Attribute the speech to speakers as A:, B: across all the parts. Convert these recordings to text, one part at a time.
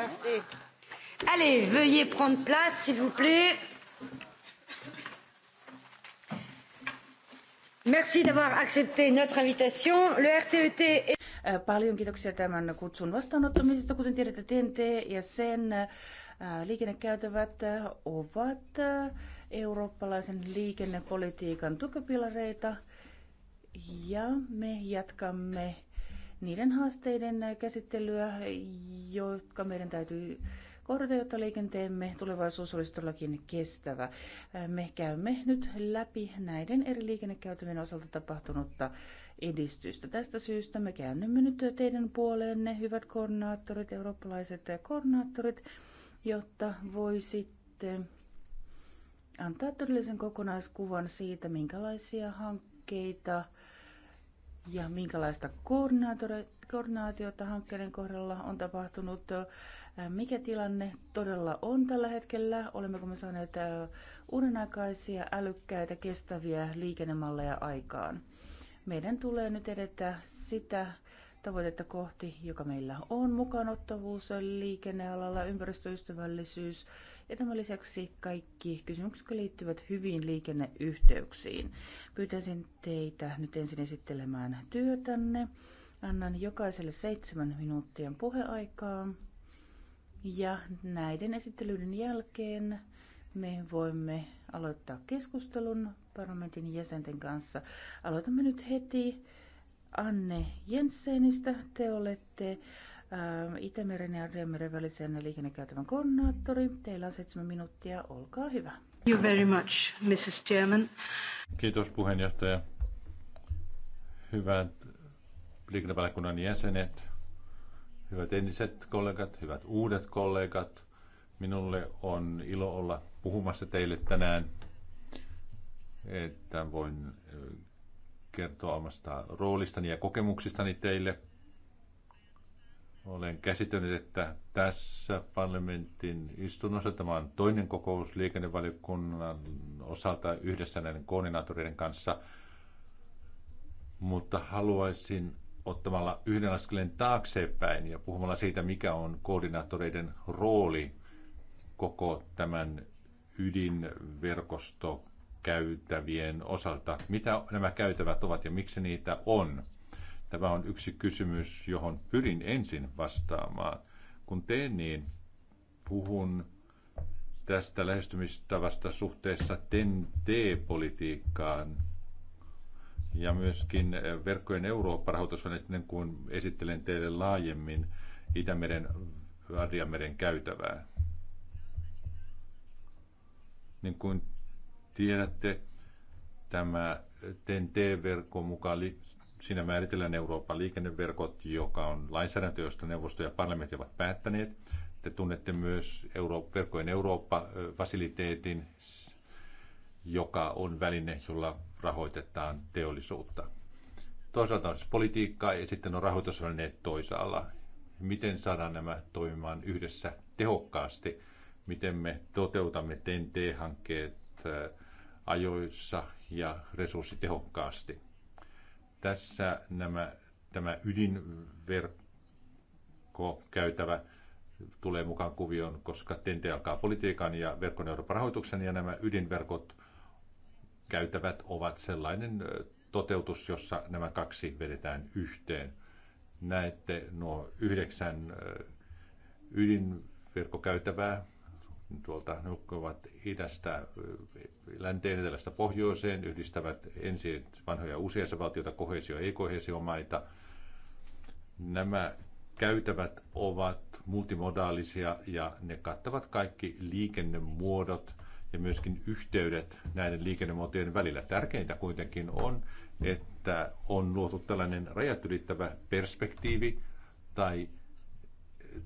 A: Merci. Allez, veuillez prendre place, s'il vous plaît. Merci d'avoir accepté notre invitation. Le RTET e est... Äh, paljon kiitoksia tämän kutsun vastaanottamisesta. Kuten tiedätte, TNT ja sen äh, liikennekäytävät äh, ovat eurooppalaisen liikennepolitiikan tukipilareita. Ja me jatkamme niiden haasteiden käsittelyä, jotka meidän täytyy kohdata, jotta liikenteemme tulevaisuus olisi todellakin kestävä. Me käymme nyt läpi näiden eri liikennekäytävien osalta tapahtunutta edistystä. Tästä syystä me käännymme nyt teidän puoleenne, hyvät koordinaattorit, eurooppalaiset koordinaattorit, jotta voisitte antaa todellisen kokonaiskuvan siitä, minkälaisia hankkeita ja minkälaista koordinaatiota hankkeiden kohdalla on tapahtunut. Mikä tilanne todella on tällä hetkellä? Olemmeko me saaneet uudenaikaisia, älykkäitä, kestäviä liikennemalleja aikaan? Meidän tulee nyt edetä sitä tavoitetta kohti, joka meillä on, mukaanottavuus liikennealalla, ympäristöystävällisyys, ja tämän lisäksi kaikki kysymykset, jotka liittyvät hyvin liikenneyhteyksiin. Pyytäisin teitä nyt ensin esittelemään työtänne. Annan jokaiselle seitsemän minuuttia puheaikaa. Ja näiden esittelyiden jälkeen me voimme aloittaa keskustelun parlamentin jäsenten kanssa. Aloitamme nyt heti Anne Jensenistä. Te olette Ähm, Itämeren ja Riemeren välisen liikennekäytävän koordinaattori. Teillä on seitsemän minuuttia. Olkaa hyvä. Thank
B: you very much,
C: Mrs. Chairman. Kiitos puheenjohtaja. Hyvät liikennevaliokunnan jäsenet, hyvät entiset kollegat, hyvät uudet kollegat. Minulle on ilo olla puhumassa teille tänään, että voin äh, kertoa omasta roolistani ja kokemuksistani teille – olen käsitellyt, että tässä parlamentin istunnossa tämä on toinen kokous liikennevaliokunnan osalta yhdessä näiden koordinaattoreiden kanssa, mutta haluaisin ottamalla yhden askeleen taaksepäin ja puhumalla siitä, mikä on koordinaattoreiden rooli koko tämän ydinverkostokäytävien osalta. Mitä nämä käytävät ovat ja miksi niitä on? Tämä on yksi kysymys, johon pyrin ensin vastaamaan. Kun teen niin, puhun tästä lähestymistavasta suhteessa TEN-T-politiikkaan ja myöskin verkkojen Eurooppa-rahoitusvälineiden, kun esittelen teille laajemmin Itämeren Adriameren käytävää. Niin kuin tiedätte, tämä TEN-T-verkon mukaan Siinä määritellään Euroopan liikenneverkot, joka on lainsäädäntö, josta neuvosto ja parlamentti ovat päättäneet. Te tunnette myös Euro- verkkojen Eurooppa-fasiliteetin, joka on väline, jolla rahoitetaan teollisuutta. Toisaalta on siis politiikkaa ja sitten on rahoitusvälineet toisaalla. Miten saadaan nämä toimimaan yhdessä tehokkaasti? Miten me toteutamme tnt hankkeet ajoissa ja resurssitehokkaasti? tässä nämä, tämä ydinverkko käytävä tulee mukaan kuvioon, koska TENTE alkaa politiikan ja verkon Euroopan rahoituksen ja nämä ydinverkot käytävät ovat sellainen toteutus, jossa nämä kaksi vedetään yhteen. Näette nuo yhdeksän ydinverkkokäytävää, tuolta, ne ovat idästä, länteen, etelästä pohjoiseen, yhdistävät ensin vanhoja uusia valtioita, kohesio- ja ei-kohesiomaita. Nämä käytävät ovat multimodaalisia ja ne kattavat kaikki liikennemuodot ja myöskin yhteydet näiden liikennemuotojen välillä. Tärkeintä kuitenkin on, että on luotu tällainen rajat ylittävä perspektiivi tai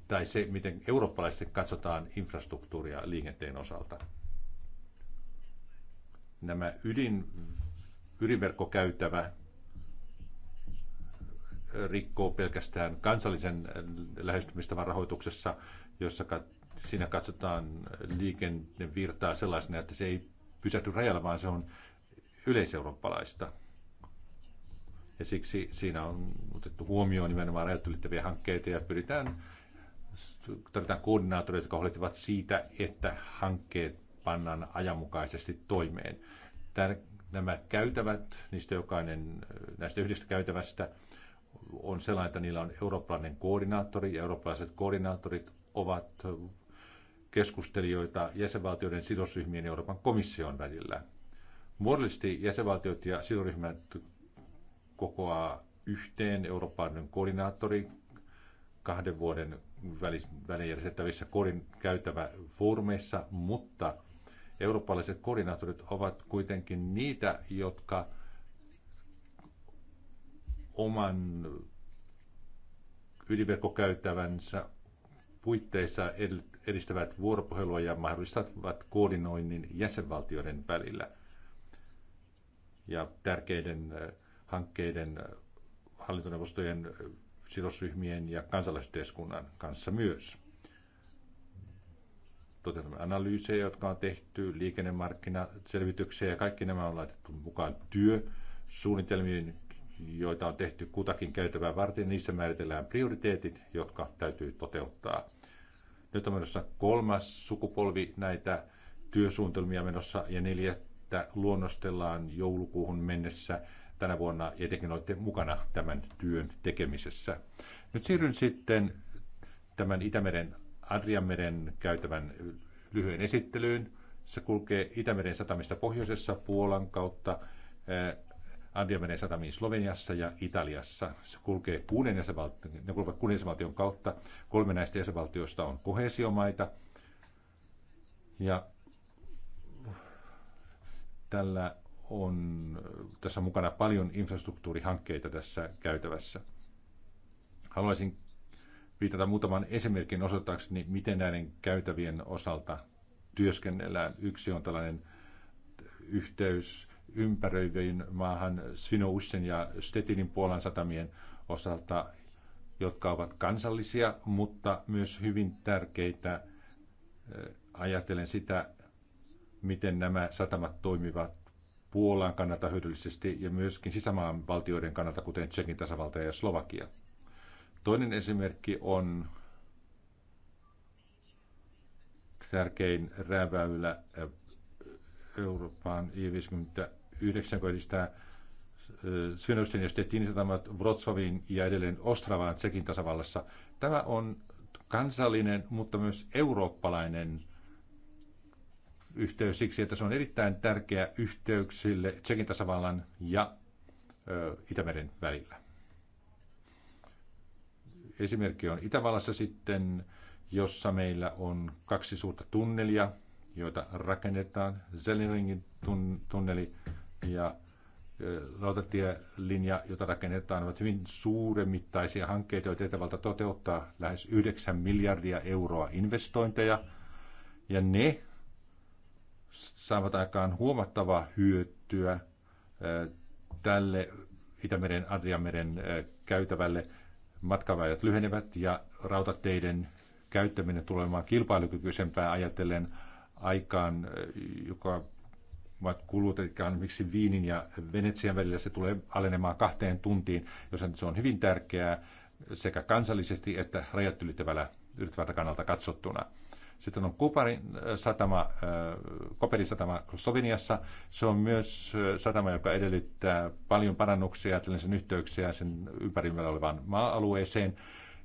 C: tai se, miten eurooppalaisesti katsotaan infrastruktuuria liikenteen osalta. Nämä ydin, ydinverkkokäytävä rikkoo pelkästään kansallisen lähestymistavan rahoituksessa, jossa siinä katsotaan liikennevirtaa sellaisena, että se ei pysähdy rajalla, vaan se on yleiseurooppalaista. Ja siksi siinä on otettu huomioon nimenomaan rajat ylittäviä hankkeita ja pyritään tarvitaan koordinaattoreita, jotka huolehtivat siitä, että hankkeet pannaan ajanmukaisesti toimeen. Tär, nämä käytävät, niistä jokainen näistä yhdestä käytävästä on sellainen, että niillä on eurooppalainen koordinaattori ja eurooppalaiset koordinaattorit ovat keskustelijoita jäsenvaltioiden sidosryhmien ja Euroopan komission välillä. Muodollisesti jäsenvaltiot ja sidosryhmät kokoaa yhteen eurooppalainen koordinaattori kahden vuoden välijärjestettävissä korin käytävä foorumeissa, mutta eurooppalaiset koordinaattorit ovat kuitenkin niitä, jotka oman ydinverkkokäytävänsä puitteissa edistävät vuoropuhelua ja mahdollistavat koordinoinnin jäsenvaltioiden välillä ja tärkeiden äh, hankkeiden äh, hallintoneuvostojen äh, sidosryhmien ja kansalaisyhteiskunnan kanssa myös. Toteutamme analyysejä, jotka on tehty, liikennemarkkinaselvityksiä ja kaikki nämä on laitettu mukaan työsuunnitelmiin, joita on tehty kutakin käytävää varten. Niissä määritellään prioriteetit, jotka täytyy toteuttaa. Nyt on menossa kolmas sukupolvi näitä työsuunnitelmia menossa ja neljättä luonnostellaan joulukuuhun mennessä – tänä vuonna ja tekin olette mukana tämän työn tekemisessä. Nyt siirryn sitten tämän Itämeren Adrianmeren käytävän lyhyen esittelyyn. Se kulkee Itämeren satamista pohjoisessa Puolan kautta eh, Adrianmeren satamiin Sloveniassa ja Italiassa. Se kulkee kuuden jäsenvaltion, ne kulkevat kuuden jäsenvaltion kautta. Kolme näistä jäsenvaltioista on kohesiomaita. Ja tällä on tässä mukana paljon infrastruktuurihankkeita tässä käytävässä. Haluaisin viitata muutaman esimerkin osoittaakseni, miten näiden käytävien osalta työskennellään. Yksi on tällainen yhteys ympäröiviin maahan Svinoussen ja Stetinin Puolan satamien osalta, jotka ovat kansallisia, mutta myös hyvin tärkeitä eh, ajatellen sitä, miten nämä satamat toimivat Puolan kannalta hyödyllisesti ja myöskin sisämaan valtioiden kannalta, kuten Tsekin tasavalta ja Slovakia. Toinen esimerkki on tärkein rääväylä eh, Euroopan I-59, kun edistää eh, Synösten ja Stettin satamat Wrocławin ja edelleen Ostravaan Tsekin tasavallassa. Tämä on kansallinen, mutta myös eurooppalainen yhteys siksi, että se on erittäin tärkeä yhteyksille Tsekin tasavallan ja Itämeren välillä. Esimerkki on Itävallassa sitten, jossa meillä on kaksi suurta tunnelia, joita rakennetaan. Zelleringin tunneli ja rautatielinja, jota rakennetaan, ovat hyvin suuremittaisia hankkeita, joita Itävalta toteuttaa lähes 9 miljardia euroa investointeja. Ja ne saavat aikaan huomattavaa hyötyä tälle Itämeren, Adriameren käytävälle. Matkaväijät lyhenevät ja rautateiden käyttäminen tulee olemaan kilpailukykyisempää ajatellen aikaan, joka kulutikaan miksi Viinin ja Venetsian välillä se tulee alenemaan kahteen tuntiin, jos se on hyvin tärkeää sekä kansallisesti että rajat ylittävällä kannalta katsottuna. Sitten on Kuparin äh, satama, äh, Koperin satama Sloveniassa. Se on myös äh, satama, joka edellyttää paljon parannuksia, sen yhteyksiä sen ympärillä olevaan maa-alueeseen.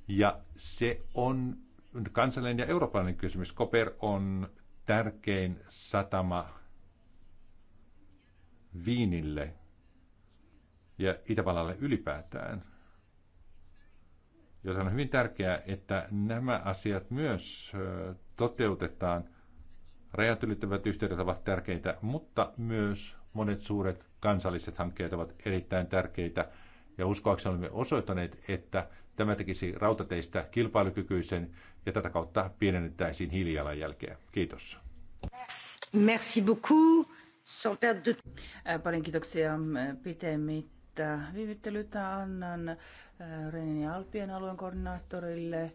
C: Ja se on kansallinen ja eurooppalainen kysymys. Koper on tärkein satama Viinille ja Itävallalle ylipäätään. Joten on hyvin tärkeää, että nämä asiat myös toteutetaan. Rajat ylittävät yhteydet ovat tärkeitä, mutta myös monet suuret kansalliset hankkeet ovat erittäin tärkeitä. Ja uskoakseni olemme osoittaneet, että tämä tekisi rautateistä kilpailukykyisen ja tätä kautta pienennettäisiin hiilijalanjälkeä. Kiitos.
B: Merci beaucoup.
A: Paljon kiitoksia pitemmittä viivyttelytä annan Renin ja Alpien alueen koordinaattorille äh,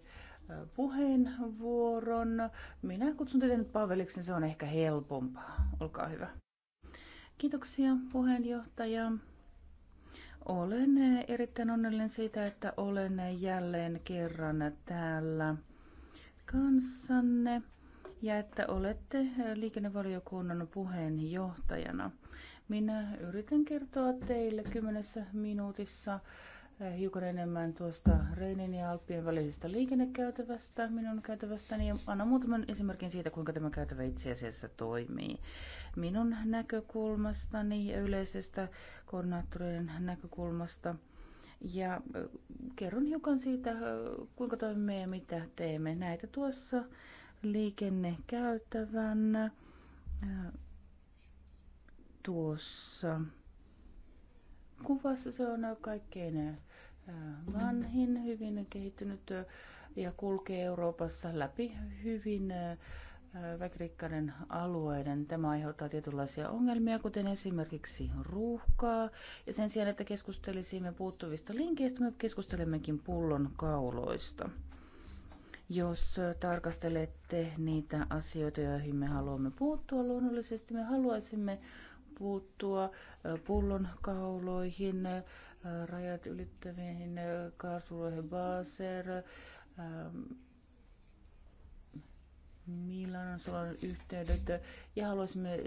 A: puheenvuoron. Minä kutsun teitä nyt niin se on ehkä helpompaa. Olkaa hyvä. Kiitoksia puheenjohtaja. Olen erittäin onnellinen siitä, että olen jälleen kerran täällä kanssanne ja että olette liikennevaliokunnan puheenjohtajana. Minä yritän kertoa teille kymmenessä minuutissa Äh, hiukan enemmän tuosta Reinin ja Alppien välisestä liikennekäytävästä, minun käytävästäni, ja annan muutaman esimerkin siitä, kuinka tämä käytävä itse asiassa toimii. Minun näkökulmastani ja yleisestä koordinaattoreiden näkökulmasta. Ja äh, kerron hiukan siitä, äh, kuinka toimimme ja mitä teemme. Näitä tuossa liikennekäytävän tuossa kuvassa se on kaikkein vanhin, hyvin kehittynyt ja kulkee Euroopassa läpi hyvin väkirikkaiden alueiden. Tämä aiheuttaa tietynlaisia ongelmia, kuten esimerkiksi ruuhkaa. Ja sen sijaan, että keskustelisimme puuttuvista linkeistä, me keskustelemmekin pullon kauloista. Jos tarkastelette niitä asioita, joihin me haluamme puuttua, luonnollisesti me haluaisimme puuttua pullonkauloihin, rajat ylittäviin Karlsruhe Baser, on sulan yhteydet ja haluaisimme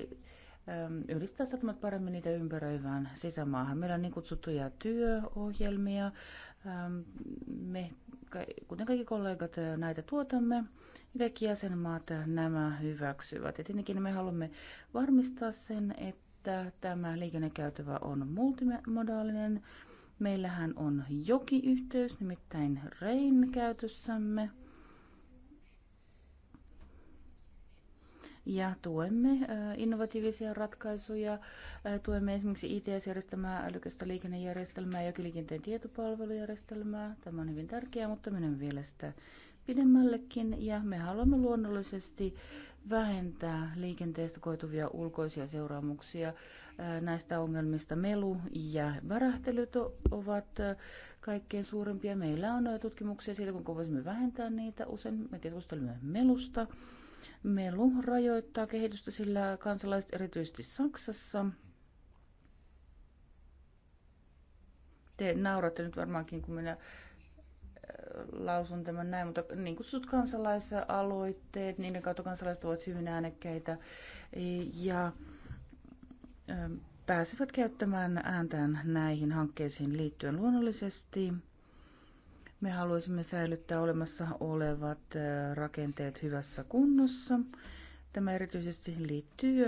A: yhdistää satamat paremmin niitä ympäröivään sisämaahan. Meillä on niin kutsuttuja työohjelmia. Me, kuten kaikki kollegat, näitä tuotamme. Kaikki jäsenmaat nämä hyväksyvät. Ja tietenkin me haluamme varmistaa sen, että että tämä liikennekäytävä on multimodaalinen. Meillähän on jokiyhteys, nimittäin Rein käytössämme. ja tuemme innovatiivisia ratkaisuja. Tuemme esimerkiksi ITS-järjestelmää, älykästä liikennejärjestelmää, jokiliikenteen tietopalvelujärjestelmää. Tämä on hyvin tärkeää, mutta minun vielä sitä pidemmällekin. Ja me haluamme luonnollisesti vähentää liikenteestä koituvia ulkoisia seuraamuksia. Näistä ongelmista melu ja värähtelyt ovat kaikkein suurimpia. Meillä on tutkimuksia siitä, kuinka voisimme vähentää niitä. Usein me keskustelemme melusta. Melu rajoittaa kehitystä, sillä kansalaiset erityisesti Saksassa te nauratte nyt varmaankin, kun minä lausun tämän näin, mutta niin kutsut kansalaisaloitteet, niiden kautta kansalaiset ovat hyvin äänekkäitä ja ähm, pääsevät käyttämään ääntään näihin hankkeisiin liittyen luonnollisesti. Me haluaisimme säilyttää olemassa olevat äh, rakenteet hyvässä kunnossa. Tämä erityisesti liittyy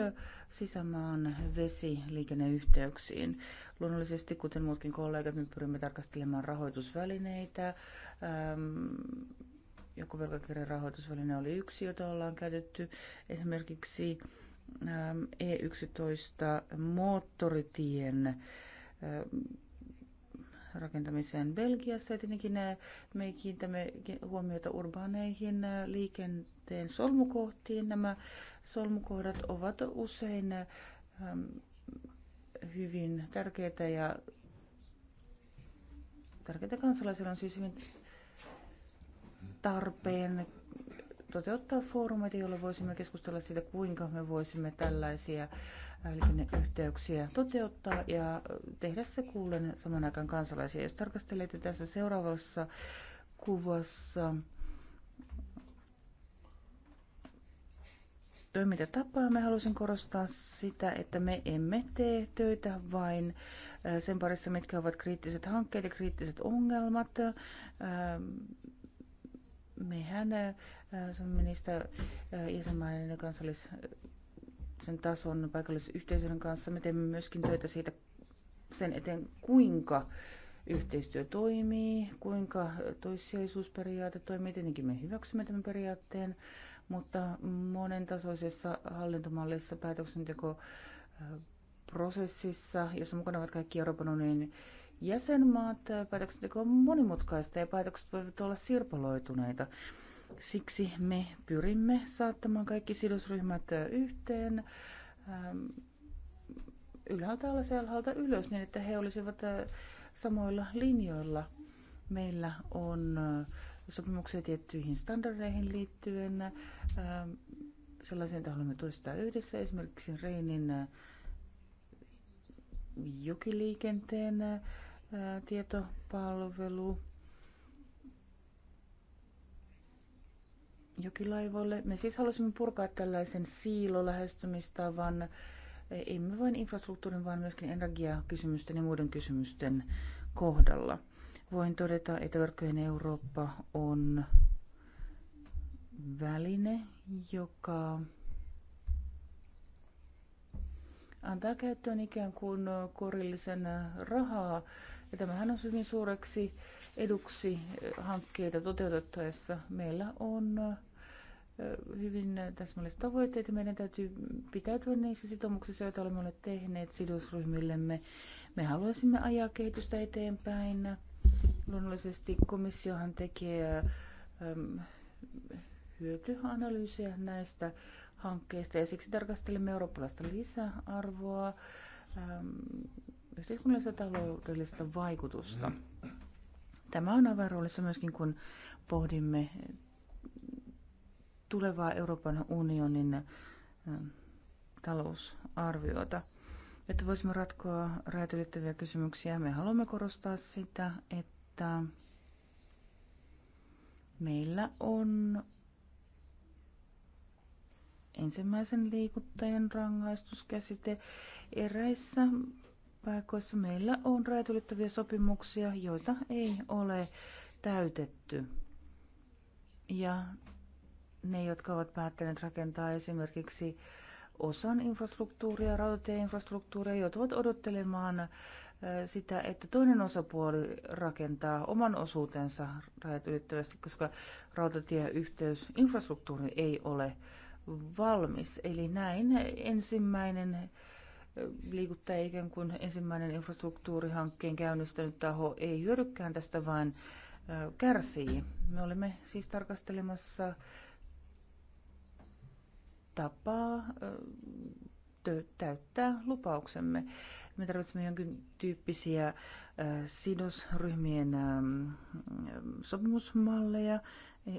A: sisämaan vesiliikenneyhteyksiin. Luonnollisesti, kuten muutkin kollegat, me pyrimme tarkastelemaan rahoitusvälineitä. Ähm, joku velkakirjan rahoitusväline oli yksi, jota ollaan käytetty. Esimerkiksi ähm, E11 moottoritien ähm, rakentamiseen Belgiassa. Ja tietenkin äh, me kiinnitämme huomiota urbaaneihin äh, liikenteen solmukohtiin. Nämä solmukohdat ovat usein ähm, hyvin tärkeitä ja tärkeitä kansalaisilla on siis hyvin tarpeen toteuttaa foorumeita, joilla voisimme keskustella siitä, kuinka me voisimme tällaisia yhteyksiä toteuttaa ja tehdä se kuulen saman aikaan kansalaisia. Jos tarkastelette tässä seuraavassa kuvassa toimintatapaa. Mä haluaisin korostaa sitä, että me emme tee töitä vain äh, sen parissa, mitkä ovat kriittiset hankkeet ja kriittiset ongelmat. Äh, mehän äh, Suomen niistä jäsenmaiden ja kansallisen tason yhteisön kanssa. Me teemme myöskin töitä siitä sen eteen, kuinka yhteistyö toimii, kuinka toissijaisuusperiaate toimii. Tietenkin me hyväksymme tämän periaatteen mutta monen tasoisessa hallintomallissa päätöksenteko prosessissa, jossa mukana ovat kaikki Euroopan unionin jäsenmaat, päätöksenteko on monimutkaista ja päätökset voivat olla sirpaloituneita. Siksi me pyrimme saattamaan kaikki sidosryhmät yhteen ylhäältä alas ja alhaalta ylös niin, että he olisivat samoilla linjoilla. Meillä on äh, sopimuksia tiettyihin standardeihin liittyen, äh, sellaisia, joita haluamme toistaa yhdessä, esimerkiksi Reinin äh, jokiliikenteen tietopalvelu jokilaivoille. Me siis halusimme purkaa tällaisen siilolähestymistavan, emme vain infrastruktuurin, vaan myöskin energiakysymysten ja muiden kysymysten kohdalla. Voin todeta, että verkkojen Eurooppa on väline, joka antaa käyttöön ikään kuin korillisen rahaa. Ja tämähän on hyvin suureksi eduksi hankkeita toteutettaessa. Meillä on hyvin täsmälliset tavoitteet ja meidän täytyy pitäytyä niissä sitoumuksissa, joita olemme tehneet sidosryhmillemme. Me haluaisimme ajaa kehitystä eteenpäin Luonnollisesti komissiohan tekee äm, hyötyanalyysiä näistä hankkeista ja siksi tarkastelemme eurooppalaista lisäarvoa, äm, yhteiskunnallista taloudellista vaikutusta. Tämä on avaruudessa myöskin, kun pohdimme tulevaa Euroopan unionin ähm, talousarviota. Että voisimme ratkoa rajat ylittäviä kysymyksiä, me haluamme korostaa sitä, että että meillä on ensimmäisen liikuttajan rangaistuskäsite. Eräissä paikoissa meillä on rajatulittavia sopimuksia, joita ei ole täytetty. Ja ne, jotka ovat päättäneet rakentaa esimerkiksi osan infrastruktuuria, rautatieinfrastruktuuria, joutuvat odottelemaan sitä, että toinen osapuoli rakentaa oman osuutensa rajat ylittävästi, koska rautatieyhteys, infrastruktuuri ei ole valmis. Eli näin ensimmäinen liikuttaja ikään kuin ensimmäinen infrastruktuurihankkeen käynnistänyt taho ei hyödykään tästä, vaan kärsii. Me olemme siis tarkastelemassa tapaa täyttää lupauksemme. Me tarvitsemme jonkin tyyppisiä sidosryhmien sopimusmalleja.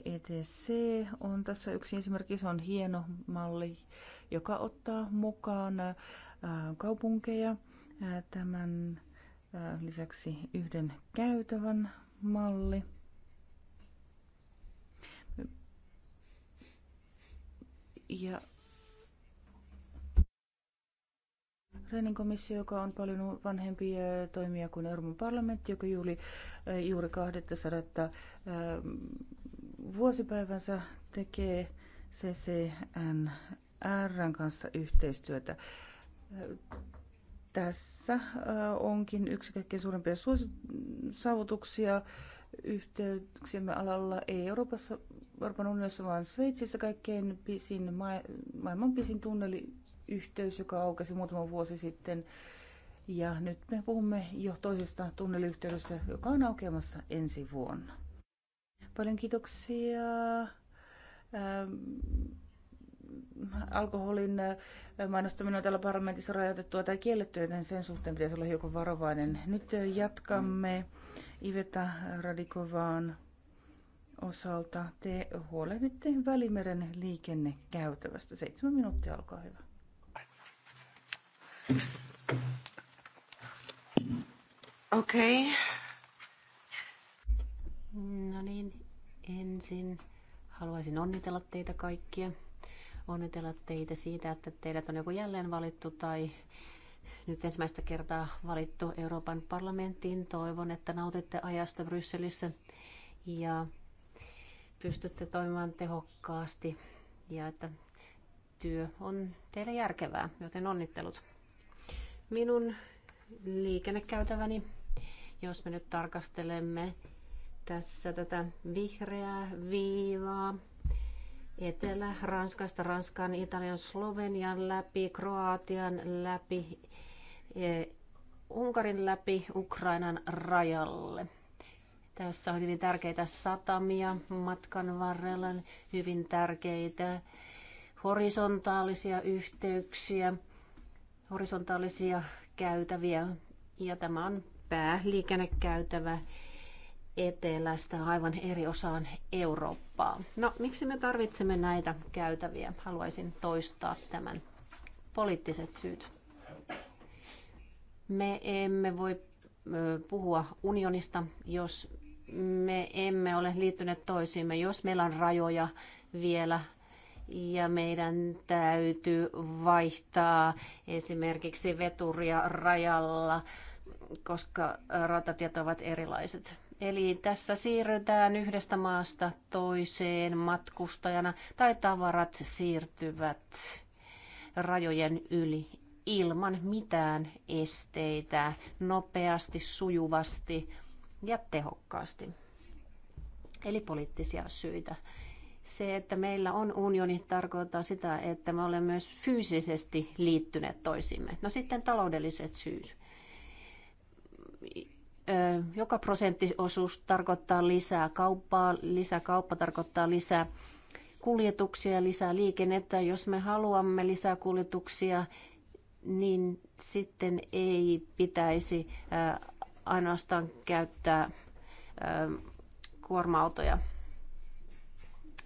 A: ETC on tässä yksi esimerkki. Se on hieno malli, joka ottaa mukaan kaupunkeja tämän lisäksi yhden käytävän malli. Ja Reinin komissio, joka on paljon vanhempi toimija kuin Euroopan parlamentti, joka juuri, juuri 200 vuosipäivänsä tekee CCNRn kanssa yhteistyötä. Tässä onkin yksi kaikkein suurimpia saavutuksia yhteyksiemme alalla, ei Euroopassa, Euroopan unionissa, vaan Sveitsissä kaikkein pisin, maailman pisin tunneli yhteys, joka aukesi muutama vuosi sitten. Ja nyt me puhumme jo toisesta tunneliyhteydestä, joka on aukeamassa ensi vuonna. Paljon kiitoksia. Ähm, alkoholin äh, mainostaminen on täällä parlamentissa rajoitettua tai kiellettyä, joten sen suhteen pitäisi olla hiukan varovainen. Nyt äh, jatkamme Iveta Radikovaan osalta. Te huolehditte Välimeren liikennekäytävästä. Seitsemän minuuttia, olkaa hyvä. Okei.
B: Okay. No niin, ensin haluaisin onnitella teitä kaikkia. Onnitella teitä siitä, että teidät on joku jälleen valittu tai nyt ensimmäistä kertaa valittu Euroopan parlamenttiin. Toivon, että nautitte ajasta Brysselissä ja pystytte toimimaan tehokkaasti ja että työ on teille järkevää, joten onnittelut minun liikennekäytäväni, jos me nyt tarkastelemme tässä tätä vihreää viivaa, Etelä-Ranskasta, Ranskan, Italian, Slovenian läpi, Kroatian läpi, e, Unkarin läpi Ukrainan rajalle. Tässä on hyvin tärkeitä satamia matkan varrella, hyvin tärkeitä horisontaalisia yhteyksiä horisontaalisia käytäviä ja tämä on pääliikennekäytävä etelästä aivan eri osaan Eurooppaa. No, miksi me tarvitsemme näitä käytäviä? Haluaisin toistaa tämän. Poliittiset syyt. Me emme voi puhua unionista, jos me emme ole liittyneet toisiimme, jos meillä on rajoja vielä ja meidän täytyy vaihtaa esimerkiksi veturia rajalla, koska ratatiet ovat erilaiset. Eli tässä siirrytään yhdestä maasta toiseen matkustajana tai tavarat siirtyvät rajojen yli ilman mitään esteitä, nopeasti, sujuvasti ja tehokkaasti. Eli poliittisia syitä. Se, että meillä on unioni, tarkoittaa sitä, että me olemme myös fyysisesti liittyneet toisiimme. No sitten taloudelliset syyt. Joka prosenttiosuus tarkoittaa lisää kauppaa, lisää kauppa tarkoittaa lisää kuljetuksia, lisää liikennettä. Jos me haluamme lisää kuljetuksia, niin sitten ei pitäisi ainoastaan käyttää kuorma-autoja.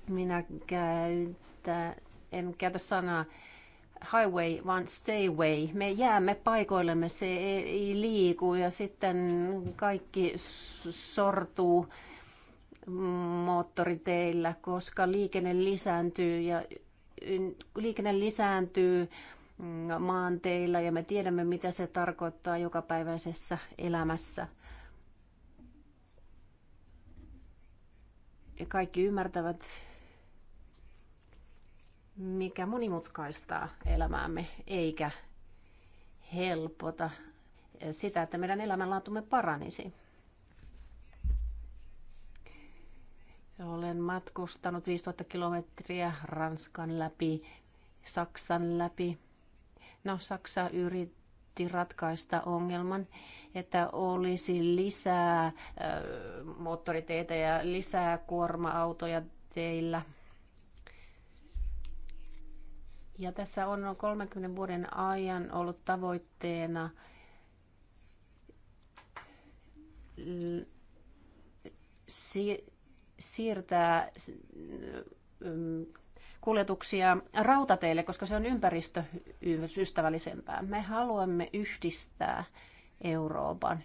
B: Minä käytä, en käytä sanaa highway, vaan stayway. Me jäämme paikoillemme, se ei liiku ja sitten kaikki sortuu moottoriteillä, koska liikenne lisääntyy ja liikenne lisääntyy maanteilla ja me tiedämme, mitä se tarkoittaa jokapäiväisessä elämässä. Ja kaikki ymmärtävät, mikä monimutkaistaa elämäämme eikä helpota sitä, että meidän elämänlaatumme paranisi. Olen matkustanut 5000 kilometriä Ranskan läpi, Saksan läpi. No, Saksa yritti ratkaista ongelman, että olisi lisää ö, moottoriteitä ja lisää kuorma-autoja teillä – ja tässä on noin 30 vuoden ajan ollut tavoitteena siirtää mm, kuljetuksia rautateille, koska se on ympäristöystävällisempää. Me haluamme yhdistää Euroopan,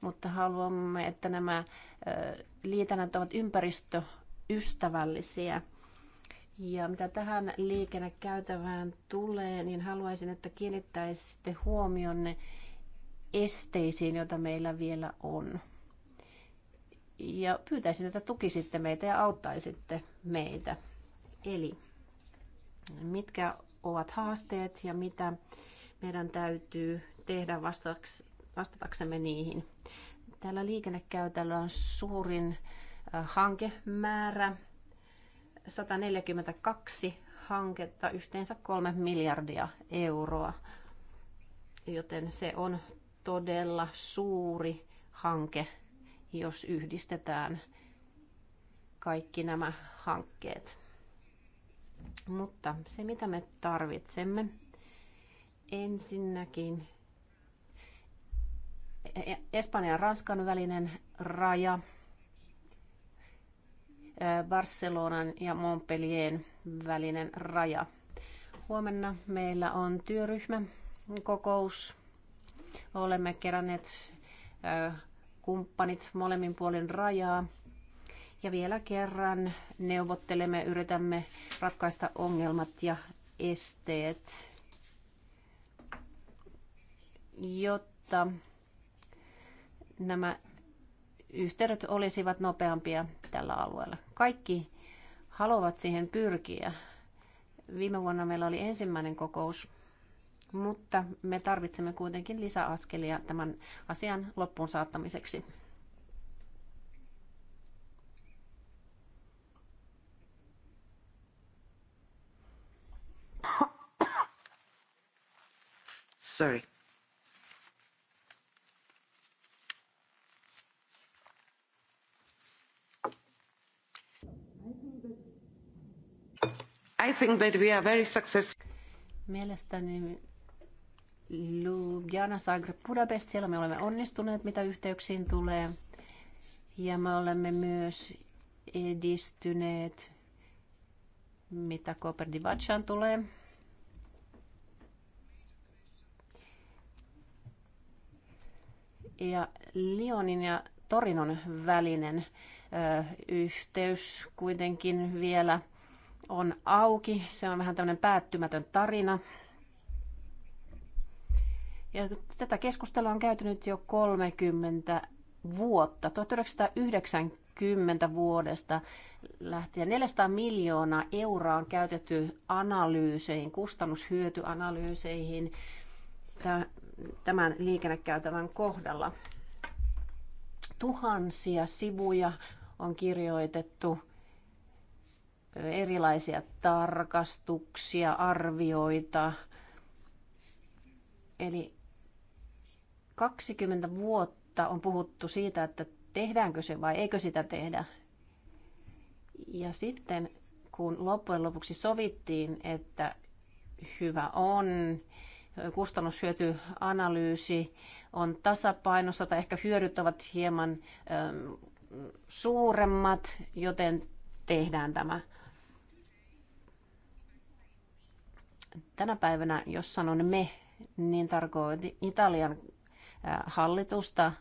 B: mutta haluamme, että nämä liitännät ovat ympäristöystävällisiä. Ja mitä tähän liikennekäytävään tulee, niin haluaisin, että kiinnittäisitte huomionne esteisiin, joita meillä vielä on. Ja pyytäisin, että tukisitte meitä ja auttaisitte meitä. Eli mitkä ovat haasteet ja mitä meidän täytyy tehdä vastataksemme niihin. Tällä liikennekäytällä on suurin äh, hankemäärä 142 hanketta, yhteensä 3 miljardia euroa, joten se on todella suuri hanke, jos yhdistetään kaikki nämä hankkeet. Mutta se, mitä me tarvitsemme, ensinnäkin Espanjan ja Ranskan välinen raja Barcelonan ja Montpellierin välinen raja. Huomenna meillä on työryhmä kokous. Olemme keränneet kumppanit molemmin puolin rajaa. Ja vielä kerran neuvottelemme, yritämme ratkaista ongelmat ja esteet, jotta nämä yhteydet olisivat nopeampia tällä alueella. Kaikki haluavat siihen pyrkiä. Viime vuonna meillä oli ensimmäinen kokous, mutta me tarvitsemme kuitenkin lisäaskelia tämän asian loppuun saattamiseksi. Sorry. think that we are very successful. Mielestäni Ljubljana, Zagreb, Budapest, siellä me olemme onnistuneet, mitä yhteyksiin tulee. Ja me olemme myös edistyneet, mitä Koperdivatsaan tulee. Ja Lyonin ja Torinon välinen ö, yhteys kuitenkin vielä – on auki. Se on vähän tämmöinen päättymätön tarina. Ja tätä keskustelua on käyty nyt jo 30 vuotta. 1990 vuodesta lähtien 400 miljoonaa euroa on käytetty analyyseihin, kustannushyötyanalyyseihin tämän liikennekäytävän kohdalla. Tuhansia sivuja on kirjoitettu erilaisia tarkastuksia, arvioita. Eli 20 vuotta on puhuttu siitä, että tehdäänkö se vai eikö sitä tehdä. Ja sitten kun loppujen lopuksi sovittiin, että hyvä on, kustannushyötyanalyysi on tasapainossa tai ehkä hyödyt ovat hieman suuremmat, joten tehdään tämä. Tänä päivänä, jos sanon me, niin tarkoitin Italian hallitusta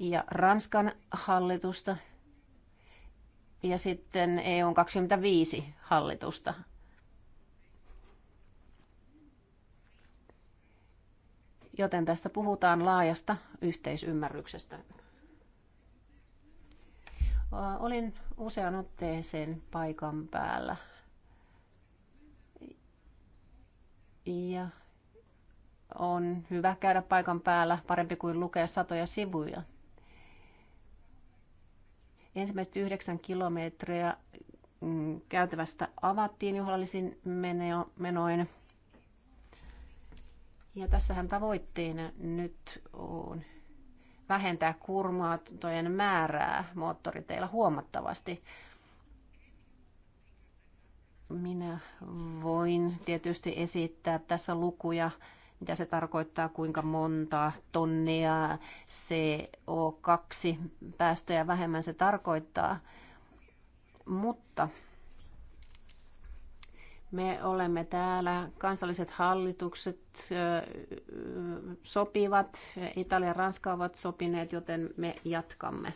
B: ja Ranskan hallitusta ja sitten EUn 25 hallitusta. Joten tässä puhutaan laajasta yhteisymmärryksestä. Olin usean otteeseen paikan päällä – ja on hyvä käydä paikan päällä, parempi kuin lukea satoja sivuja. Ensimmäiset yhdeksän kilometriä mm, käytävästä avattiin juhlallisin menoin. Ja tässähän tavoitteena nyt on vähentää kurmaatojen määrää moottoriteillä huomattavasti. Minä voin tietysti esittää tässä lukuja, mitä se tarkoittaa, kuinka monta tonnia CO2-päästöjä vähemmän se tarkoittaa. Mutta me olemme täällä, kansalliset hallitukset sopivat, Italia ja Ranska ovat sopineet, joten me jatkamme.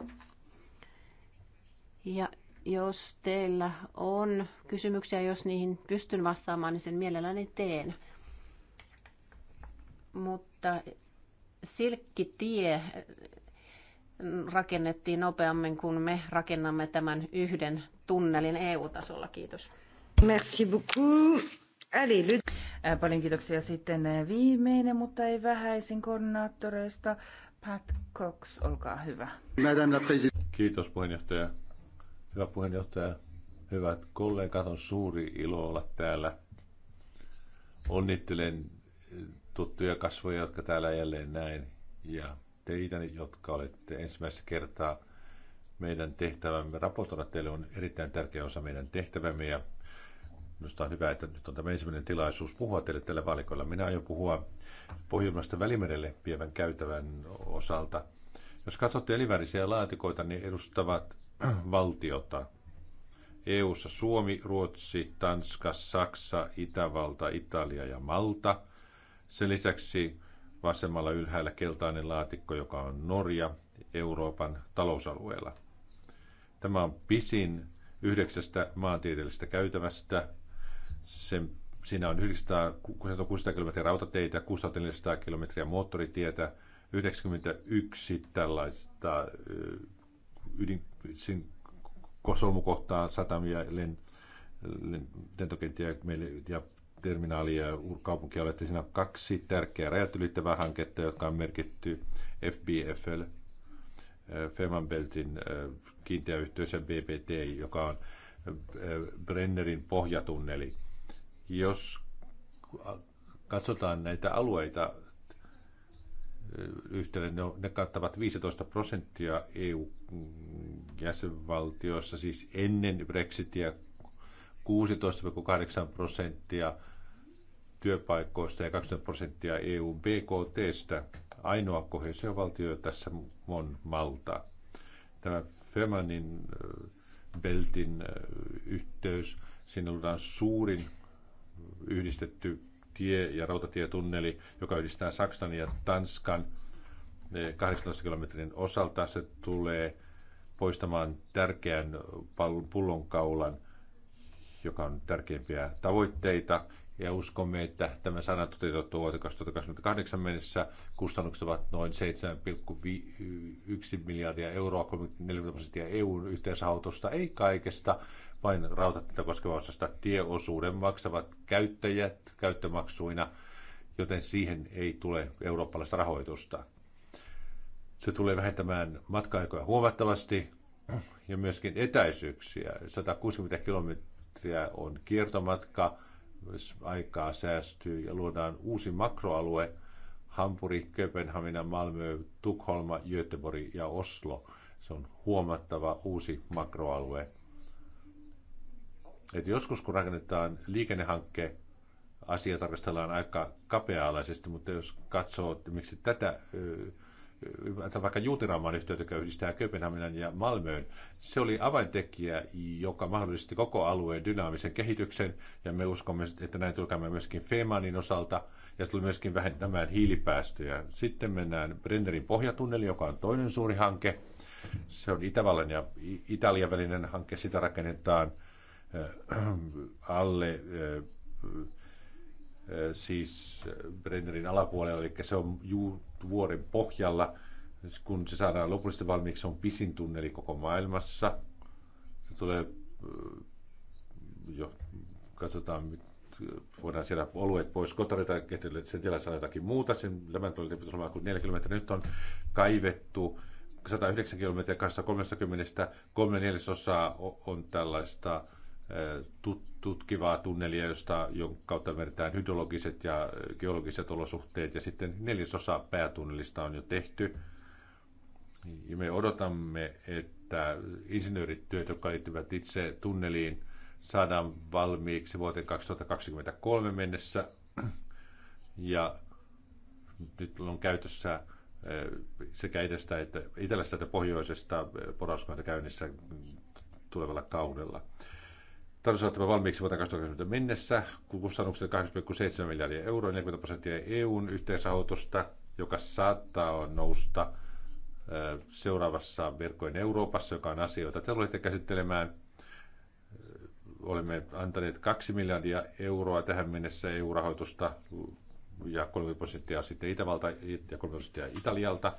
B: Ja jos teillä on kysymyksiä, jos niihin pystyn vastaamaan, niin sen mielelläni teen. Mutta silkkitie rakennettiin nopeammin kuin me rakennamme tämän yhden tunnelin EU-tasolla. Kiitos. Merci beaucoup. Allez, le... Paljon kiitoksia sitten viimeinen, mutta ei vähäisin
A: koordinaattoreista. Pat Cox, olkaa hyvä.
C: Kiitos puheenjohtaja. Hyvä puheenjohtaja, hyvät kollegat, on suuri ilo olla täällä. Onnittelen eh, tuttuja kasvoja, jotka täällä jälleen näin, ja teitä, jotka olette ensimmäistä kertaa meidän tehtävämme. Raportoida teille on erittäin tärkeä osa meidän tehtävämme, ja Minusta on hyvä, että nyt on tämä ensimmäinen tilaisuus puhua teille tällä valikolla. Minä aion puhua Pohjoismaista välimerelle vievän käytävän osalta. Jos katsotte elivärisiä laatikoita, niin edustavat valtiota. EU:ssa Suomi, Ruotsi, Tanska, Saksa, Itävalta, Italia ja Malta. Sen lisäksi vasemmalla ylhäällä keltainen laatikko, joka on Norja Euroopan talousalueella. Tämä on pisin yhdeksästä maantieteellisestä käytävästä. Sen, siinä on 900, 600 kilometriä rautateitä, 6400 kilometriä moottoritietä, 91 tällaista ydin, sen solmukohtaa satamia, len, len, lentokenttiä meille, ja terminaalia ja kaupunkia olette siinä kaksi tärkeää rajat ylittävää hanketta, jotka on merkitty FBFL, äh, Femanbeltin äh, kiinteä ja BBT, joka on äh, Brennerin pohjatunneli. Jos katsotaan näitä alueita, yhteyden, ne, ne kattavat 15 prosenttia EU-jäsenvaltioissa, siis ennen Brexitia 16,8 prosenttia työpaikoista ja 20 prosenttia EUn BKTstä. Ainoa kohesiovaltio tässä on Malta. Tämä Femanin äh, beltin äh, yhteys, siinä on suurin yhdistetty tie- ja rautatietunneli, joka yhdistää Saksan ja Tanskan 18 eh, kilometrin osalta. Se tulee poistamaan tärkeän pullonkaulan, joka on tärkeimpiä tavoitteita ja uskomme, että tämä sana toteutettu vuoteen 2028 mennessä kustannukset ovat noin 7,1 miljardia euroa, 40 prosenttia EUn yhteisautosta, ei kaikesta, vain rautatietä koskevaa osasta tieosuuden maksavat käyttäjät käyttömaksuina, joten siihen ei tule eurooppalaista rahoitusta. Se tulee vähentämään matka-aikoja huomattavasti ja myöskin etäisyyksiä. 160 kilometriä on kiertomatka, aikaa säästyy ja luodaan uusi makroalue, Hampuri, Kööpenhamina, Malmö, Tukholma, Göteborg ja Oslo. Se on huomattava uusi makroalue. Et joskus kun rakennetaan liikennehankke, asia tarkastellaan aika kapea-alaisesti, mutta jos katsoo, miksi tätä että vaikka Juutirauman yhteyttä, joka yhdistää Kööpenhaminan ja Malmöön, se oli avaintekijä, joka mahdollisti koko alueen dynaamisen kehityksen, ja me uskomme, että näin tulee myöskin Feemanin osalta, ja se tuli myöskin vähentämään hiilipäästöjä. Sitten mennään Brennerin pohjatunneli, joka on toinen suuri hanke. Se on Itävallan ja Italian välinen hanke, sitä rakennetaan äh, alle äh, siis Brennerin alapuolella, eli se on juu, vuoren pohjalla. Kun se saadaan lopullisesti valmiiksi, se on pisin tunneli koko maailmassa. Se tulee, jo, katsotaan, voidaan siellä oluet pois että sen tiellä saa jotakin muuta. Sen lämmöntuoli pitäisi olla kuin 40 kilometriä. Nyt on kaivettu 109 kilometriä, 230, kolme neljäsosaa on tällaista tutkivaa tunnelia, josta, jonka kautta merkitään hydrologiset ja geologiset olosuhteet, ja sitten neljäsosa päätunnelista on jo tehty. Ja me odotamme, että insinöörityöt, jotka liittyvät itse tunneliin, saadaan valmiiksi vuoteen 2023 mennessä. Ja nyt on käytössä sekä edestä että itälästä että pohjoisesta porauskohta käynnissä tulevalla kaudella me valmiiksi vuoteen 2020 mennessä, kun kustannukset 8,7 miljardia euroa, 40 prosenttia EUn yhteisrahoitusta, joka saattaa nousta seuraavassa verkkojen Euroopassa, joka on asia, jota te tulette käsittelemään. Olemme antaneet 2 miljardia euroa tähän mennessä EU-rahoitusta ja 3 prosenttia sitten Itävalta ja 3 prosenttia Italialta.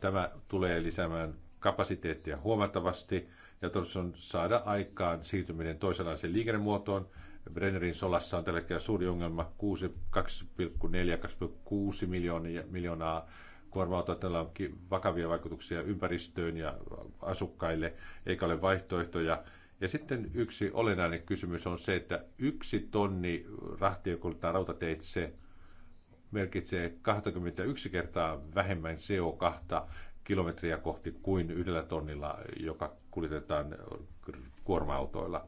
C: Tämä tulee lisäämään kapasiteettia huomattavasti ja tarkoitus on saada aikaan siirtyminen toisenlaiseen liikennemuotoon. Brennerin solassa on tällä hetkellä suuri ongelma, 2,4-2,6 miljoonaa, miljoonaa kuorma tällä on vakavia vaikutuksia ympäristöön ja asukkaille, eikä ole vaihtoehtoja. Ja sitten yksi olennainen kysymys on se, että yksi tonni rahtia tämä rautateitse merkitsee 21 kertaa vähemmän CO2 kilometriä kohti kuin yhdellä tonnilla, joka kuljetetaan kuorma-autoilla.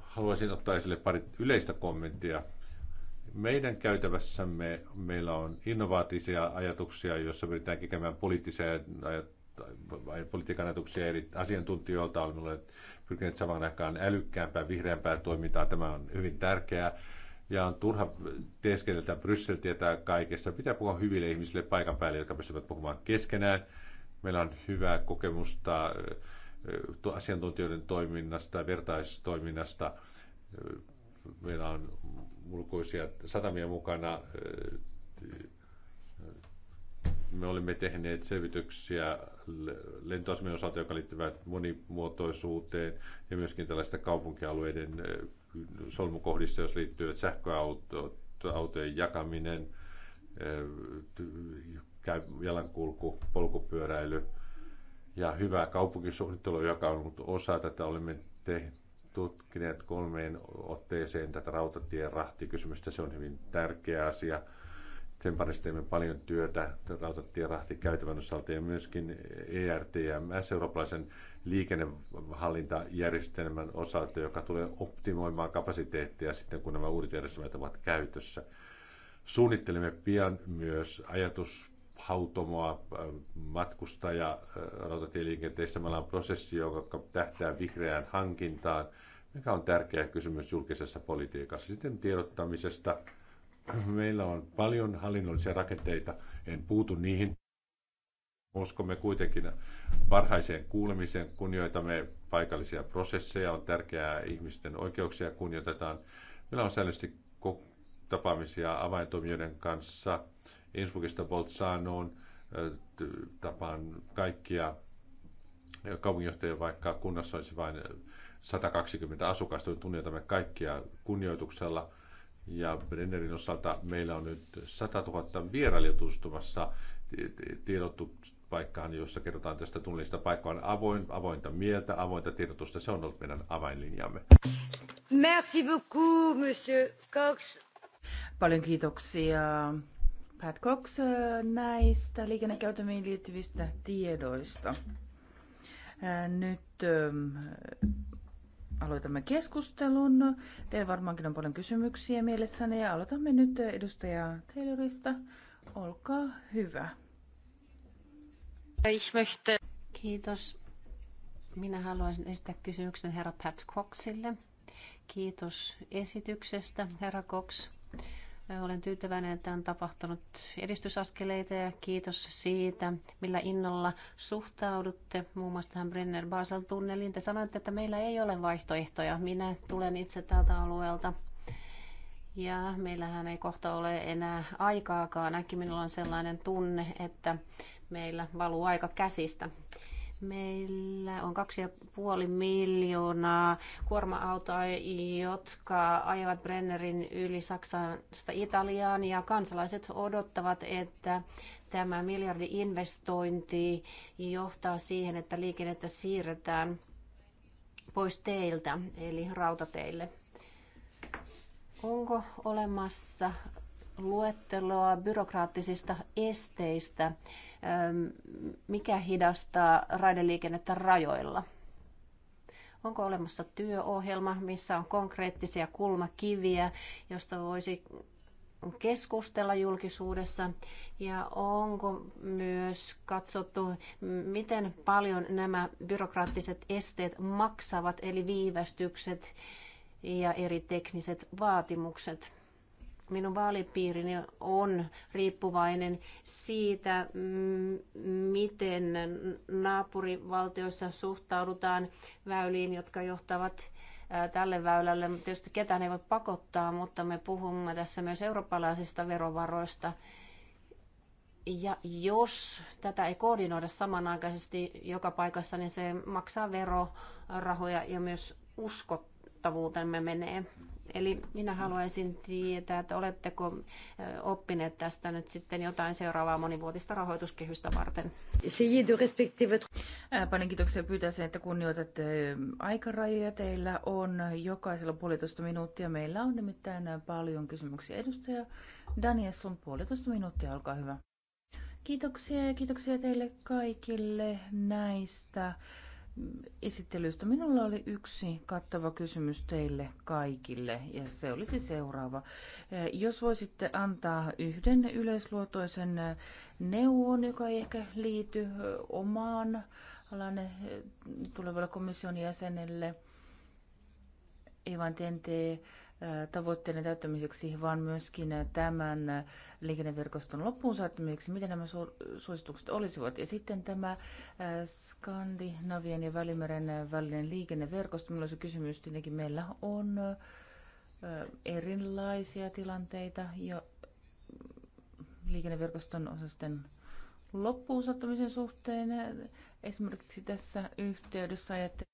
C: Haluaisin ottaa esille pari yleistä kommenttia. Meidän käytävässämme meillä on innovaatisia ajatuksia, joissa pyritään tekemään poliittisia politiikan ajatuksia eri asiantuntijoilta. Olemme pyrkineet samaan aikaan älykkäämpään, vihreämpää toimintaa. Tämä on hyvin tärkeää ja on turha teeskennellä, Bryssel tietää kaikesta. Pitää puhua hyville ihmisille paikan päälle, jotka pystyvät puhumaan keskenään. Meillä on hyvää kokemusta asiantuntijoiden toiminnasta, vertaistoiminnasta. Meillä on ulkoisia satamia mukana. Me olemme tehneet selvityksiä lentoasemien osalta, joka liittyvät monimuotoisuuteen ja myöskin tällaista kaupunkialueiden solmukohdissa, jos liittyy sähköautojen jakaminen, jalankulku, polkupyöräily ja hyvä kaupunkisuunnittelu, joka on ollut osa tätä. Olemme te tutkineet kolmeen otteeseen tätä rautatien rahtikysymystä. Se on hyvin tärkeä asia. Sen parissa teemme paljon työtä rautatien rahtikäytävän käytävän osalta ja myöskin ERTMS, eurooppalaisen liikennehallintajärjestelmän osalta, joka tulee optimoimaan kapasiteettia sitten, kun nämä uudet järjestelmät ovat käytössä. Suunnittelemme pian myös ajatushautomoa äh, matkustaja äh, rautatieliikenteessä. Meillä on prosessi, joka tähtää vihreään hankintaan, mikä on tärkeä kysymys julkisessa politiikassa. Sitten tiedottamisesta. Meillä on paljon hallinnollisia rakenteita. En puutu niihin Uskomme kuitenkin varhaiseen kuulemiseen, kunnioitamme paikallisia prosesseja, on tärkeää ihmisten oikeuksia kunnioitetaan. Meillä on säännöllisesti tapaamisia avaintoimijoiden kanssa Innsbruckista Bolzanoon, äh, tapaan kaikkia kaupunginjohtajia, vaikka kunnassa olisi vain 120 asukasta, niin tunnetamme kaikkia kunnioituksella. Ja Brennerin osalta meillä on nyt 100 000 vierailijoita tutustumassa paikkaan, jossa kerrotaan tästä tunnista paikkaan avoin, avointa mieltä, avointa tiedotusta. Se on ollut meidän avainlinjamme.
B: Merci
A: beaucoup, monsieur Cox. Paljon kiitoksia Pat Cox näistä liikennekäytömiin liittyvistä tiedoista. Nyt ähm, aloitamme keskustelun. Teillä varmaankin on paljon kysymyksiä mielessäni ja aloitamme nyt edustaja Taylorista. Olkaa
B: hyvä. Ich möchte... Kiitos. Minä haluaisin esittää kysymyksen herra Pat Coxille. Kiitos esityksestä, herra Cox. Olen tyytyväinen, että on tapahtunut edistysaskeleita ja kiitos siitä, millä innolla suhtaudutte muun muassa tähän Brenner Basel-tunneliin. Te sanoitte, että meillä ei ole vaihtoehtoja. Minä tulen itse tältä alueelta ja meillähän ei kohta ole enää aikaakaan. Äkki minulla on sellainen tunne, että meillä valuu aika käsistä. Meillä on 2,5 miljoonaa kuorma-autoa, jotka ajavat Brennerin yli Saksasta Italiaan ja kansalaiset odottavat, että tämä miljardi investointi johtaa siihen, että liikennettä siirretään pois teiltä eli rautateille. Onko olemassa luetteloa byrokraattisista esteistä, mikä hidastaa raideliikennettä rajoilla? Onko olemassa työohjelma, missä on konkreettisia kulmakiviä, josta voisi keskustella julkisuudessa ja onko myös katsottu, miten paljon nämä byrokraattiset esteet maksavat, eli viivästykset ja eri tekniset vaatimukset. Minun vaalipiirini on riippuvainen siitä, miten naapurivaltioissa suhtaudutaan väyliin, jotka johtavat tälle väylälle. Tietysti ketään ei voi pakottaa, mutta me puhumme tässä myös eurooppalaisista verovaroista. Ja jos tätä ei koordinoida samanaikaisesti joka paikassa, niin se maksaa verorahoja ja myös uskottavuutta vaikuttavuutemme menee. Eli minä haluaisin tietää, että oletteko oppineet tästä nyt sitten jotain seuraavaa monivuotista rahoituskehystä varten? Paljon kiitoksia.
A: Pyytäisin, että kunnioitatte aikarajoja. Teillä on jokaisella puolitoista minuuttia. Meillä on nimittäin paljon kysymyksiä. Edustaja Daniels on puolitoista minuuttia. Olkaa hyvä. Kiitoksia ja kiitoksia teille kaikille näistä esittelystä. Minulla oli yksi kattava kysymys teille kaikille, ja se olisi seuraava. Jos voisitte antaa yhden yleisluotoisen neuvon, joka ei ehkä liity omaan alanne tulevalle komission jäsenelle, ei vain tavoitteiden täyttämiseksi, vaan myöskin tämän liikenneverkoston loppuun saattamiseksi, mitä nämä suositukset olisivat. Ja sitten tämä Skandinavian ja Välimeren välinen liikenneverkosto, minulla se kysymys tietenkin meillä on erilaisia tilanteita ja liikenneverkoston osasten loppuun saattamisen suhteen. Esimerkiksi tässä yhteydessä ajattelin,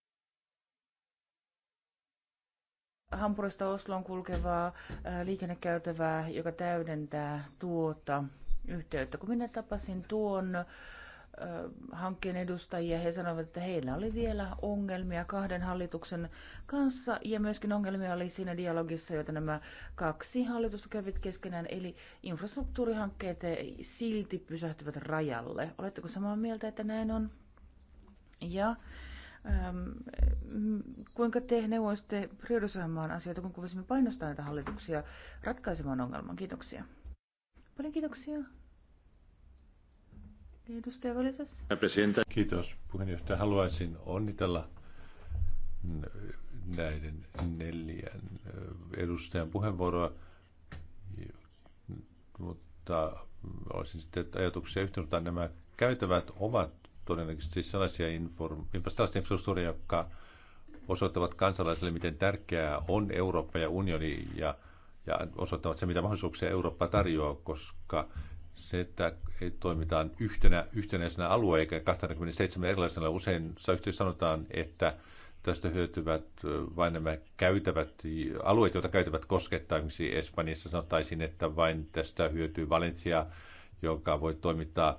A: Hampurista Osloon kulkevaa äh, liikennekäytävää, joka täydentää tuota yhteyttä. Kun minä tapasin tuon äh, hankkeen edustajia, he sanoivat, että heillä oli vielä ongelmia kahden hallituksen kanssa ja myöskin ongelmia oli siinä dialogissa, jota nämä kaksi hallitusta kävivät keskenään, eli infrastruktuurihankkeet silti pysähtyvät rajalle. Oletteko samaa mieltä, että näin on? Ja Ähm, kuinka te neuvoisitte priorisoimaan asioita, kun kuvasimme painostaa näitä hallituksia ratkaisemaan ongelman? Kiitoksia. Paljon kiitoksia. Edustaja Välisessä.
C: Kiitos puheenjohtaja. Haluaisin onnitella näiden neljän edustajan puheenvuoroa, mutta olisin sitten ajatuksia yhteen, nämä käytävät ovat todennäköisesti sellaisia inform, sellaista infrastruktuuria, jotka osoittavat kansalaisille, miten tärkeää on Eurooppa ja unioni ja, ja osoittavat se, mitä mahdollisuuksia Eurooppa tarjoaa, koska se, että toimitaan yhtenä, yhtenäisenä alueena eikä 27 erilaisena, usein yhteydessä sanotaan, että tästä hyötyvät vain nämä käytävät, alueet, joita käytävät koskettaa. Esimerkiksi Espanjassa sanottaisiin, että vain tästä hyötyy Valencia, joka voi toimittaa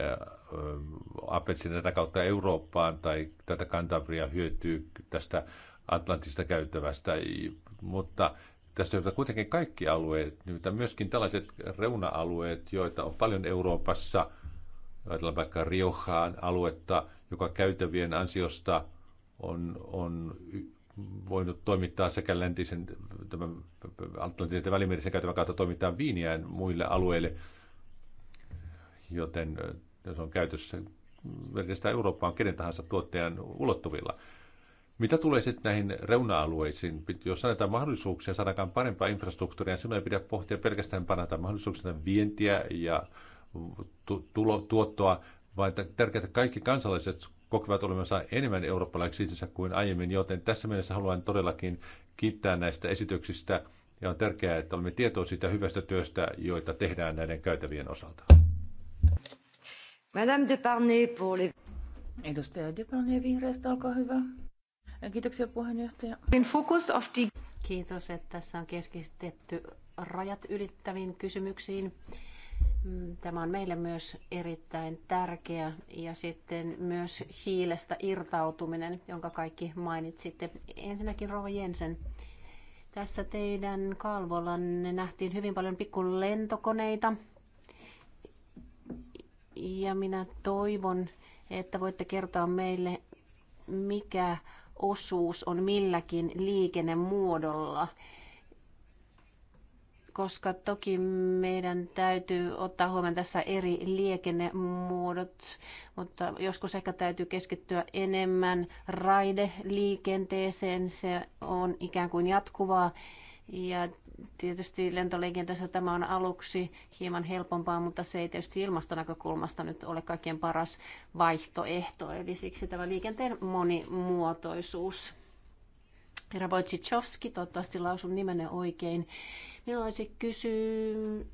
C: Ähm, Appelsin tätä kautta Eurooppaan tai tätä Kantabria hyötyy tästä Atlantista käytävästä, mutta tästä hyötyvät kuitenkin kaikki alueet, mutta myöskin tällaiset reuna-alueet, joita on paljon Euroopassa, ajatellaan vaikka Riohaan aluetta, joka käytävien ansiosta on, on voinut toimittaa sekä läntisen, tämän Atlantin että välimerisen käytävän kautta toimittaa viiniään muille alueille – joten se on käytössä verkistää Eurooppaan kenen tahansa tuottajan ulottuvilla. Mitä tulee sitten näihin reuna-alueisiin? Jos sanotaan mahdollisuuksia saadaan parempaa infrastruktuuria, niin silloin ei pidä pohtia pelkästään parata mahdollisuuksia vientiä ja tulo, tuottoa, vaan tärkeää, että kaikki kansalaiset kokevat olemassa enemmän eurooppalaisiksi itsensä kuin aiemmin, joten tässä mielessä haluan todellakin kiittää näistä esityksistä ja on tärkeää, että olemme tietoisia siitä hyvästä työstä, joita tehdään näiden käytävien osalta.
A: Madame Parnay pour les... Edustaja Parnay
B: vihreästä, olkaa hyvä. Kiitoksia puheenjohtaja. Focus of the... Kiitos, että tässä on keskitetty rajat ylittäviin kysymyksiin. Mm, tämä on meille myös erittäin tärkeä ja sitten myös hiilestä irtautuminen, jonka kaikki mainitsitte. Ensinnäkin Rova Jensen, tässä teidän kalvolanne. nähtiin hyvin paljon pikkulentokoneita. lentokoneita ja minä toivon, että voitte kertoa meille, mikä osuus on milläkin liikennemuodolla. Koska toki meidän täytyy ottaa huomioon tässä eri liikennemuodot, mutta joskus ehkä täytyy keskittyä enemmän raideliikenteeseen. Se on ikään kuin jatkuvaa ja Tietysti lentoliikenteessä tämä on aluksi hieman helpompaa, mutta se ei tietysti ilmastonäkökulmasta nyt ole kaikkein paras vaihtoehto. Eli siksi tämä liikenteen monimuotoisuus. Herra Wojciechowski, toivottavasti lausun nimenne oikein. Minulla olisi kysymys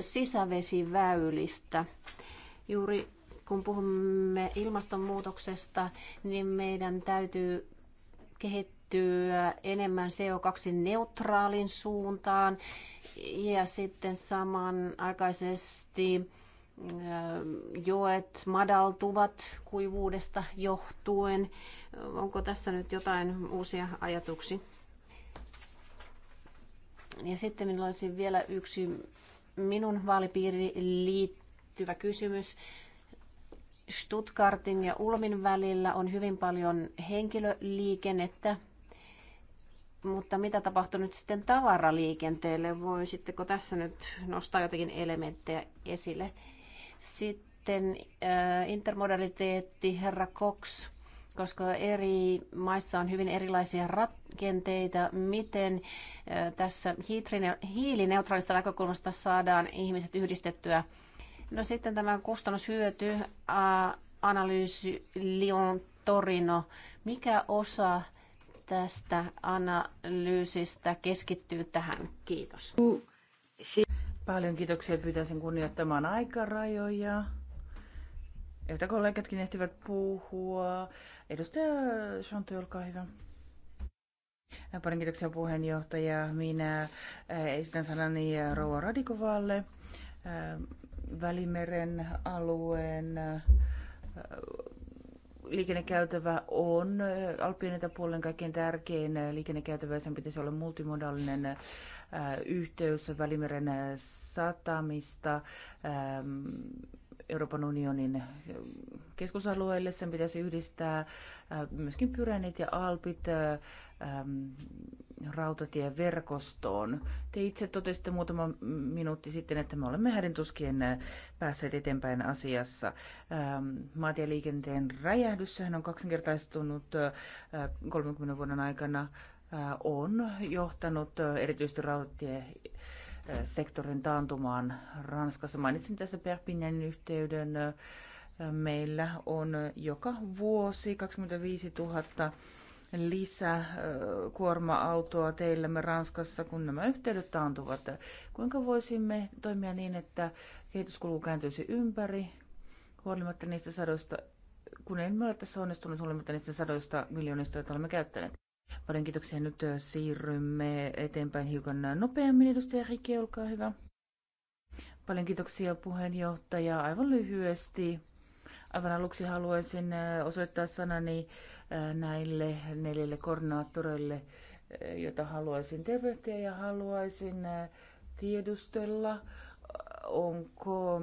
B: sisävesiväylistä. Juuri kun puhumme ilmastonmuutoksesta, niin meidän täytyy kehittää kehittyy enemmän CO2-neutraalin suuntaan ja sitten samanaikaisesti äh, joet madaltuvat kuivuudesta johtuen. Onko tässä nyt jotain uusia ajatuksia? Ja sitten minulla olisi vielä yksi minun vaalipiiriin liittyvä kysymys. Stuttgartin ja Ulmin välillä on hyvin paljon henkilöliikennettä mutta mitä tapahtuu nyt sitten tavaraliikenteelle? Voisitteko tässä nyt nostaa jotakin elementtejä esille? Sitten äh, intermodaliteetti, herra Cox, koska eri maissa on hyvin erilaisia rakenteita. Miten äh, tässä hiilineutraalista näkökulmasta saadaan ihmiset yhdistettyä? No sitten tämä kustannushyöty, äh, analyysi Lyon Torino. Mikä osa äh, tästä analyysistä keskittyy tähän. Kiitos. Paljon kiitoksia. Pyytäisin kunnioittamaan
A: aikarajoja, joita kollegatkin ehtivät puhua. Edustaja Shanti, olkaa hyvä. Paljon kiitoksia puheenjohtaja. Minä eh, esitän sanani eh, Rouva Radikovalle eh, Välimeren alueen liikennekäytävä on äh, Alppien puolen kaikkein tärkein äh, liikennekäytävä ja sen pitäisi olla multimodaalinen äh, Äh, yhteys Välimeren satamista ähm, Euroopan unionin keskusalueelle. Sen pitäisi yhdistää äh, myöskin Pyrenit ja Alpit äh, ähm, rautatieverkostoon. Te itse totesitte muutama minuutti sitten, että me olemme hädintuskien päässeet eteenpäin asiassa. Ähm, maatieliikenteen räjähdyssähän on kaksinkertaistunut 30 vuoden aikana on johtanut erityisesti sektorin taantumaan Ranskassa. Mainitsin tässä Perpignanin yhteyden. Meillä on joka vuosi 25 000 lisää kuorma-autoa teillämme Ranskassa, kun nämä yhteydet taantuvat. Kuinka voisimme toimia niin, että kehityskulku kääntyisi ympäri, huolimatta niistä sadoista, kun emme ole tässä onnistunut huolimatta niistä sadoista miljoonista, joita olemme käyttäneet? Paljon kiitoksia. Nyt siirrymme eteenpäin hiukan nopeammin. Edustaja Rike, olkaa hyvä. Paljon kiitoksia puheenjohtaja. Aivan lyhyesti. Aivan aluksi haluaisin osoittaa sanani näille neljälle koordinaattoreille, jota haluaisin tervehtiä ja haluaisin tiedustella, onko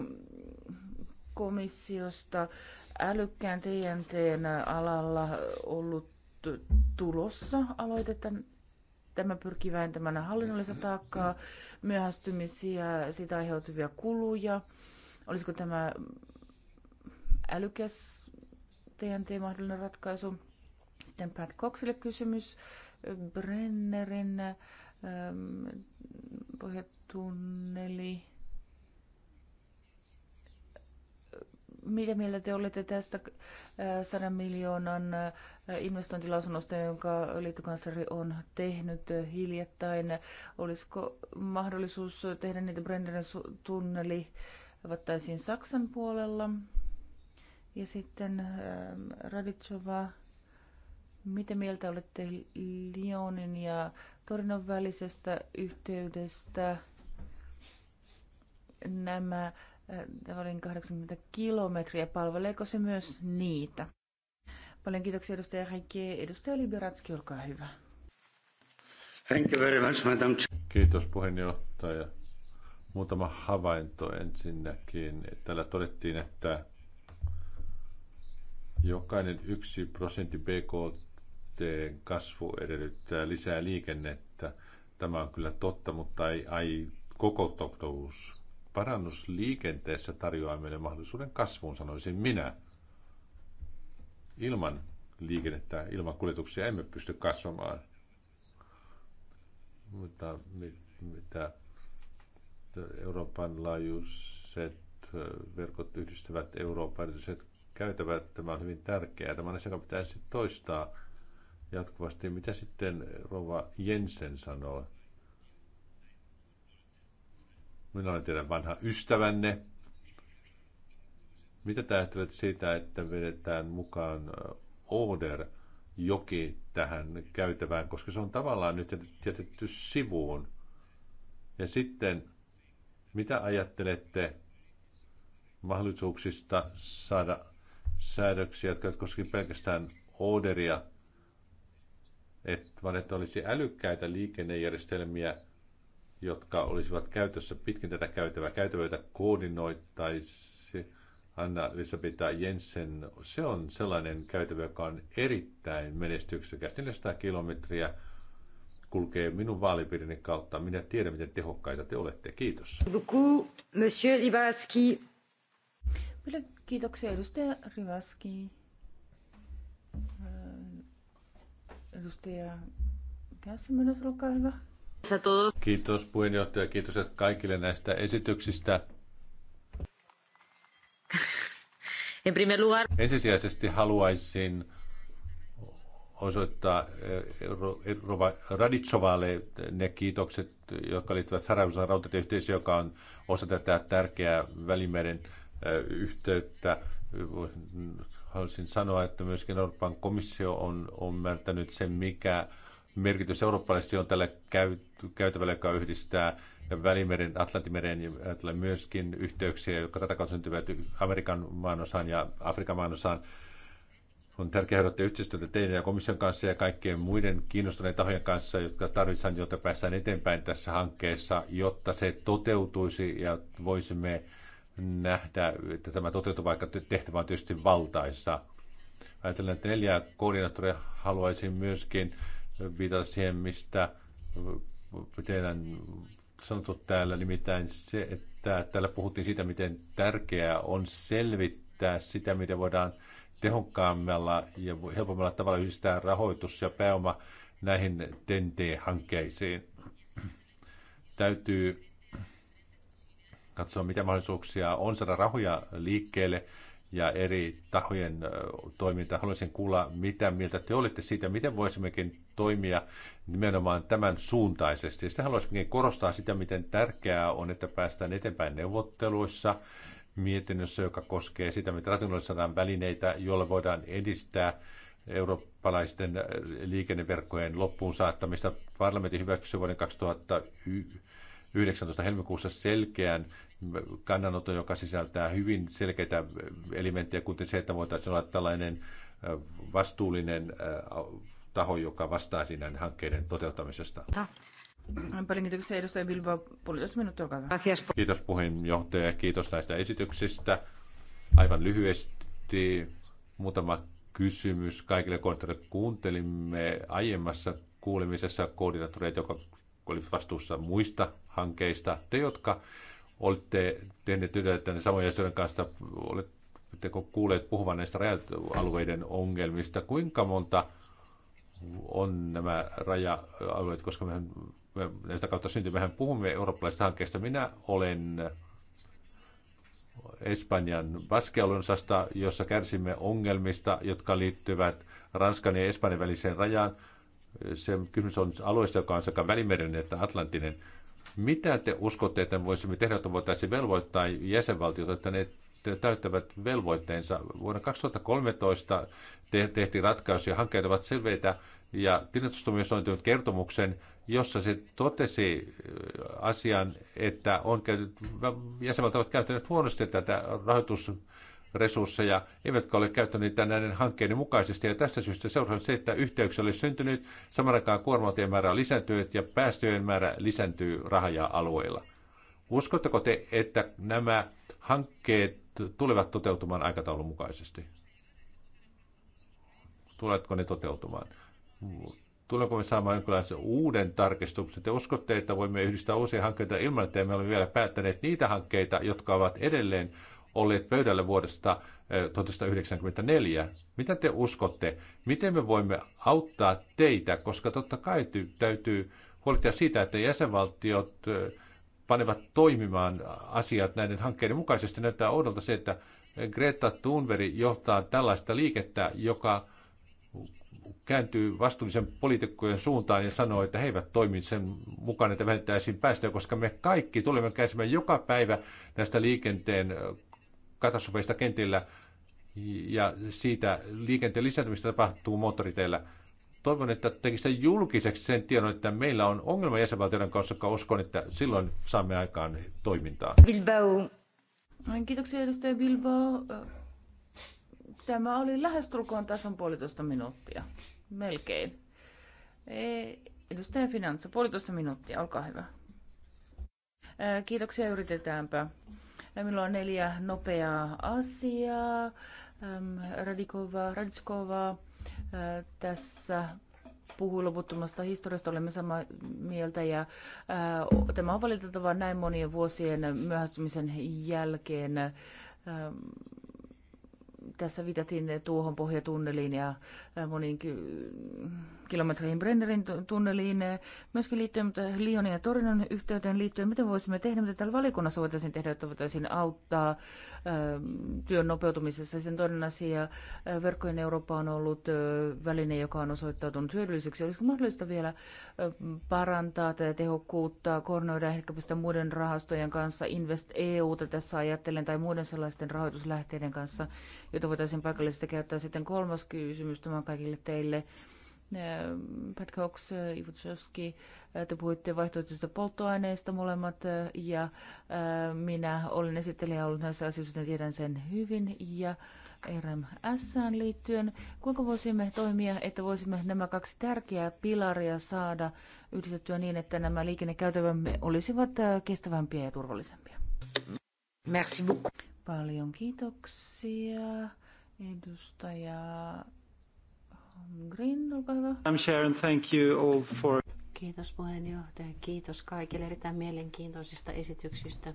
A: komissiosta älykkään tnt alalla ollut tulossa aloitetta. Tämä pyrkii vähentämään hallinnollista taakkaa, myöhästymisiä, sitä aiheutuvia kuluja. Olisiko tämä älykäs TNT mahdollinen ratkaisu? Sitten Pat Coxille kysymys. Brennerin ähm, pohjatunneli mitä mieltä te olette tästä 100 äh, miljoonan äh, investointilausunnosta, jonka liittokansleri on tehnyt äh, hiljattain? Olisiko mahdollisuus tehdä niitä Brennerin tunneli avattaisiin Saksan puolella? Ja sitten Raditsova, mitä mieltä olette Lyonin ja Torinon välisestä yhteydestä? Nämä tavallinen äh, 80 kilometriä. Palveleeko se myös niitä? Paljon kiitoksia edustaja Heikki. Edustaja Liberatski, olkaa hyvä.
C: Thank you very much, madam. Kiitos puheenjohtaja. Muutama havainto ensinnäkin. Täällä todettiin, että jokainen yksi prosentti BKT kasvu edellyttää lisää liikennettä. Tämä on kyllä totta, mutta ei, ei koko totuus parannus liikenteessä tarjoaa meille mahdollisuuden kasvuun, sanoisin minä. Ilman liikennettä, ilman kuljetuksia emme pysty kasvamaan. Mutta mitä Euroopan laajuiset verkot yhdistävät Euroopan erilaiset käytävät, tämä on hyvin tärkeää. Tämä on asia, joka pitäisi toistaa jatkuvasti. Mitä sitten Rova Jensen sanoo? Minä olen teidän vanha ystävänne. Mitä te ajattelet siitä, että vedetään mukaan Oder joki tähän käytävään, koska se on tavallaan nyt jätetty sivuun. Ja sitten, mitä ajattelette mahdollisuuksista saada säädöksiä, jotka koskevat pelkästään Oderia, että, vaan että olisi älykkäitä liikennejärjestelmiä – jotka olisivat käytössä pitkin tätä käytävää. Käytävöitä koordinoittaisi. Anna Elisabetta Jensen. Se on sellainen käytävä, joka on erittäin menestyksekäs. 400 kilometriä kulkee minun vaalipiirini kautta. Minä tiedän, miten tehokkaita te olette. Kiitos.
A: Beaucoup, monsieur kiitoksia, edustaja Rivaski. Edustaja Käsimönös, olkaa hyvä.
C: Kiitos puheenjohtaja, kiitos kaikille näistä esityksistä.
A: En primer lugar...
C: Ensisijaisesti haluaisin osoittaa eh, Rova Raditsovalle ne kiitokset, jotka liittyvät Sarajevsan rautatieyhteisöön, joka on osa tätä tärkeää Välimeren eh, yhteyttä. Haluaisin sanoa, että myöskin Euroopan komissio on ymmärtänyt sen, mikä merkitys eurooppalaisesti on tällä käytävällä, joka yhdistää Välimeren, Atlantimeren ja myöskin yhteyksiä, jotka tätä kautta syntyvät Amerikan maanosaan ja Afrikan maanosaan. On tärkeää odottaa yhteistyötä teidän ja komission kanssa ja kaikkien muiden kiinnostuneiden tahojen kanssa, jotka tarvitsevat, jotta päästään eteenpäin tässä hankkeessa, jotta se toteutuisi ja voisimme nähdä, että tämä toteutuu, vaikka tehtävä on tietysti valtaissa. Ajattelen, että neljää koordinaattoria haluaisin myöskin viitata siihen, mistä teidän sanottu täällä, nimittäin se, että täällä puhuttiin siitä, miten tärkeää on selvittää sitä, miten voidaan tehokkaammalla ja helpommalla tavalla yhdistää rahoitus ja pääoma näihin tnt hankkeisiin Täytyy katsoa, mitä mahdollisuuksia on saada rahoja liikkeelle ja eri tahojen toiminta. Haluaisin kuulla, mitä mieltä te olette siitä, miten voisimmekin toimia nimenomaan tämän suuntaisesti. Sitten haluaisin korostaa sitä, miten tärkeää on, että päästään eteenpäin neuvotteluissa, mietinnössä, joka koskee sitä, mitä rationaaliset saadaan välineitä, joilla voidaan edistää eurooppalaisten liikenneverkkojen loppuun saattamista. Parlamentti hyväksyi vuoden 2019 helmikuussa selkeän kannanoton, joka sisältää hyvin selkeitä elementtejä, kuten se, että voitaisiin olla tällainen vastuullinen taho, joka vastaa siinä hankkeiden toteuttamisesta. Kiitos puheenjohtaja ja kiitos näistä esityksistä. Aivan lyhyesti muutama kysymys kaikille koordinaattoreille. Kuuntelimme aiemmassa kuulemisessa koordinaattoreita, joka oli vastuussa muista hankkeista. Te, jotka olette tehneet työtä tänne samojen järjestöjen kanssa, oletteko kuulleet puhuvan näistä rajatalueiden ongelmista? Kuinka monta on nämä raja-alueet, koska mehän, me näistä kautta syntyy. Mehän puhumme eurooppalaisista hankkeista. Minä olen Espanjan baskealueen jossa kärsimme ongelmista, jotka liittyvät Ranskan ja Espanjan väliseen rajaan. Se kysymys on alueesta, joka on sekä välimeren että atlanttinen. Mitä te uskotte, että voisimme tehdä, että voitaisiin velvoittaa jäsenvaltiota, että ne täyttävät velvoitteensa. Vuonna 2013 te- tehtiin ratkaisu ja hankkeet ovat selveitä ja tilintustuomioissa on tehnyt kertomuksen, jossa se totesi äh, asian, että on käynyt, jäsenvaltiot ovat käyttäneet huonosti tätä rahoitus resursseja, eivätkä ole käyttäneet niitä näiden hankkeiden mukaisesti. Ja tästä syystä seurauksena se, että yhteyksiä olisi syntynyt, saman aikaan kuorma määrä on lisääntynyt ja päästöjen määrä lisääntyy rahaja alueilla. Uskotteko te, että nämä hankkeet tulevat toteutumaan aikataulun mukaisesti? Tuletko ne toteutumaan? Tuleeko me saamaan jonkinlaisen uuden tarkistuksen? Te uskotte, että voimme yhdistää uusia hankkeita ilman, että me olemme vielä päättäneet niitä hankkeita, jotka ovat edelleen olleet pöydällä vuodesta 1994. Eh, Mitä te uskotte? Miten me voimme auttaa teitä? Koska totta kai täytyy huolehtia siitä, että jäsenvaltiot eh, panevat toimimaan asiat näiden hankkeiden mukaisesti. Näyttää oudolta se, että Greta Thunberg johtaa tällaista liikettä, joka kääntyy vastuullisen poliitikkojen suuntaan ja sanoo, että he eivät toimi sen mukaan, että vähentäisiin päästöjä, koska me kaikki tulemme käsimään joka päivä näistä liikenteen katastrofeista kentillä ja siitä liikenteen lisääntymistä tapahtuu moottoriteillä – toivon, että tekisitte julkiseksi sen tiedon, että meillä on ongelma jäsenvaltioiden kanssa, koska uskon, että silloin saamme aikaan toimintaa.
A: Bilbao. Kiitoksia edustaja Bilbao. Tämä oli lähestulkoon tason puolitoista minuuttia. Melkein. E, edustaja Finanssa, puolitoista minuuttia, olkaa hyvä. Kiitoksia, yritetäänpä. Meillä on neljä nopeaa asiaa. Radikova, Radikova, tässä puhui loputtomasta historiasta, olemme samaa mieltä. Ja, ää, tämä on valitettava näin monien vuosien myöhästymisen jälkeen. Ää, tässä viitattiin tuohon pohjatunneliin ja moniin kilometreihin Brennerin tunneliin, eh, myöskin liittyen mutta Lionin ja Torinon yhteyteen liittyen, mitä voisimme tehdä, mitä täällä valikunnassa voitaisiin tehdä, jotta voitaisiin auttaa eh, työn nopeutumisessa. Sen toinen asia, eh, verkkojen Eurooppa on ollut väline, joka on osoittautunut hyödylliseksi. Olisiko mahdollista vielä parantaa tätä tehokkuutta, koordinoida ehkäpä sitä muiden rahastojen kanssa, Invest EUta tässä ajattelen, tai muiden sellaisten rahoituslähteiden kanssa, joita voitaisiin paikallisesti käyttää. Sitten kolmas kysymys, tämä on kaikille teille. Pat Cox, Ivo Tchowski, te puhuitte vaihtoehtoisista polttoaineista molemmat ja minä olen esittelijä ollut näissä asioissa, joten tiedän sen hyvin ja RMSään liittyen. Kuinka voisimme toimia, että voisimme nämä kaksi tärkeää pilaria saada yhdistettyä niin, että nämä liikennekäytävämme olisivat kestävämpiä ja turvallisempia? Merci beaucoup. Paljon kiitoksia edustaja olkaa hyvä. I'm Sharon, thank you all for...
B: Kiitos puheenjohtaja, kiitos kaikille erittäin mielenkiintoisista esityksistä.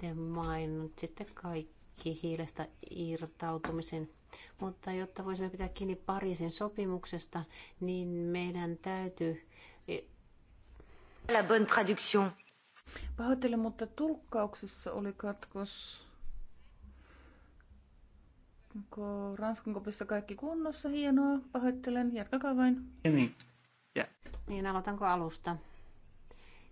B: Te mainitsitte kaikki hiilestä irtautumisen, mutta jotta voisimme pitää kiinni Pariisin sopimuksesta, niin meidän täytyy... La bonne traduction. Pahoittelen, mutta tulkkauksessa oli katkos.
A: Onko Ranskan kopissa kaikki kunnossa? Hienoa. Pahoittelen.
B: Jatkakaa vain. Niin. Yeah. Niin, aloitanko alusta?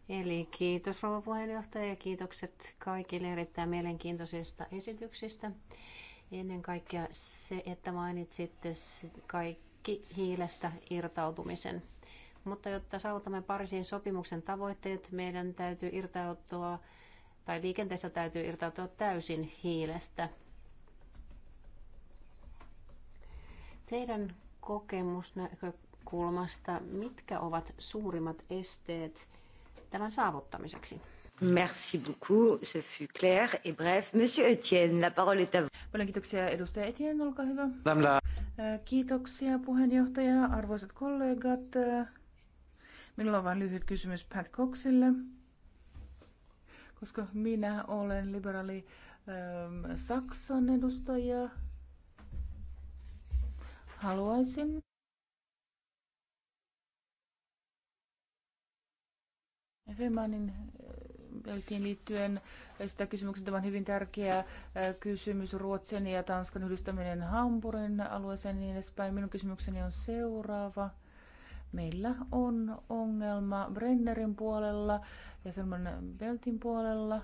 B: Eli kiitos rouva puheenjohtaja ja kiitokset kaikille erittäin mielenkiintoisista esityksistä. Ennen kaikkea se, että mainitsitte kaikki hiilestä irtautumisen. Mutta jotta saavutamme Pariisin sopimuksen tavoitteet, meidän täytyy irtautua tai liikenteessä täytyy irtautua täysin hiilestä – Teidän kokemusnäkökulmasta, mitkä ovat suurimmat esteet tämän saavuttamiseksi?
A: Merci beaucoup, ce fut clair et bref. Monsieur Etienne, la parole est à vous. Paljon kiitoksia edustaja Etienne, olkaa hyvä. Madame Kiitoksia puheenjohtaja, arvoisat kollegat. Minulla on vain lyhyt kysymys Pat Coxille, koska minä olen liberaali Saksan edustaja haluaisin Femanin peltiin eh, liittyen sitä kysymyksen. Tämä on hyvin tärkeä eh, kysymys. Ruotsin ja Tanskan yhdistäminen Hampurin alueeseen niin edespäin. Minun kysymykseni on seuraava. Meillä on ongelma Brennerin puolella ja Femanin peltin puolella.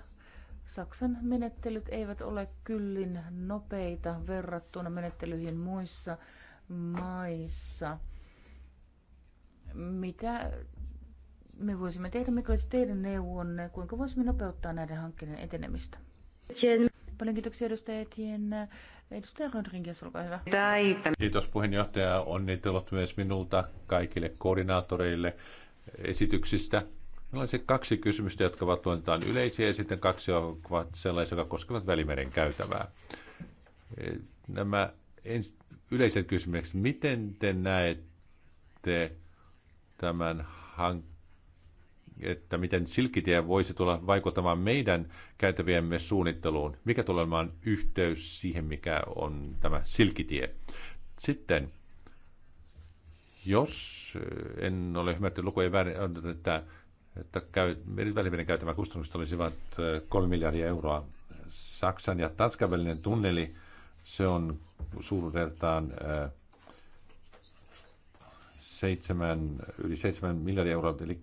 A: Saksan menettelyt eivät ole kyllin nopeita verrattuna menettelyihin muissa maissa. Mitä me voisimme tehdä, mikä olisi teidän neuvonne, kuinka voisimme nopeuttaa näiden hankkeiden etenemistä? Paljon kiitoksia edustaja Etienne. Edustaja Rodriguez, olkaa hyvä.
C: Kiitos puheenjohtaja. Onnittelut myös minulta kaikille koordinaattoreille esityksistä. Meillä on se kaksi kysymystä, jotka ovat tuotetaan yleisiä ja sitten kaksi ovat sellaisia, jotka koskevat välimeren käytävää. Nämä ens, yleiset kysymykset. Miten te näette tämän hankkeen? että miten Silkkitie voisi tulla vaikuttamaan meidän käytäviemme suunnitteluun. Mikä tulee olemaan yhteys siihen, mikä on tämä Silkkitie. Sitten, jos eh, en ole ymmärtänyt lukujen väärin, että, että käy, välivälinen kustannukset olisivat 3 eh, miljardia euroa. Saksan ja Tanskan välinen tunneli se on suuruudeltaan äh, seitsemän, yli 7 miljardia euroa. Eli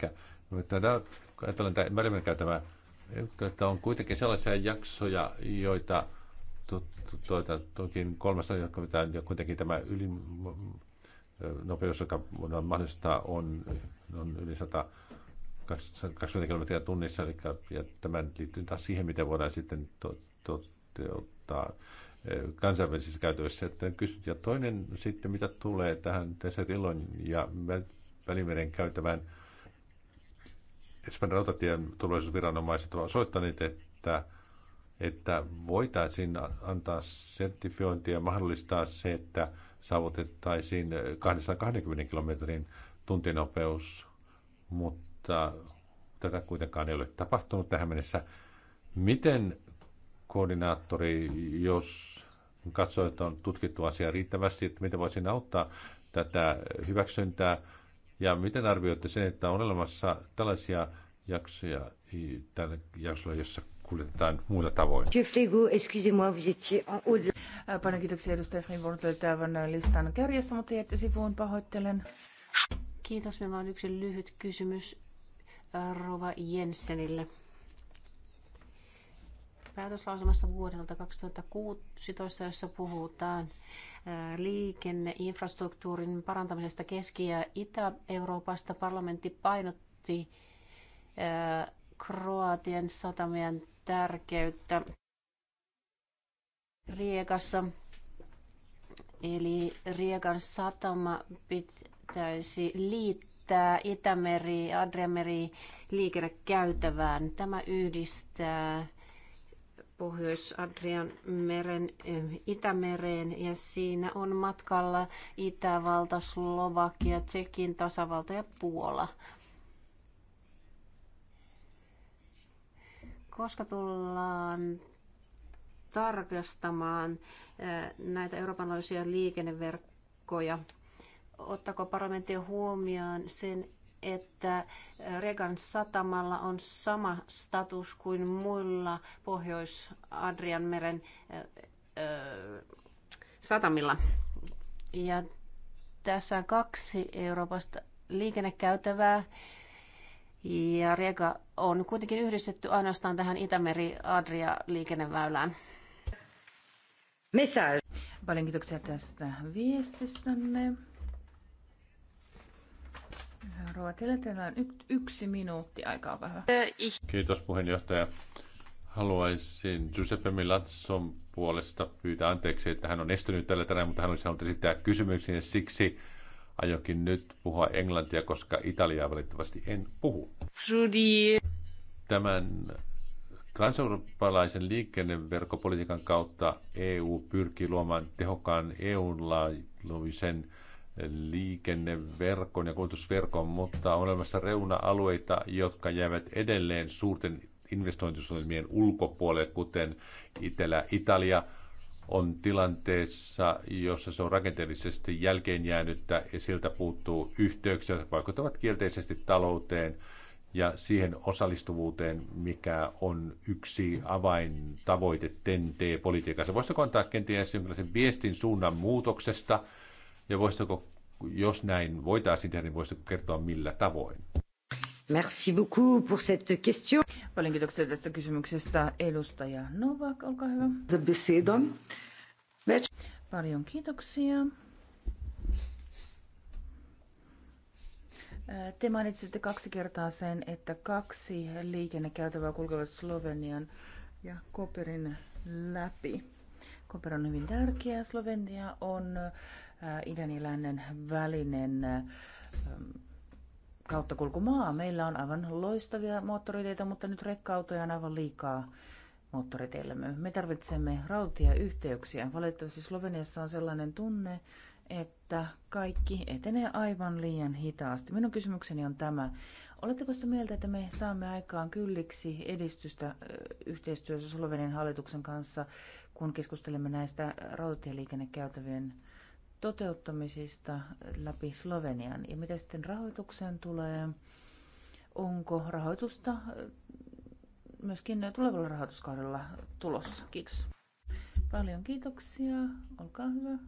C: ajatellaan tämä välimerkää käytävä, että on kuitenkin sellaisia jaksoja, joita tuota, toki kolmas jotka pitää, ja kuitenkin tämä yli, nopeus, joka voidaan mahdollistaa, on, on yli 20 kilometriä tunnissa, eli ja tämän liittyy taas siihen, miten voidaan sitten toteuttaa to, kansainvälisissä käytöissä. Ja toinen sitten, mitä tulee tähän Teserilon ja Välimeren käytävään, Espanjan rautatien turvallisuusviranomaiset ovat soittaneet, että, että voitaisiin antaa sertifiointia ja mahdollistaa se, että saavutettaisiin 220 kilometrin tuntinopeus, mutta tätä kuitenkaan ei ole tapahtunut tähän mennessä. Miten koordinaattori, jos katsoo, että on tutkittu asiaa riittävästi, että miten voisin auttaa tätä hyväksyntää, ja miten arvioitte sen, että on olemassa tällaisia jaksoja tällä jaksolla, jossa kuljetetaan muuta tavoin?
A: Paljon kiitoksia edustaja Fribourg löytää listan kärjessä, mutta jätti sivuun pahoittelen.
B: Kiitos. Meillä on yksi lyhyt kysymys Rova Jensenille päätöslausumassa vuodelta 2016, jossa puhutaan liikenneinfrastruktuurin parantamisesta Keski- ja Itä-Euroopasta. Parlamentti painotti Kroatian satamien tärkeyttä Riekassa. Eli Riekan satama pitäisi liittää Itämeri, Adriameri liikennekäytävään. Tämä yhdistää Pohjois-Adrian meren Itämereen ja siinä on matkalla Itävalta, Slovakia, Tsekin tasavalta ja Puola. Koska tullaan tarkastamaan näitä euroopanlaisia liikenneverkkoja, ottako parlamentti huomioon sen, että Regan satamalla on sama status kuin muilla Pohjois-Adrianmeren satamilla. Ja tässä on kaksi Euroopasta liikennekäytävää. Ja rega on kuitenkin yhdistetty ainoastaan tähän Itämeri-Adria-liikenneväylään. Missä? Paljon kiitoksia tästä viestistänne.
A: Seuraava Teillä on yksi minuutti, aikaa vähän.
C: Kiitos puheenjohtaja. Haluaisin Giuseppe Milazzon puolesta pyytää anteeksi, että hän on estynyt tällä tänään, mutta hän olisi halunnut esittää kysymyksiä siksi aionkin nyt puhua englantia, koska italiaa valitettavasti en puhu. Tämän transeurooppalaisen liikenneverkopolitiikan kautta EU pyrkii luomaan tehokkaan EUn laajuisen liikenneverkon ja kulutusverkon, mutta on olemassa reuna-alueita, jotka jäävät edelleen suurten investointisuunnitelmien ulkopuolelle, kuten Itä-Italia on tilanteessa, jossa se on rakenteellisesti jälkeen ja siltä puuttuu yhteyksiä, jotka vaikuttavat kielteisesti talouteen ja siihen osallistuvuuteen, mikä on yksi avaintavoite TEN-T-politiikassa. Voisitko antaa kenties jonkinlaisen viestin suunnan muutoksesta – ja voisitko, jos näin voitaisiin tehdä, niin voisitko kertoa millä tavoin?
A: Merci beaucoup pour cette question. Paljon kiitoksia tästä kysymyksestä. Edustaja Novak, olkaa hyvä. The besedon. Paljon kiitoksia. Te mainitsitte kaksi kertaa sen, että kaksi liikennekäytävää kulkevat Slovenian ja Koperin läpi. Koper on hyvin tärkeä. Slovenia on Äh, idän ja lännen välinen ähm, kauttakulkumaa. Meillä on aivan loistavia moottoriteitä, mutta nyt rekka-autoja on aivan liikaa moottoriteille. Me tarvitsemme rautatieyhteyksiä. Valitettavasti Sloveniassa on sellainen tunne, että kaikki etenee aivan liian hitaasti. Minun kysymykseni on tämä. Oletteko sitä mieltä, että me saamme aikaan kylliksi edistystä äh, yhteistyössä Slovenian hallituksen kanssa, kun keskustelemme näistä rautatieliikennekäytävien Toteuttamisista läpi Slovenian. Ja mitä sitten rahoitukseen tulee? Onko rahoitusta äh, myöskin tulevalla rahoituskaudella tulossa? Kiitos. Paljon kiitoksia. Olkaa hyvä.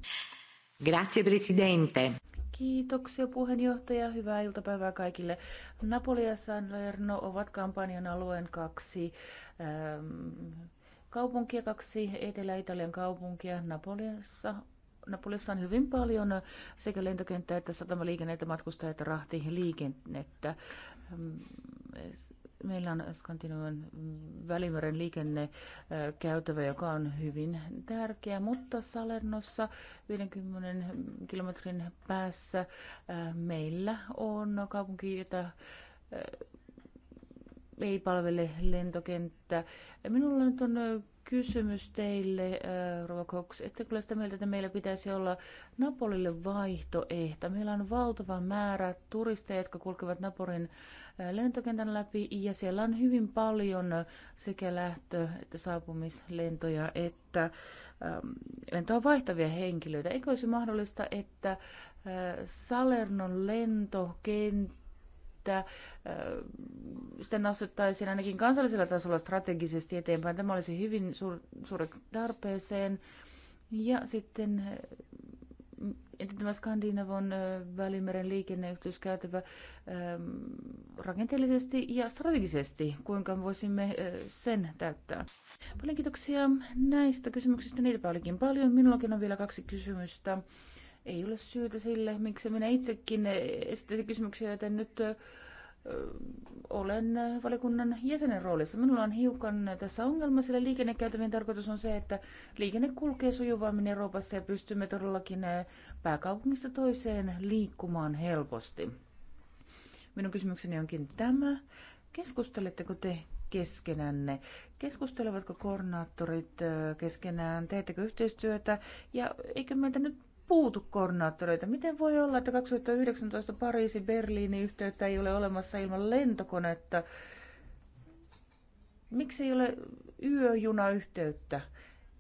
B: Grazie Presidente.
A: Kiitoksia puheenjohtaja. Hyvää iltapäivää kaikille. Napoli ja San Lerno ovat kampanjan alueen kaksi ähm, kaupunkia, kaksi Etelä-Italian kaupunkia. Napoliassa Napolissa on hyvin paljon sekä lentokenttää että satamaliikennettä, matkustajia että liikennettä. Mm, meillä on Skandinavian välimeren liikennekäytävä, äh, joka on hyvin tärkeä, mutta Salernossa 50 kilometrin päässä äh, meillä on kaupunki, jota äh, ei palvele lentokenttä. Minulla nyt on kysymys teille, Rova Cox. Ette kyllä sitä mieltä, että meillä pitäisi olla Napolille vaihtoehto. Meillä on valtava määrä turisteja, jotka kulkevat Naporin lentokentän läpi ja siellä on hyvin paljon sekä lähtö- että saapumislentoja että lentoa vaihtavia henkilöitä. Eikö olisi mahdollista, että Salernon lentokenttä että äh, sitten nostettaisiin ainakin kansallisella tasolla strategisesti eteenpäin. Tämä olisi hyvin suur, suuri tarpeeseen. Ja sitten äh, että tämä Skandinavon äh, välimeren käytävä ähm, rakenteellisesti ja strategisesti, kuinka voisimme sen täyttää. Paljon kiitoksia näistä kysymyksistä, niitä olikin paljon. Minullakin on vielä kaksi kysymystä ei ole syytä sille, miksi minä itsekin esittäisin kysymyksiä, joten nyt olen valikunnan jäsenen roolissa. Minulla on hiukan tässä ongelma, sillä liikennekäytävien tarkoitus on se, että liikenne kulkee sujuvammin Euroopassa ja pystymme todellakin pääkaupungista toiseen liikkumaan helposti. Minun kysymykseni onkin tämä. Keskusteletteko te keskenänne? Keskustelevatko koordinaattorit keskenään? Teettekö yhteistyötä? Ja eikö meitä nyt puutu koordinaattoreita. Miten voi olla, että 2019 Pariisi-Berliini yhteyttä ei ole olemassa ilman lentokonetta? Miksi ei ole yöjunayhteyttä?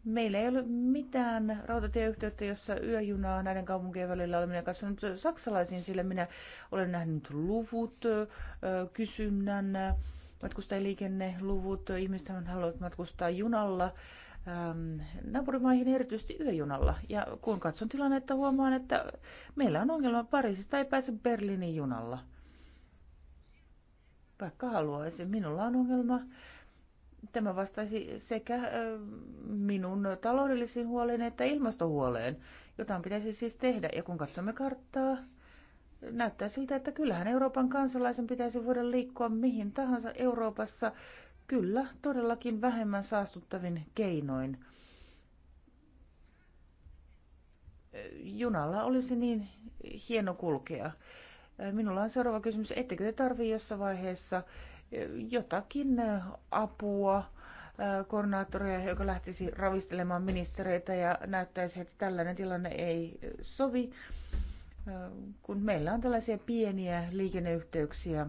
A: Meillä ei ole mitään rautatieyhteyttä, jossa yöjunaa näiden kaupunkien välillä on. Minä katsonut saksalaisiin, sillä minä olen nähnyt luvut, kysynnän, matkustajaliikenneluvut. Ihmiset haluavat matkustaa junalla Ähm, naapurimaihin erityisesti yöjunalla. Ja kun katson tilannetta, huomaan, että meillä on ongelma Pariisista, ei pääse Berliinin junalla. Vaikka haluaisin, minulla on ongelma. Tämä vastaisi sekä minun taloudellisiin huoleen että ilmastohuoleen. Jotain pitäisi siis tehdä. Ja kun katsomme karttaa, näyttää siltä, että kyllähän Euroopan kansalaisen pitäisi voida liikkua mihin tahansa Euroopassa Kyllä, todellakin vähemmän saastuttavin keinoin. Junalla olisi niin hieno kulkea. Minulla on seuraava kysymys. Ettekö te tarvii jossain vaiheessa eh, jotakin eh, apua, eh, koordinaattoria, joka lähtisi ravistelemaan ministereitä ja näyttäisi, että tällainen tilanne ei sovi, kun meillä on tällaisia pieniä liikenneyhteyksiä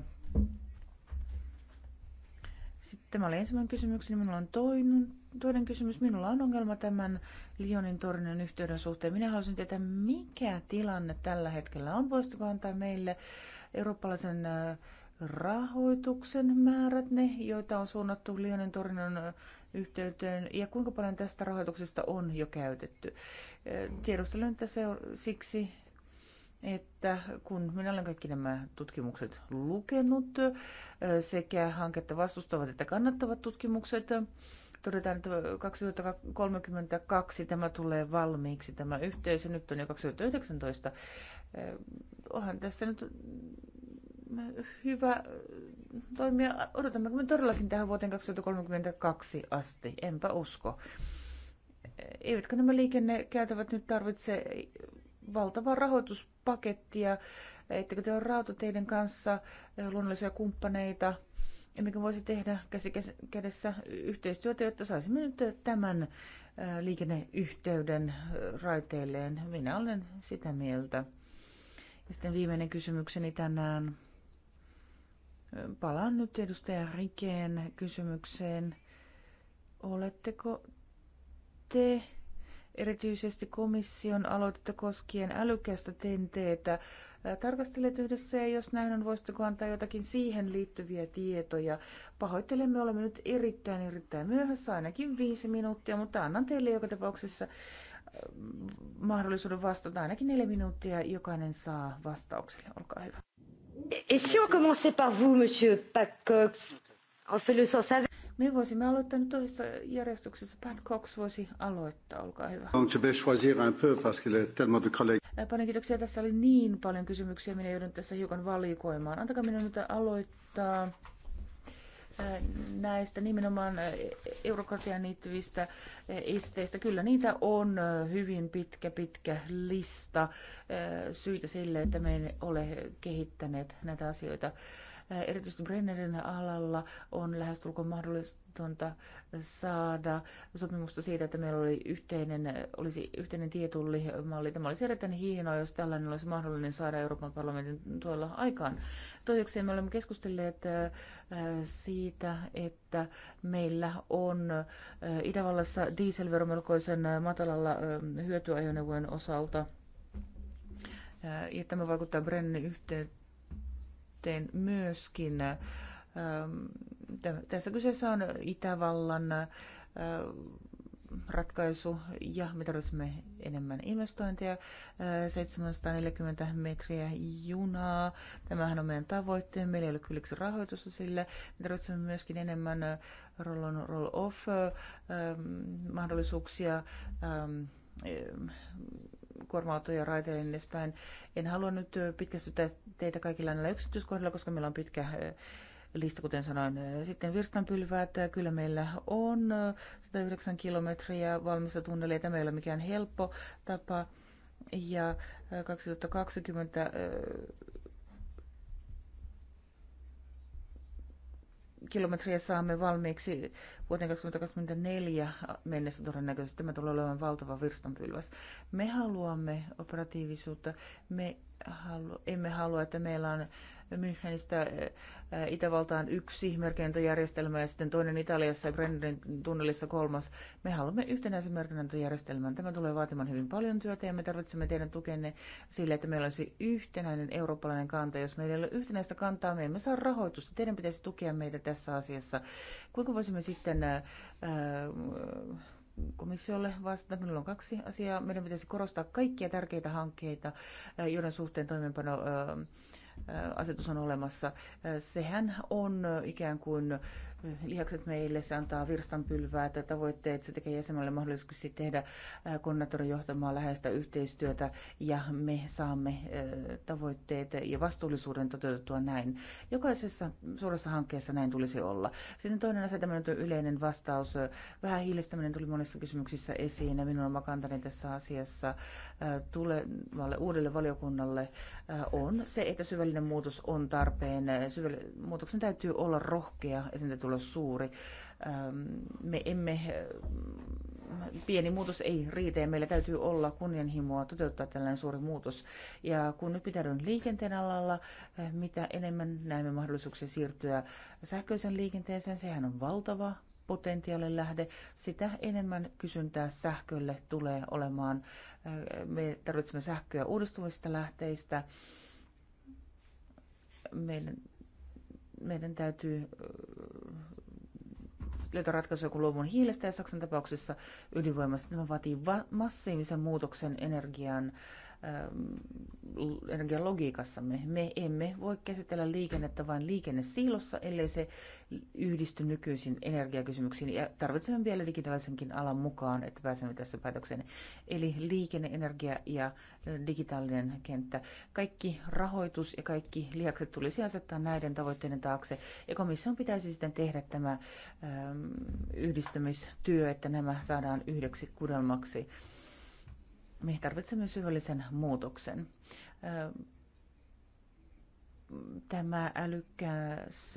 A: sitten tämä oli ensimmäinen kysymys, niin minulla on toinen, toinen kysymys. Minulla on ongelma tämän Lionin tornin yhteyden suhteen. Minä haluaisin tietää, mikä tilanne tällä hetkellä on. Voisitko antaa meille eurooppalaisen äh, rahoituksen määrät, ne, joita on suunnattu Lionin tornin äh, yhteyteen, ja kuinka paljon tästä rahoituksesta on jo käytetty. Äh, tiedustelen tässä siksi, että kun minä olen kaikki nämä tutkimukset lukenut, sekä hanketta vastustavat että kannattavat tutkimukset, todetaan, että 2032 tämä tulee valmiiksi, tämä yhteisö, nyt on jo 2019. Onhan tässä nyt hyvä toimia. Odotammeko me todellakin tähän vuoteen 2032 asti? Enpä usko. Eivätkö nämä liikennekäytävät nyt tarvitse valtavaa rahoituspakettia. Ettekö te ole rautateiden kanssa luonnollisia kumppaneita? mikä voisi tehdä käsi kädessä yhteistyötä, jotta saisimme nyt tämän liikenneyhteyden raiteilleen. Minä olen sitä mieltä. Ja sitten viimeinen kysymykseni tänään. Palaan nyt edustaja Rikeen kysymykseen. Oletteko te erityisesti komission aloitetta koskien älykästä tenteetä. Tarkastelet yhdessä ja jos näin on, voisitteko antaa jotakin siihen liittyviä tietoja? Pahoittelemme, olemme nyt erittäin erittäin myöhässä, ainakin viisi minuuttia, mutta annan teille joka tapauksessa mahdollisuuden vastata ainakin neljä minuuttia. Jokainen saa vastaukselle. Olkaa hyvä. Et si on commençait par vous, monsieur Pacox, on fait le sens avec... Me voisimme aloittaa nyt toisessa järjestyksessä. Pat Cox voisi aloittaa, olkaa hyvä. Paljon kiitoksia. Tässä oli niin paljon kysymyksiä, minä joudun tässä hiukan valikoimaan. Antakaa minun nyt aloittaa näistä nimenomaan eurokratiaan liittyvistä esteistä. Kyllä niitä on hyvin pitkä, pitkä lista syitä sille, että me ei ole kehittäneet näitä asioita erityisesti Brennerin alalla on lähestulkoon mahdollistonta saada sopimusta siitä, että meillä oli yhteinen, olisi yhteinen tietullimalli. Tämä olisi erittäin hienoa, jos tällainen olisi mahdollinen saada Euroopan parlamentin tuolla aikaan. Toiseksi me olemme keskustelleet siitä, että meillä on Itävallassa dieselvero melkoisen matalalla hyötyajoneuvojen osalta. Ja tämä vaikuttaa Brennin yhteyteen suhteen myöskin. Ähm, tässä kyseessä on Itävallan äh, ratkaisu ja me tarvitsemme enemmän investointeja. 740 äh, metriä junaa. Tämähän on meidän tavoitteemme. Meillä ei ole kylliksi rahoitusta sille. Me tarvitsemme myöskin enemmän äh, roll on, roll off ähm, mahdollisuuksia ähm, kuorma-autoja raiteille ja niin edespäin. En halua nyt pitkästyttää teitä kaikilla näillä yksityiskohdilla, koska meillä on pitkä lista, kuten sanoin. Sitten virstanpylväät, kyllä meillä on 109 kilometriä valmista tunnelia. Tämä ei ole mikään helppo tapa. Ja 2020 kilometriä saamme valmiiksi vuoteen 2024 mennessä todennäköisesti tämä tulee olemaan valtava virstanpylväs. Me haluamme operatiivisuutta, me halu- emme halua, että meillä on Münchenistä Itävaltaan yksi merkintöjärjestelmä ja sitten toinen Italiassa ja Brennerin tunnelissa kolmas. Me haluamme yhtenäisen merkintöjärjestelmän. Tämä tulee vaatimaan hyvin paljon työtä ja me tarvitsemme teidän tukenne sille, että meillä olisi yhtenäinen eurooppalainen kanta. Jos meillä ei ole yhtenäistä kantaa, me emme saa rahoitusta. Teidän pitäisi tukea meitä tässä asiassa. Kuinka voisimme sitten ää, komissiolle vastata. Meillä on kaksi asiaa. Meidän pitäisi korostaa kaikkia tärkeitä hankkeita, joiden suhteen toimeenpano äh, asetus on olemassa. Sehän on ikään kuin lihakset meille, se antaa virstanpylvää tai tavoitteet, se tekee jäsenelle mahdollisuuksia tehdä konnatorin johtamaa läheistä yhteistyötä ja me saamme tavoitteet ja vastuullisuuden toteutettua näin. Jokaisessa suuressa hankkeessa näin tulisi olla. Sitten toinen asia, tämmöinen yleinen vastaus. Vähän hiilistäminen tuli monissa kysymyksissä esiin ja minun on makantani tässä asiassa tulevalle uudelle valiokunnalle on se, että syvällinen muutos on tarpeen. Muutoksen täytyy olla rohkea ja sen täytyy olla suuri. Me emme, pieni muutos ei riitä ja meillä täytyy olla kunnianhimoa toteuttaa tällainen suuri muutos. Ja kun nyt pitäydyn liikenteen alalla, mitä enemmän näemme mahdollisuuksia siirtyä sähköisen liikenteeseen, sehän on valtava potentiaalin lähde, sitä enemmän kysyntää sähkölle tulee olemaan. Me tarvitsemme sähköä uudistuvista lähteistä. Meidän, meidän täytyy äh, löytää ratkaisuja kun luovun hiilestä ja Saksan tapauksessa ydinvoimasta. Tämä vaatii va- massiivisen muutoksen energian energialogiikassamme. Me emme voi käsitellä liikennettä vain liikennesiilossa, ellei se yhdisty nykyisin energiakysymyksiin. Ja tarvitsemme vielä digitaalisenkin alan mukaan, että pääsemme tässä päätökseen. Eli liikenne, energia ja digitaalinen kenttä. Kaikki rahoitus ja kaikki lihakset tulisi asettaa näiden tavoitteiden taakse. Ja komission pitäisi sitten tehdä tämä yhdistymistyö, että nämä saadaan yhdeksi kudelmaksi me tarvitsemme syvällisen muutoksen. Tämä älykkäs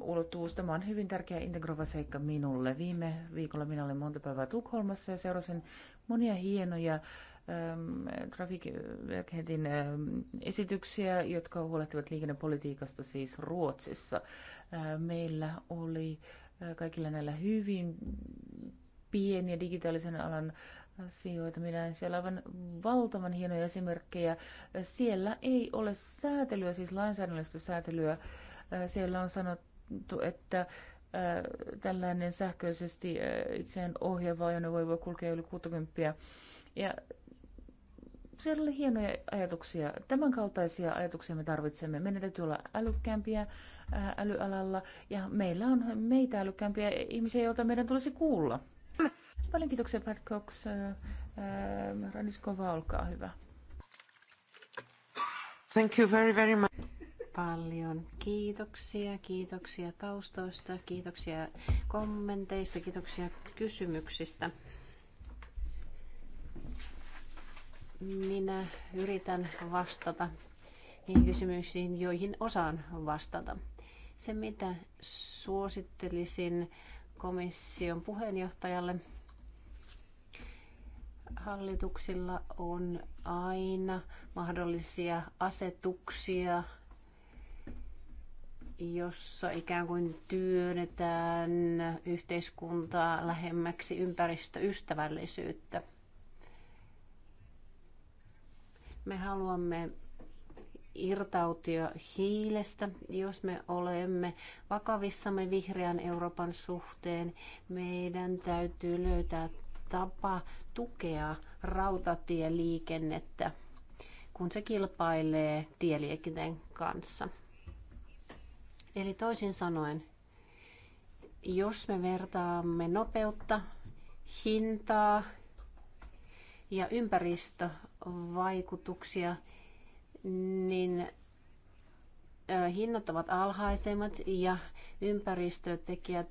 A: ulottuvuus. Tämä on hyvin tärkeä integroiva seikka minulle. Viime viikolla minä olin monta päivää Tukholmassa ja seurasin monia hienoja Trafikverkhetin esityksiä, jotka huolehtivat liikennepolitiikasta siis Ruotsissa. meillä oli kaikilla näillä hyvin pieniä digitaalisen alan asioita. Minä näen siellä aivan valtavan hienoja esimerkkejä. Siellä ei ole säätelyä, siis lainsäädännöllistä säätelyä. Äh, siellä on sanottu, että äh, tällainen sähköisesti äh, itseään ohjaava ajoneuvo voi kulkea yli 60. Ja siellä oli hienoja ajatuksia. Tämän kaltaisia ajatuksia me tarvitsemme. Meidän täytyy olla älykkäämpiä älyalalla ja meillä on meitä älykkäämpiä ihmisiä, joita meidän tulisi kuulla. Paljon kiitoksia, Pat Cox.
B: Radiskova, olkaa hyvä.
A: Thank you very, very much.
B: Paljon kiitoksia, kiitoksia taustoista, kiitoksia kommenteista, kiitoksia kysymyksistä. Minä yritän vastata niihin kysymyksiin, joihin osaan vastata. Se, mitä suosittelisin, komission puheenjohtajalle. Hallituksilla on aina mahdollisia asetuksia, jossa ikään kuin työnnetään yhteiskuntaa lähemmäksi ympäristöystävällisyyttä. Me haluamme irtautua hiilestä. Jos me olemme vakavissamme vihreän Euroopan suhteen, meidän täytyy löytää tapa tukea rautatieliikennettä, kun se kilpailee tieliikenteen kanssa. Eli toisin sanoen, jos me vertaamme nopeutta, hintaa ja ympäristövaikutuksia, niin hinnat ovat alhaisemmat ja ympäristötekijät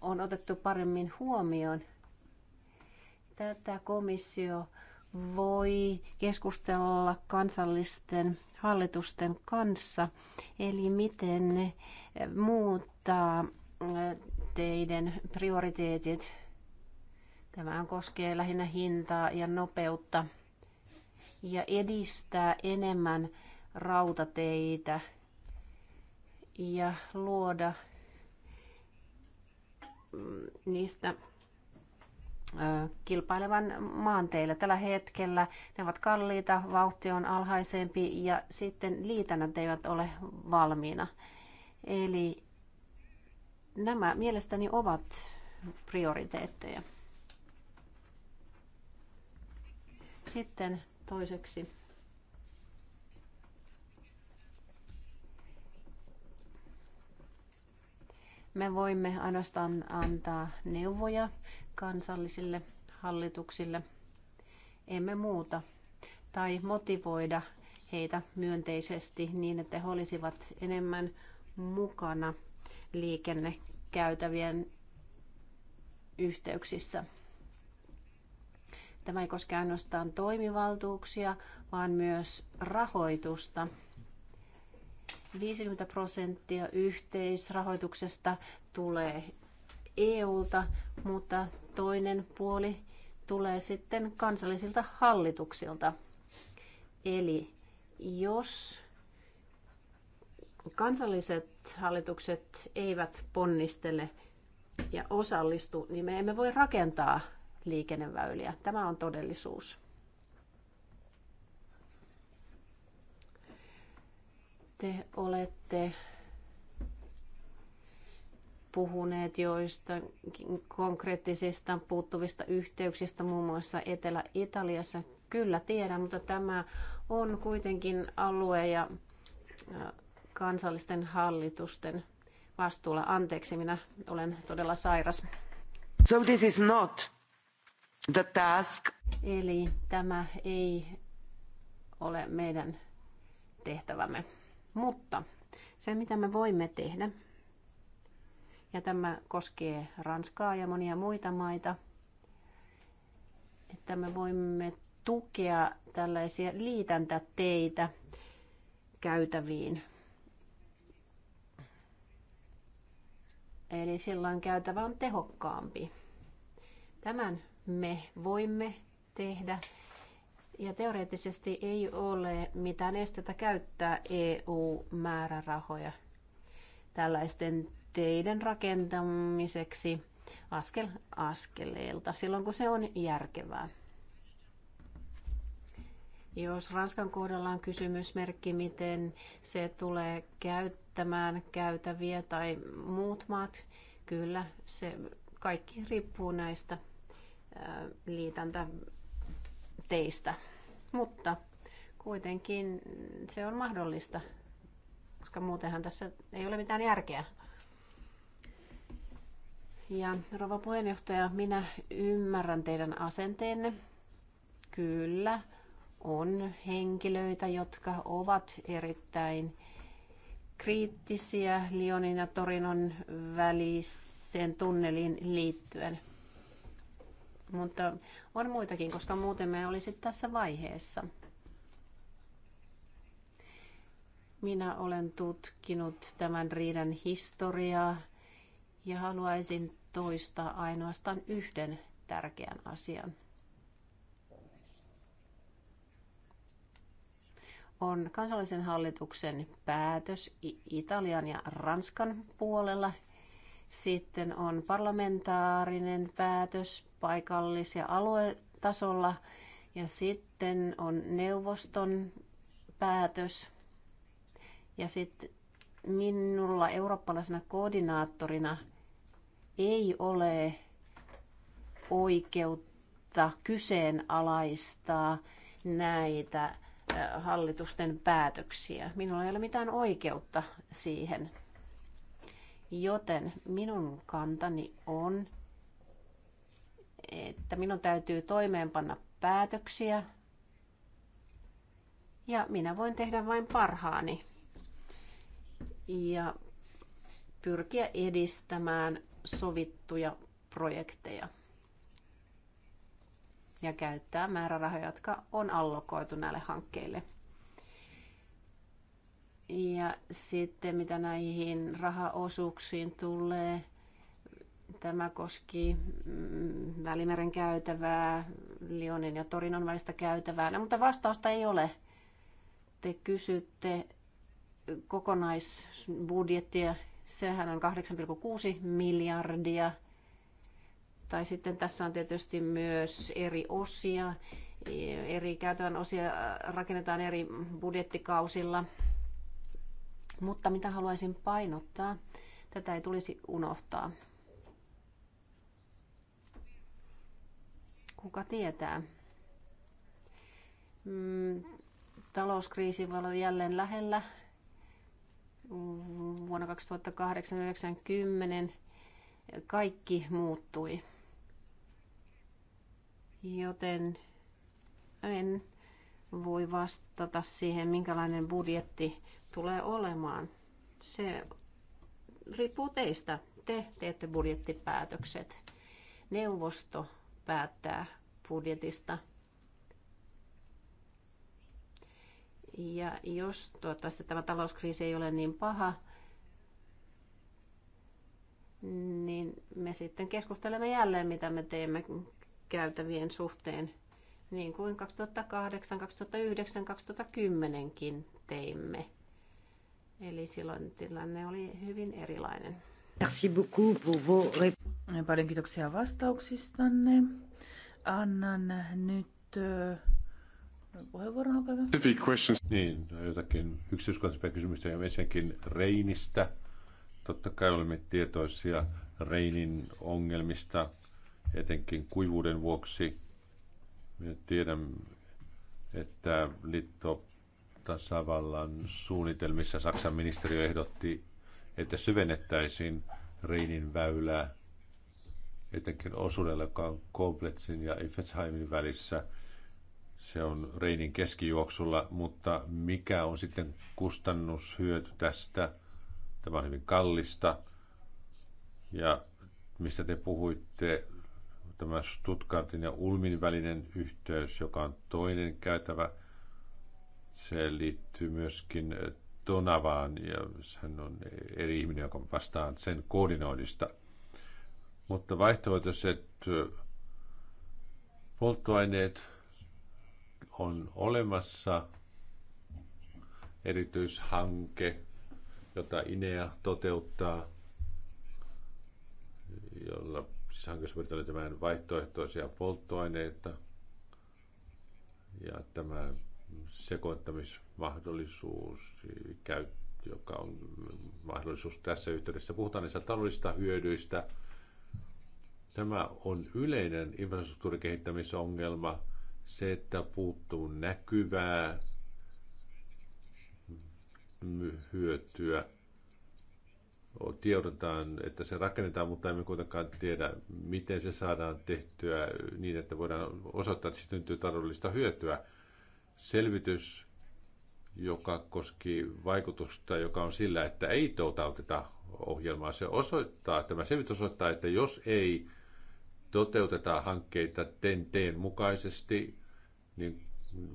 B: on otettu paremmin huomioon. Tätä komissio voi keskustella kansallisten hallitusten kanssa, eli miten ne muuttaa teidän prioriteetit. Tämä koskee lähinnä hintaa ja nopeutta ja edistää enemmän rautateitä ja luoda mm, niistä kilpailevan maanteille. Tällä hetkellä ne ovat kalliita, vauhti on alhaisempi ja sitten liitännät eivät ole valmiina. Eli nämä mielestäni ovat prioriteetteja. Sitten Toiseksi me voimme ainoastaan antaa neuvoja kansallisille hallituksille, emme muuta, tai motivoida heitä myönteisesti niin, että he olisivat enemmän mukana liikennekäytävien yhteyksissä. Tämä ei koske ainoastaan toimivaltuuksia, vaan myös rahoitusta. 50 prosenttia yhteisrahoituksesta tulee EUlta, mutta toinen puoli tulee sitten kansallisilta hallituksilta. Eli jos kansalliset hallitukset eivät ponnistele ja osallistu, niin me emme voi rakentaa liikenneväyliä. Tämä on todellisuus. Te olette puhuneet joista konkreettisista puuttuvista yhteyksistä muun muassa Etelä-Italiassa. Kyllä tiedän, mutta tämä on kuitenkin alue ja kansallisten hallitusten vastuulla. Anteeksi, minä olen todella sairas. So this is not the task. Eli tämä ei ole meidän tehtävämme. Mutta se, mitä me voimme tehdä, ja tämä koskee Ranskaa ja monia muita maita, että me voimme tukea tällaisia liitäntäteitä käytäviin. Eli silloin käytävä on tehokkaampi. Tämän me voimme tehdä ja teoreettisesti ei ole mitään estettä käyttää EU-määrärahoja tällaisten teiden rakentamiseksi askel askeleelta silloin, kun se on järkevää. Jos Ranskan kohdalla on kysymysmerkki, miten se tulee käyttämään käytäviä tai muut maat, kyllä se kaikki riippuu näistä liitäntä teistä. Mutta kuitenkin se on mahdollista, koska muutenhan tässä ei ole mitään järkeä. Ja rouva puheenjohtaja, minä ymmärrän teidän asenteenne. Kyllä, on henkilöitä, jotka ovat erittäin kriittisiä Lionin ja Torinon väliseen tunnelin liittyen mutta on muitakin, koska muuten me olisit tässä vaiheessa. Minä olen tutkinut tämän riidan historiaa ja haluaisin toistaa ainoastaan yhden tärkeän asian. On kansallisen hallituksen päätös Italian ja Ranskan puolella. Sitten on parlamentaarinen päätös paikallis- ja aluetasolla. Ja sitten on neuvoston päätös. Ja sitten minulla eurooppalaisena koordinaattorina ei ole oikeutta kyseenalaistaa näitä hallitusten päätöksiä. Minulla ei ole mitään oikeutta siihen. Joten minun kantani on, että minun täytyy toimeenpanna päätöksiä ja minä voin tehdä vain parhaani ja pyrkiä edistämään sovittuja projekteja ja käyttää määrärahoja, jotka on allokoitu näille hankkeille. Ja sitten mitä näihin rahaosuuksiin tulee, Tämä koski mm, Välimeren käytävää, Lionin ja Torinon välistä käytävää, no, mutta vastausta ei ole. Te kysytte kokonaisbudjettia, sehän on 8,6 miljardia. Tai sitten tässä on tietysti myös eri osia, eri käytävän osia rakennetaan eri budjettikausilla. Mutta mitä haluaisin painottaa, tätä ei tulisi unohtaa. Kuka tietää? Mm, talouskriisi voi olla jälleen lähellä. Vuonna 2008-1990 kaikki muuttui. Joten en voi vastata siihen, minkälainen budjetti tulee olemaan. Se riippuu teistä. Te teette budjettipäätökset. Neuvosto päättää budjetista. Ja jos toivottavasti tämä talouskriisi ei ole niin paha, niin me sitten keskustelemme jälleen, mitä me teemme käytävien suhteen, niin kuin 2008, 2009, 2010kin teimme. Eli silloin tilanne oli hyvin erilainen.
A: Merci beaucoup pour vos... Paljon kiitoksia vastauksistanne. Annan nyt puheenvuoron, olkaa hyvä.
C: Niin, jotakin yksityiskohtaisia kysymyksiä ja ensinnäkin Reinistä. Totta kai olemme tietoisia Reinin ongelmista, etenkin kuivuuden vuoksi. Me tiedämme, että liitto tasavallan suunnitelmissa Saksan ministeriö ehdotti, että syvennettäisiin Reinin väylää etenkin osuudella, joka on Kompletsin ja Ifetsheimin välissä. Se on Reinin keskijuoksulla, mutta mikä on sitten kustannushyöty tästä? Tämä on hyvin kallista. Ja mistä te puhuitte, tämä Stuttgartin ja Ulmin välinen yhteys, joka on toinen käytävä, se liittyy myöskin Tonavaan ja hän on eri ihminen, joka vastaa sen koordinoinnista mutta vaihtoehtoiset polttoaineet on olemassa erityishanke, jota INEA toteuttaa, jolla siis hankkeessa pyritään vaihtoehtoisia polttoaineita. Ja tämä sekoittamismahdollisuus, joka on mahdollisuus tässä yhteydessä. Puhutaan niistä taloudellisista hyödyistä – Tämä on yleinen infrastruktuurikehittämisongelma, se, että puuttuu näkyvää hyötyä. Tiedotetaan, että se rakennetaan, mutta emme kuitenkaan tiedä, miten se saadaan tehtyä niin, että voidaan osoittaa, että siitä syntyy taloudellista hyötyä. Selvitys, joka koski vaikutusta, joka on sillä, että ei toteuteta ohjelmaa, se osoittaa, tämä selvitys osoittaa, että jos ei toteutetaan hankkeita TEN-teen mukaisesti, niin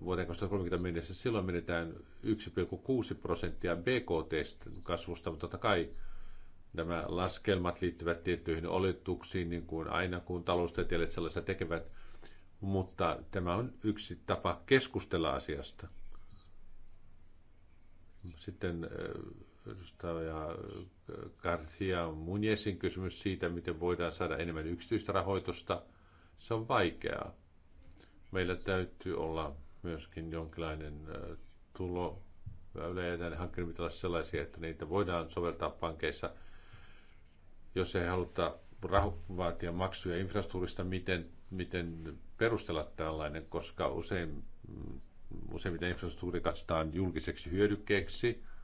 C: vuoteen 2030 mennessä silloin menetään 1,6 prosenttia BKT-kasvusta, mutta totta kai nämä laskelmat liittyvät tiettyihin oletuksiin, niin kuin aina kun taloustieteilijät sellaista tekevät, mutta tämä on yksi tapa keskustella asiasta. Sitten edustaja äh, Garcia Munjesin kysymys siitä, miten voidaan saada enemmän yksityistä rahoitusta, se on vaikeaa. Meillä täytyy olla myöskin jonkinlainen äh, tulo Yleensä näiden hankkeiden pitää olla sellaisia, että niitä voidaan soveltaa pankeissa, jos ei haluta vaatia maksuja infrastruktuurista, miten, miten perustella tällainen, koska usein, mm, useimmiten infrastruktuuri katsotaan julkiseksi hyödykkeeksi –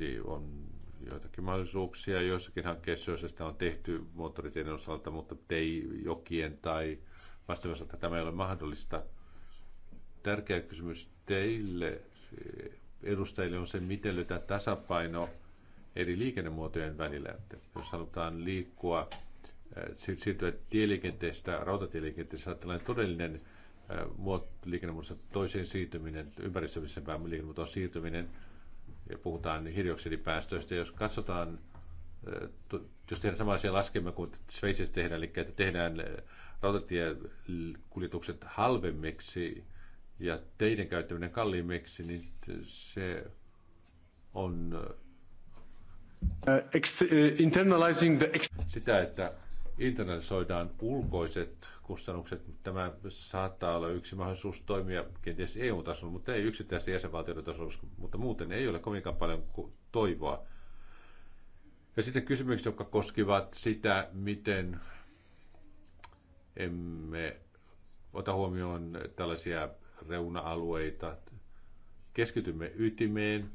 C: Tietysti on joitakin mahdollisuuksia joissakin hankkeissa, joissa sitä on tehty moottoritien osalta, mutta ei jokien tai vastaavan osalta tämä ei ole mahdollista. Tärkeä kysymys teille edustajille on se, miten löytää tasapaino eri liikennemuotojen välillä. Jos halutaan liikkua, äh, siirtyä tieliikenteestä, rautatieliikenteestä, tällainen todellinen äh, liikennemuodossa toiseen siirtyminen, ympäristöllisempään liikennemuotoon siirtyminen – ja puhutaan hiilidioksidipäästöistä. Jos katsotaan, jos tehdään samanlaisia laskelmia kuin Sveitsissä tehdään, eli että tehdään rautatiekuljetukset halvemmiksi ja teiden käyttäminen kalliimmiksi, niin se on
A: äh, äh,
C: sitä, että internalisoidaan ulkoiset kustannukset. Tämä saattaa olla yksi mahdollisuus toimia kenties EU-tasolla, mutta ei yksittäisten jäsenvaltioiden tasolla, mutta muuten ei ole kovinkaan paljon toivoa. Ja sitten kysymykset, jotka koskivat sitä, miten emme ota huomioon tällaisia reuna-alueita. Keskitymme ytimeen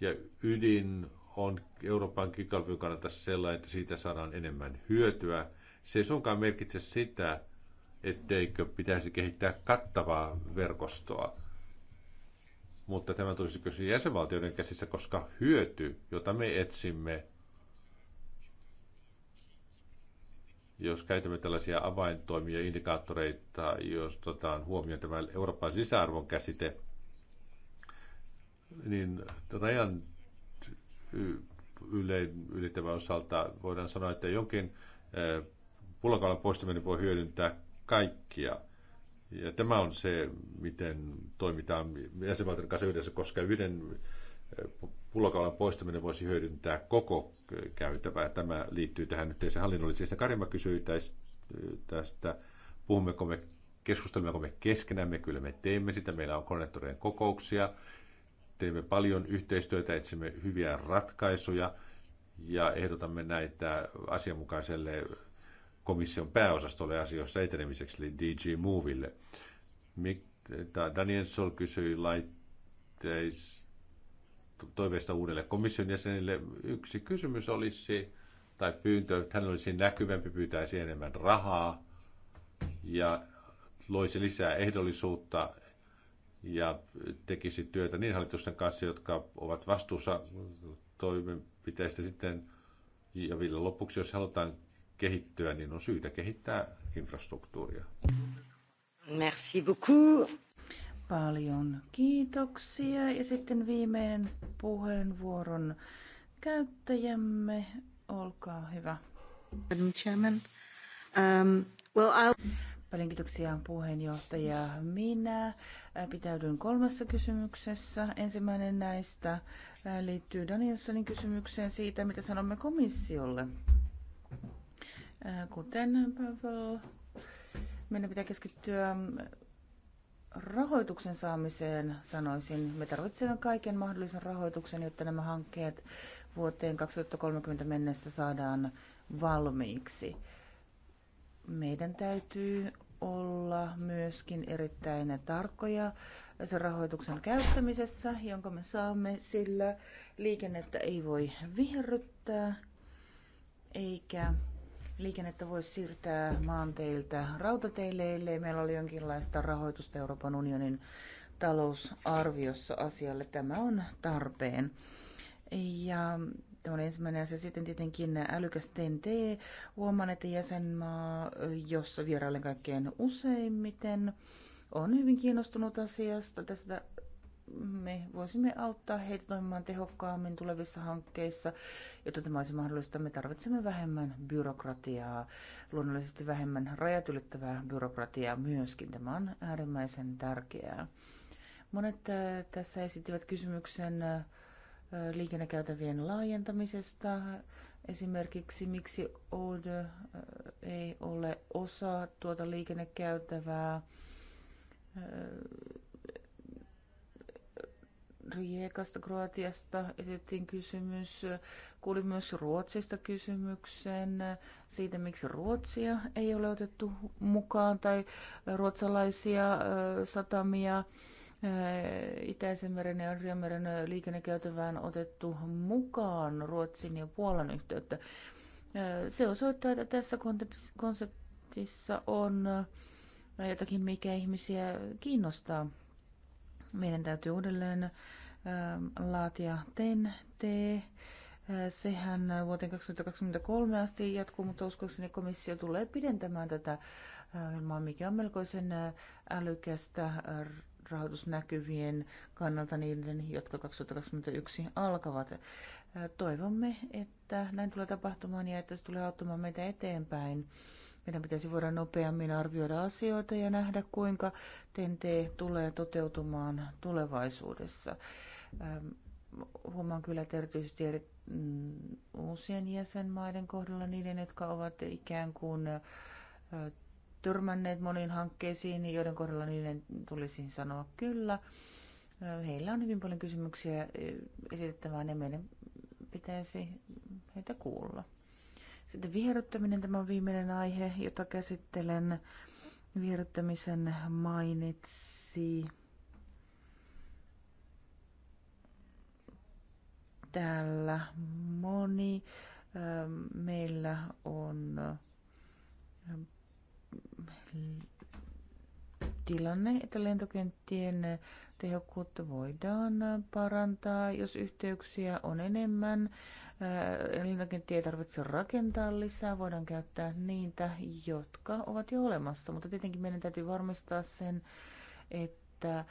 C: ja ydin on Euroopan kikalpyn kannalta sellainen, että siitä saadaan enemmän hyötyä. Se ei suinkaan merkitse sitä, etteikö pitäisi kehittää kattavaa verkostoa. Mutta tämä tulisi kysyä jäsenvaltioiden käsissä, koska hyöty, jota me etsimme, jos käytämme tällaisia avaintoimia, indikaattoreita, jos otetaan huomioon tämä Euroopan sisäarvon käsite, niin rajan ylittävän osalta voidaan sanoa, että jonkin eh, pullonkaulan poistaminen voi hyödyntää kaikkia. Ja tämä on se, miten toimitaan jäsenvaltion kanssa yhdessä, koska yhden eh, pullokaulan poistaminen voisi hyödyntää koko käytävää. Tämä liittyy tähän yhteiseen hallinnolliseen. Ja Karima kysyi eh, tästä, puhummeko me, keskustelemmeko me keskenämme. Kyllä me teemme sitä. Meillä on konnettorien kokouksia. Teemme paljon yhteistyötä, etsimme hyviä ratkaisuja ja ehdotamme näitä asianmukaiselle komission pääosastolle asioissa etenemiseksi, eli DG Moville. Daniel Sol kysyi laitteista toiveista uudelle komission jäsenille. Yksi kysymys olisi, tai pyyntö, että hän olisi näkyvämpi, pyytäisi enemmän rahaa ja loisi lisää ehdollisuutta ja tekisi työtä niin hallitusten kanssa, jotka ovat vastuussa toimenpiteistä sitten. Ja vielä lopuksi, jos halutaan kehittyä, niin on syytä kehittää infrastruktuuria.
A: Merci beaucoup. Paljon kiitoksia. Ja sitten viimeinen puheenvuoron käyttäjämme. Olkaa hyvä. Madam Chairman. Um, well, I'll... Paljon kiitoksia puheenjohtaja. Minä äh, pitäydyn kolmessa kysymyksessä. Ensimmäinen näistä äh, liittyy Danielsonin kysymykseen siitä, mitä sanomme komissiolle Äh, kuten Pavel, meidän pitää keskittyä mm, rahoituksen saamiseen, sanoisin. Me tarvitsemme kaiken mahdollisen rahoituksen, jotta nämä hankkeet vuoteen 2030 mennessä saadaan valmiiksi. Meidän täytyy olla myöskin erittäin tarkkoja sen rahoituksen käyttämisessä, jonka me saamme, sillä liikennettä ei voi viherryttää eikä liikennettä voisi siirtää maanteiltä rautateille, ellei meillä oli jonkinlaista rahoitusta Euroopan unionin talousarviossa asialle. Tämä on tarpeen. Ja tämä on ensimmäinen asia. Sitten tietenkin älykäs TNT. Huomaan, että jäsenmaa, jossa vierailen kaikkein useimmiten, on hyvin kiinnostunut asiasta. Tästä me voisimme auttaa heitä toimimaan tehokkaammin tulevissa hankkeissa, jotta tämä olisi mahdollista. Me tarvitsemme vähemmän byrokratiaa, luonnollisesti vähemmän rajat ylittävää byrokratiaa myöskin. Tämä on äärimmäisen tärkeää. Monet äh, tässä esittivät kysymyksen äh, liikennekäytävien laajentamisesta, esimerkiksi miksi Ode äh, ei ole osa tuota liikennekäytävää Riekasta, Kroatiasta esitettiin kysymys. Kuulin myös Ruotsista kysymyksen siitä, miksi Ruotsia ei ole otettu mukaan tai ruotsalaisia satamia. Itäisen meren ja Adriameren liikennekäytävään otettu mukaan Ruotsin ja Puolan yhteyttä. Se osoittaa, että tässä konseptissa on jotakin, mikä ihmisiä kiinnostaa. Meidän täytyy uudelleen laatia TEN-T. Sehän vuoteen 2023 asti jatkuu, mutta uskoakseni komissio tulee pidentämään tätä ohjelmaa, mikä on melkoisen älykästä rahoitusnäkyvien kannalta niiden, jotka 2021 alkavat. Toivomme, että näin tulee tapahtumaan ja että se tulee auttamaan meitä eteenpäin meidän pitäisi voida nopeammin arvioida asioita ja nähdä, kuinka TNT tulee toteutumaan tulevaisuudessa. Huomaan kyllä, että erityisesti eri, mm, uusien jäsenmaiden kohdalla niiden, jotka ovat ikään kuin törmänneet moniin hankkeisiin, niin joiden kohdalla niiden tulisi sanoa kyllä. Heillä on hyvin paljon kysymyksiä esitettävää ja meidän pitäisi heitä kuulla. Sitten viherryttäminen, tämä on viimeinen aihe, jota käsittelen. Viherryttämisen mainitsi täällä moni. Ähm, meillä on ähm, tilanne, että lentokenttien tehokkuutta voidaan parantaa, jos yhteyksiä on enemmän Linnakenttiä ei tarvitse rakentaa lisää, voidaan käyttää niitä, jotka ovat jo olemassa, mutta tietenkin meidän täytyy varmistaa sen, että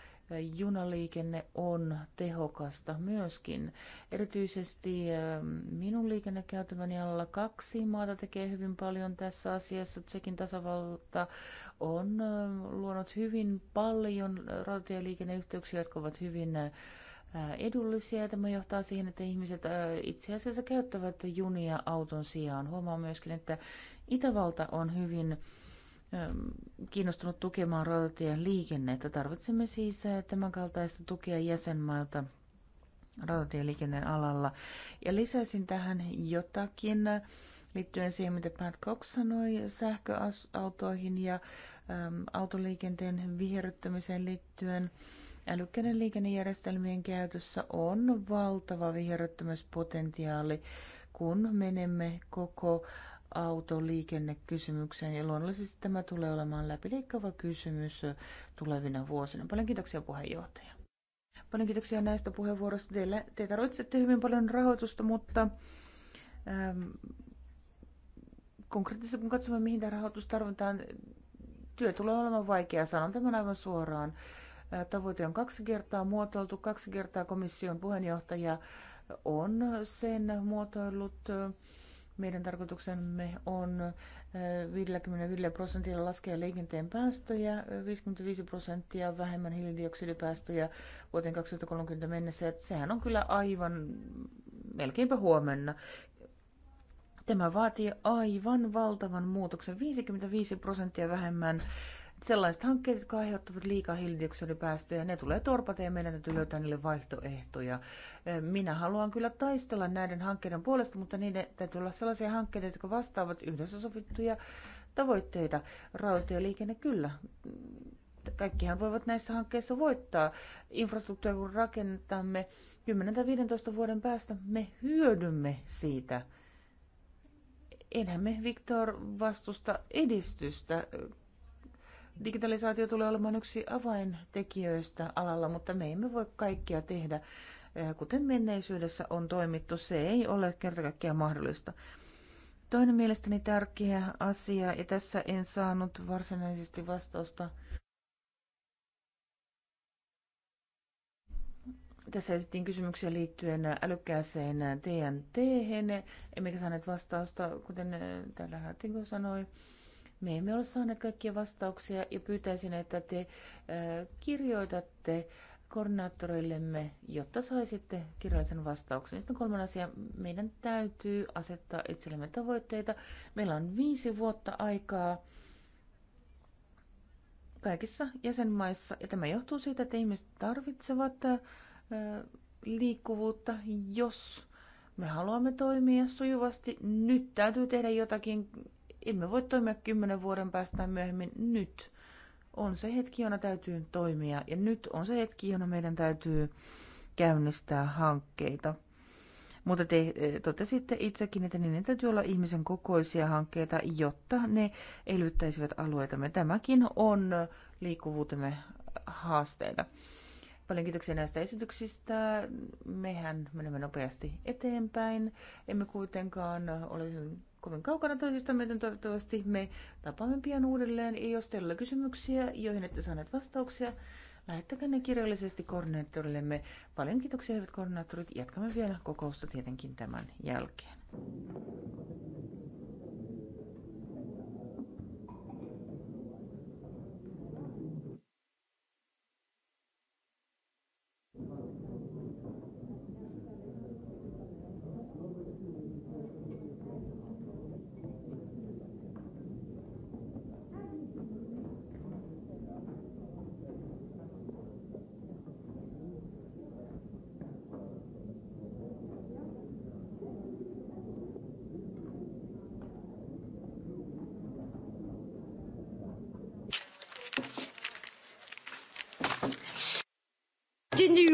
A: junaliikenne on tehokasta myöskin. Erityisesti minun liikennekäytäväni alla kaksi maata tekee hyvin paljon tässä asiassa. Tsekin tasavalta on luonut hyvin paljon rautatieliikenneyhteyksiä, jotka ovat hyvin edullisia. Tämä johtaa siihen, että ihmiset itse asiassa käyttävät junia auton sijaan. Huomaa myöskin, että Itävalta on hyvin kiinnostunut tukemaan rautatien liikennettä. Tarvitsemme siis tämänkaltaista tukea jäsenmailta rautatieliikenteen alalla. Ja lisäsin tähän jotakin liittyen siihen, mitä Pat Cox sanoi sähköautoihin ja äm, autoliikenteen viherryttämiseen liittyen. Älykkäiden liikennejärjestelmien käytössä on valtava viherryttämispotentiaali, kun menemme koko autoliikennekysymykseen. Ja luonnollisesti tämä tulee olemaan läpileikkaava kysymys tulevina vuosina. Paljon kiitoksia puheenjohtaja. Paljon kiitoksia näistä puheenvuoroista. Teillä, te tarvitsette hyvin paljon rahoitusta, mutta ähm, konkreettisesti kun katsomme, mihin tämä rahoitus tarvitaan, työ tulee olemaan vaikeaa. Sanon tämän aivan suoraan. Tavoite on kaksi kertaa muotoiltu, kaksi kertaa komission puheenjohtaja on sen muotoillut. Meidän tarkoituksemme on 55 prosentilla laskea liikenteen päästöjä, 55 prosenttia vähemmän hiilidioksidipäästöjä vuoteen 2030 mennessä. Et sehän on kyllä aivan melkeinpä huomenna. Tämä vaatii aivan valtavan muutoksen, 55 prosenttia vähemmän sellaiset hankkeet, jotka aiheuttavat liikaa hiilidioksidipäästöjä, ne tulee torpata ja meidän täytyy löytää niille vaihtoehtoja. Minä haluan kyllä taistella näiden hankkeiden puolesta, mutta niiden täytyy olla sellaisia hankkeita, jotka vastaavat yhdessä sovittuja tavoitteita. Rautatieliikenne kyllä. Kaikkihan voivat näissä hankkeissa voittaa. Infrastruktuuria kun rakentamme 10-15 vuoden päästä, me hyödymme siitä. Enhän me, Viktor, vastusta edistystä Digitalisaatio tulee olemaan yksi avaintekijöistä alalla, mutta me emme voi kaikkia tehdä, eh, kuten menneisyydessä on toimittu. Se ei ole kertakaikkiaan mahdollista. Toinen mielestäni tärkeä asia, ja tässä en saanut varsinaisesti vastausta. Tässä esitin kysymyksiä liittyen älykkääseen TNT, -hen. emmekä saaneet vastausta, kuten eh, täällä Hartinko sanoi. Me emme ole saaneet kaikkia vastauksia ja pyytäisin, että te kirjoitatte koordinaattoreillemme, jotta saisitte kirjallisen vastauksen. Sitten kolmannen asia, meidän täytyy asettaa itsellemme tavoitteita. Meillä on viisi vuotta aikaa kaikissa jäsenmaissa, ja tämä johtuu siitä, että ihmiset tarvitsevat liikkuvuutta, jos me haluamme toimia sujuvasti. Nyt täytyy tehdä jotakin emme voi toimia kymmenen vuoden päästä tai myöhemmin nyt. On se hetki, jona täytyy toimia ja nyt on se hetki, jona meidän täytyy käynnistää hankkeita. Mutta te eh, totesitte itsekin, että niiden täytyy olla ihmisen kokoisia hankkeita, jotta ne elvyttäisivät alueitamme. Tämäkin on liikkuvuutemme haasteita. Paljon kiitoksia näistä esityksistä. Mehän menemme nopeasti eteenpäin. Emme kuitenkaan ole hyvin kovin kaukana toisistamme, joten toivottavasti me tapaamme pian uudelleen. Ja jos teillä on kysymyksiä, joihin ette saaneet vastauksia, lähettäkää ne kirjallisesti koordinaattorillemme. Paljon kiitoksia, hyvät koordinaattorit. Jatkamme vielä kokousta tietenkin tämän jälkeen.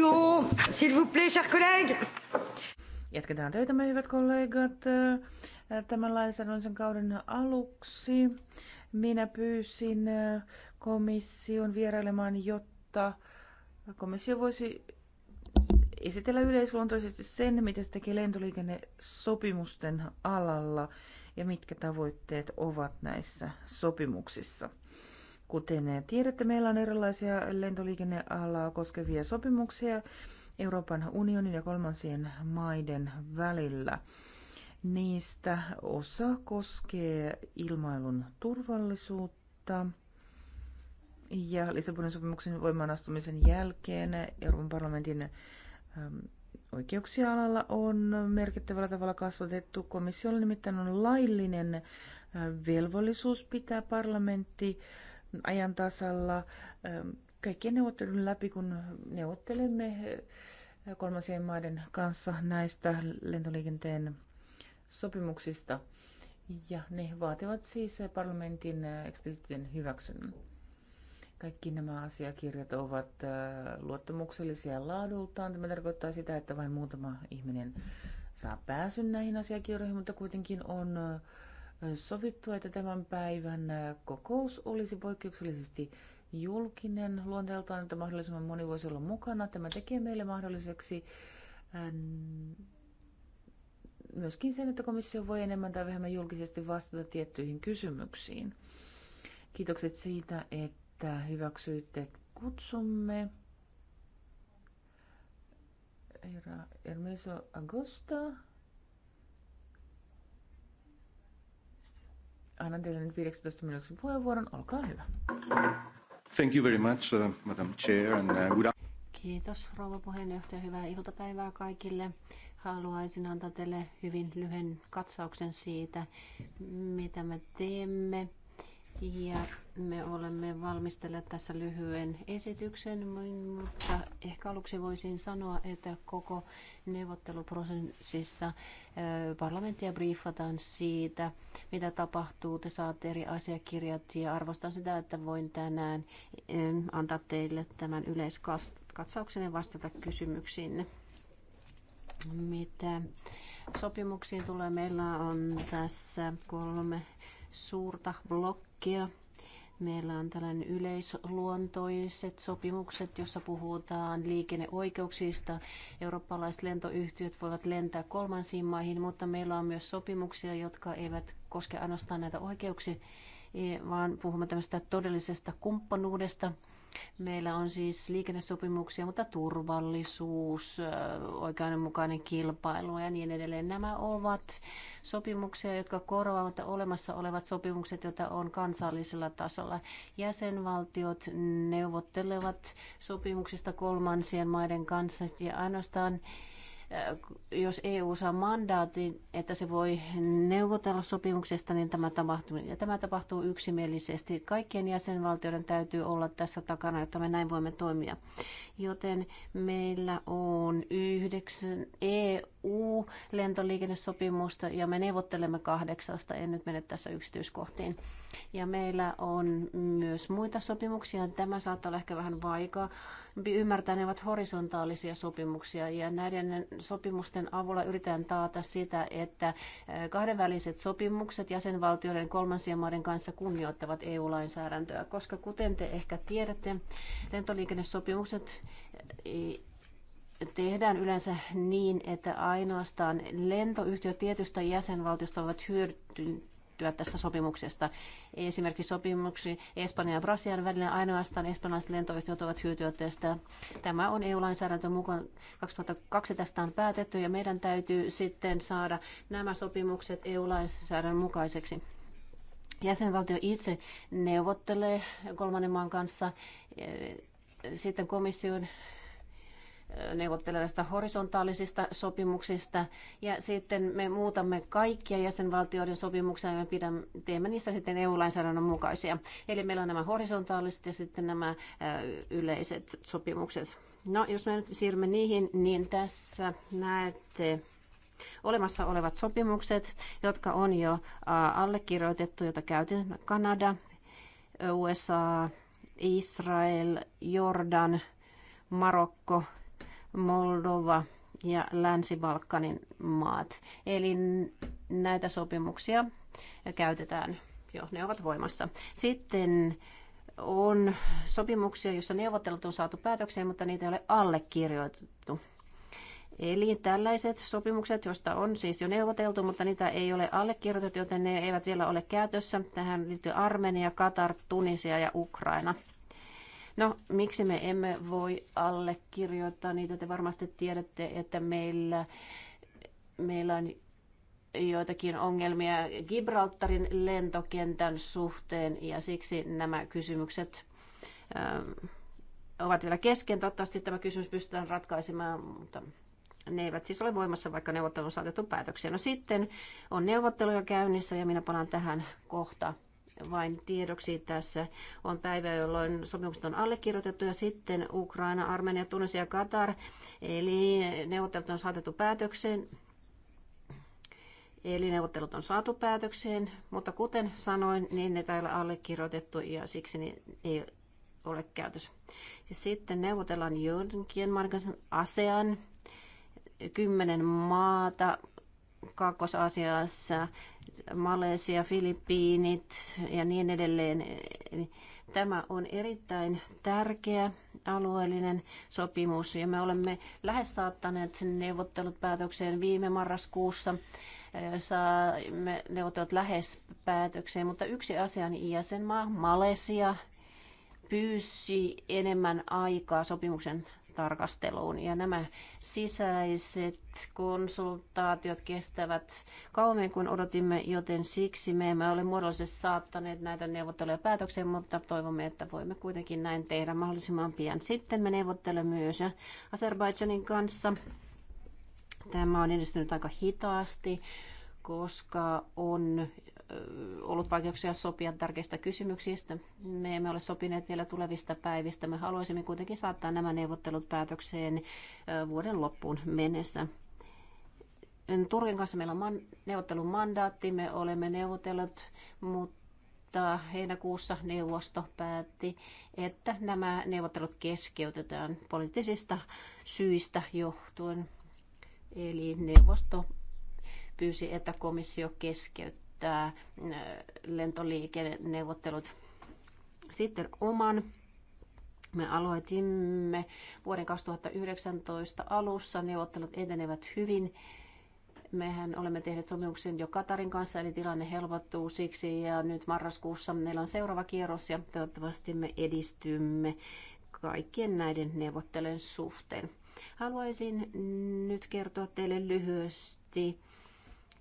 A: continuons, s'il vous plaît, chers collègues. Jatketaan me hyvät kollegat. Äh, tämän lainsäädännön kauden aluksi minä pyysin äh, komission vierailemaan, jotta komissio voisi esitellä yleisluontoisesti sen, mitä se tekee lentoliikennesopimusten alalla ja mitkä tavoitteet ovat näissä sopimuksissa. Kuten tiedätte, meillä on erilaisia lentoliikennealaa koskevia sopimuksia Euroopan unionin ja kolmansien maiden välillä. Niistä osa koskee ilmailun turvallisuutta. Ja Lissabonin sopimuksen voimaanastumisen jälkeen Euroopan parlamentin ähm, oikeuksia alalla on merkittävällä tavalla kasvatettu. Komissiolla nimittäin on laillinen äh, velvollisuus pitää parlamentti ajan tasalla ähm, kaikkien neuvottelun läpi, kun neuvottelemme äh, kolmansien maiden kanssa näistä lentoliikenteen sopimuksista. Ja ne vaativat siis parlamentin äh, eksplisiittisen hyväksynnän. Kaikki nämä asiakirjat ovat äh, luottamuksellisia laadultaan. Tämä tarkoittaa sitä, että vain muutama ihminen saa pääsyn näihin asiakirjoihin, mutta kuitenkin on sovittu, että tämän päivän kokous olisi poikkeuksellisesti julkinen luonteeltaan, että mahdollisimman moni voisi olla mukana. Tämä tekee meille mahdolliseksi ähm, myöskin sen, että komissio voi enemmän tai vähemmän julkisesti vastata tiettyihin kysymyksiin. Kiitokset siitä, että hyväksyitte kutsumme. Herra Hermeso Agosta Annan teille nyt 15 minuutin puheenvuoron.
B: Olkaa hyvä.
C: Thank you very much, uh, Madam Chair. And, uh, good...
B: Kiitos, rouva puheenjohtaja. Hyvää iltapäivää kaikille. Haluaisin antaa teille hyvin lyhyen katsauksen siitä, mitä me teemme ja me olemme valmistelleet tässä lyhyen esityksen, mutta ehkä aluksi voisin sanoa, että koko neuvotteluprosessissa parlamenttia briefataan siitä, mitä tapahtuu. Te saatte eri asiakirjat ja arvostan sitä, että voin tänään antaa teille tämän yleiskatsauksen ja vastata kysymyksiinne. Mitä sopimuksiin tulee, meillä on tässä kolme suurta blokkia Meillä on tällainen yleisluontoiset sopimukset, jossa puhutaan liikenneoikeuksista. Eurooppalaiset lentoyhtiöt voivat lentää kolmansiin maihin, mutta meillä on myös sopimuksia, jotka eivät koske ainoastaan näitä oikeuksia, e- vaan puhumme tämmöisestä todellisesta kumppanuudesta – Meillä on siis liikennesopimuksia, mutta turvallisuus, oikeudenmukainen kilpailu ja niin edelleen. Nämä ovat sopimuksia, jotka korvaavat olemassa olevat sopimukset, joita on kansallisella tasolla. Jäsenvaltiot neuvottelevat sopimuksista kolmansien maiden kanssa ja ainoastaan Äh, jos EU saa mandaatin, että se voi neuvotella sopimuksesta, niin tämä tapahtuu. Ja tämä tapahtuu yksimielisesti. Kaikkien jäsenvaltioiden täytyy olla tässä takana, jotta me näin voimme toimia joten meillä on yhdeksän EU-lentoliikennesopimusta ja me neuvottelemme kahdeksasta, en nyt mene tässä yksityiskohtiin. Ja meillä on myös muita sopimuksia, tämä saattaa olla ehkä vähän vaikea ymmärtää, ne ovat horisontaalisia sopimuksia ja näiden sopimusten avulla yritetään taata sitä, että kahdenväliset sopimukset jäsenvaltioiden kolmansien maiden kanssa kunnioittavat EU-lainsäädäntöä, koska kuten te ehkä tiedätte, lentoliikennesopimukset tehdään yleensä niin, että ainoastaan lentoyhtiöt tietystä jäsenvaltiosta ovat hyötyä tästä sopimuksesta. Esimerkiksi sopimuksi Espanjan ja Brasilian välillä ainoastaan espanjalaiset lentoyhtiöt ovat hyötyä tästä. Tämä on EU-lainsäädäntö mukaan 2002 tästä on päätetty ja meidän täytyy sitten saada nämä sopimukset EU-lainsäädännön mukaiseksi jäsenvaltio itse neuvottelee kolmannen maan kanssa sitten komission neuvottelee horisontaalisista sopimuksista ja sitten me muutamme kaikkia jäsenvaltioiden sopimuksia ja me pidämme, teemme niistä sitten EU-lainsäädännön mukaisia. Eli meillä on nämä horisontaaliset ja sitten nämä yleiset sopimukset. No, jos me nyt siirrymme niihin, niin tässä näette olemassa olevat sopimukset, jotka on jo allekirjoitettu, joita käytin Kanada, USA, Israel, Jordan, Marokko, Moldova ja Länsi-Balkanin maat. Eli näitä sopimuksia käytetään jo, ne ovat voimassa. Sitten on sopimuksia, joissa neuvottelut on saatu päätökseen, mutta niitä ei ole allekirjoitettu. Eli tällaiset sopimukset, joista on siis jo neuvoteltu, mutta niitä ei ole allekirjoitettu, joten ne eivät vielä ole käytössä. Tähän liittyy Armenia, Katar, Tunisia ja Ukraina. No, miksi me emme voi allekirjoittaa niitä? Te varmasti tiedätte, että meillä, meillä on joitakin ongelmia Gibraltarin lentokentän suhteen ja siksi nämä kysymykset ähm, ovat vielä kesken. Toivottavasti tämä kysymys pystytään ratkaisemaan, mutta ne eivät siis ole voimassa, vaikka neuvottelu on saatettu päätökseen. No sitten on neuvotteluja käynnissä ja minä palaan tähän kohta vain tiedoksi tässä on päivä, jolloin sopimukset on allekirjoitettu ja sitten Ukraina, Armenia, Tunisia ja Katar. Eli neuvottelut on saatettu päätökseen. Eli neuvottelut on saatu päätökseen, mutta kuten sanoin, niin ne täällä allekirjoitettu ja siksi niin ei ole käytössä. Ja sitten neuvotellaan joidenkin markan asean kymmenen maata Kaakkois-Aasiassa, Malesia, Filippiinit ja niin edelleen. Tämä on erittäin tärkeä alueellinen sopimus ja me olemme lähes saattaneet sen neuvottelut päätökseen viime marraskuussa. Äh, saimme neuvottelut lähes päätökseen, mutta yksi asian jäsenmaa, Malesia, pyysi enemmän aikaa sopimuksen tarkasteluun. Ja nämä sisäiset konsultaatiot kestävät kauemmin kuin odotimme, joten siksi me emme ole muodollisesti saattaneet näitä neuvotteluja päätökseen, mutta toivomme, että voimme kuitenkin näin tehdä mahdollisimman pian. Sitten me neuvottelemme myös Azerbaidžanin kanssa. Tämä on edistynyt aika hitaasti koska on ollut vaikeuksia sopia tärkeistä kysymyksistä. Me emme ole sopineet vielä tulevista päivistä. Me haluaisimme kuitenkin saattaa nämä neuvottelut päätökseen vuoden loppuun mennessä. Turkin kanssa meillä on man- neuvottelun mandaatti, me olemme neuvotellut, mutta heinäkuussa neuvosto päätti, että nämä neuvottelut keskeytetään poliittisista syistä johtuen. Eli neuvosto pyysi, että komissio keskeyttää käyttää mm, lentoliikenneuvottelut. Sitten oman me aloitimme vuoden 2019 alussa. Neuvottelut etenevät hyvin. Mehän olemme tehneet sopimuksen jo Katarin kanssa, eli tilanne helpottuu siksi. Ja nyt marraskuussa meillä on seuraava kierros ja toivottavasti me edistymme kaikkien näiden neuvottelujen suhteen. Haluaisin nyt kertoa teille lyhyesti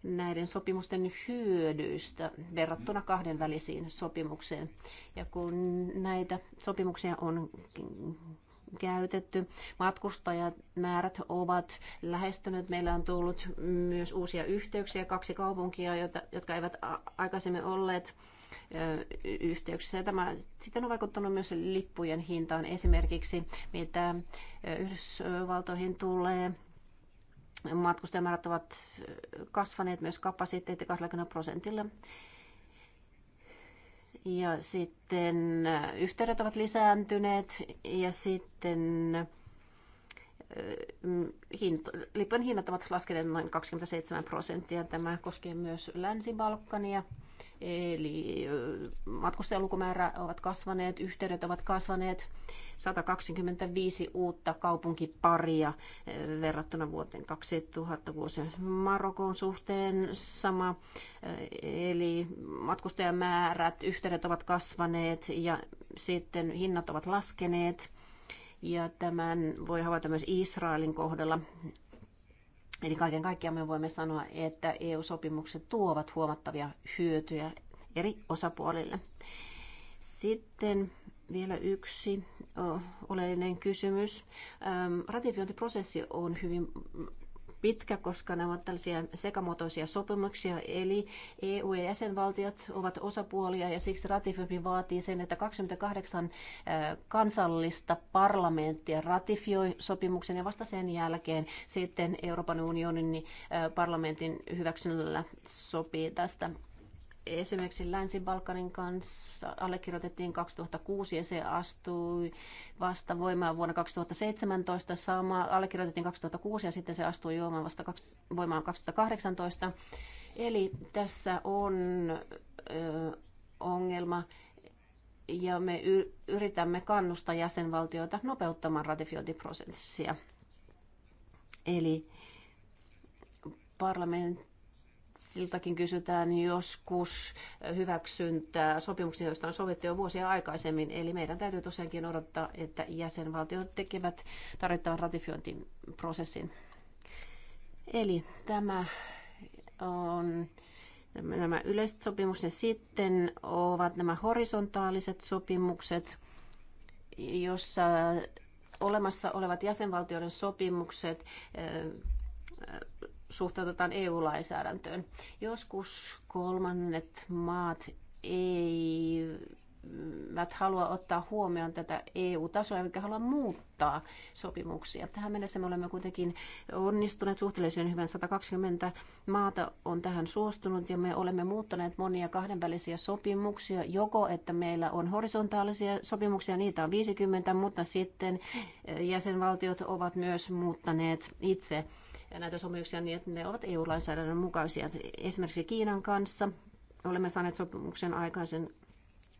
B: näiden sopimusten hyödyistä verrattuna kahdenvälisiin sopimukseen. Ja kun näitä sopimuksia on käytetty, matkustajamäärät ovat lähestyneet, meillä on tullut myös uusia yhteyksiä, kaksi kaupunkia, jotka eivät aikaisemmin olleet yhteyksissä. Ja tämä sitten on vaikuttanut myös lippujen hintaan esimerkiksi, mitä Yhdysvaltoihin tulee matkustajamäärät ovat kasvaneet myös kapasiteetti 20 prosentilla. Ja sitten yhteydet ovat lisääntyneet ja sitten hinto, lippujen hinnat ovat laskeneet noin 27 prosenttia. Tämä koskee myös Länsi-Balkania. Eli matkustajalukumäärä ovat kasvaneet, yhteydet ovat kasvaneet, 125 uutta kaupunkiparia verrattuna vuoteen 2000 vuosien Marokon suhteen sama, eli matkustajamäärät, yhteydet ovat kasvaneet ja sitten hinnat ovat laskeneet. Ja tämän voi havaita myös Israelin kohdalla. Eli kaiken kaikkiaan me voimme sanoa, että EU-sopimukset tuovat huomattavia hyötyjä eri osapuolille. Sitten vielä yksi oleellinen kysymys. Ratifiointiprosessi on hyvin pitkä, koska nämä ovat tällaisia sekamuotoisia sopimuksia, eli EU- ja jäsenvaltiot ovat osapuolia ja siksi ratifiointi vaatii sen, että 28 äh, kansallista parlamenttia ratifioi sopimuksen ja vasta sen jälkeen sitten Euroopan unionin äh, parlamentin hyväksynnällä sopii tästä esimerkiksi Länsi-Balkanin kanssa allekirjoitettiin 2006 ja se astui vasta voimaan vuonna 2017. Sama allekirjoitettiin 2006 ja sitten se astui voimaan vasta voimaan 2018. Eli tässä on ö, ongelma ja me yritämme kannustaa jäsenvaltioita nopeuttamaan ratifiointiprosessia. Eli parlamentti Iltakin kysytään joskus hyväksyntää sopimuksia, joista on sovittu jo vuosia aikaisemmin. Eli meidän täytyy tosiaankin odottaa, että jäsenvaltiot tekevät tarvittavan ratifiointiprosessin. Eli tämä on nämä yleiset sopimukset ja sitten ovat nämä horisontaaliset sopimukset, jossa olemassa olevat jäsenvaltioiden sopimukset suhteutetaan EU-lainsäädäntöön. Joskus kolmannet maat eivät halua ottaa huomioon tätä EU-tasoa, eivätkä halua muuttaa sopimuksia. Tähän mennessä me olemme kuitenkin onnistuneet suhteellisen hyvän. 120 maata on tähän suostunut ja me olemme muuttaneet monia kahdenvälisiä sopimuksia. Joko, että meillä on horisontaalisia sopimuksia, niitä on 50, mutta sitten jäsenvaltiot ovat myös muuttaneet itse näitä sopimuksia niin, että ne ovat EU-lainsäädännön mukaisia. Esimerkiksi Kiinan kanssa olemme saaneet sopimuksen aikaisen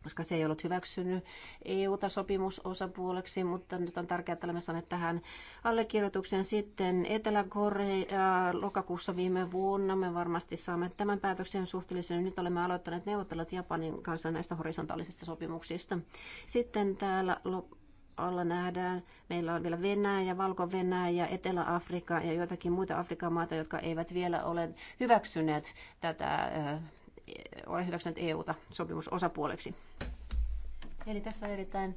B: koska se ei ollut hyväksynyt EU-ta sopimusosapuoleksi, mutta nyt on tärkeää, että olemme saaneet tähän allekirjoituksen sitten Etelä-Korea äh, lokakuussa viime vuonna. Me varmasti saamme tämän päätöksen suhteellisen. Nyt olemme aloittaneet neuvottelut Japanin kanssa näistä horisontaalisista sopimuksista. Sitten täällä lop- alla nähdään. Meillä on vielä Venäjä, ja Valko-Venäjä, Etelä-Afrika ja joitakin muita Afrikan maata, jotka eivät vielä ole hyväksyneet tätä, ole hyväksyneet EU-ta sopimusosapuoleksi. Eli tässä on erittäin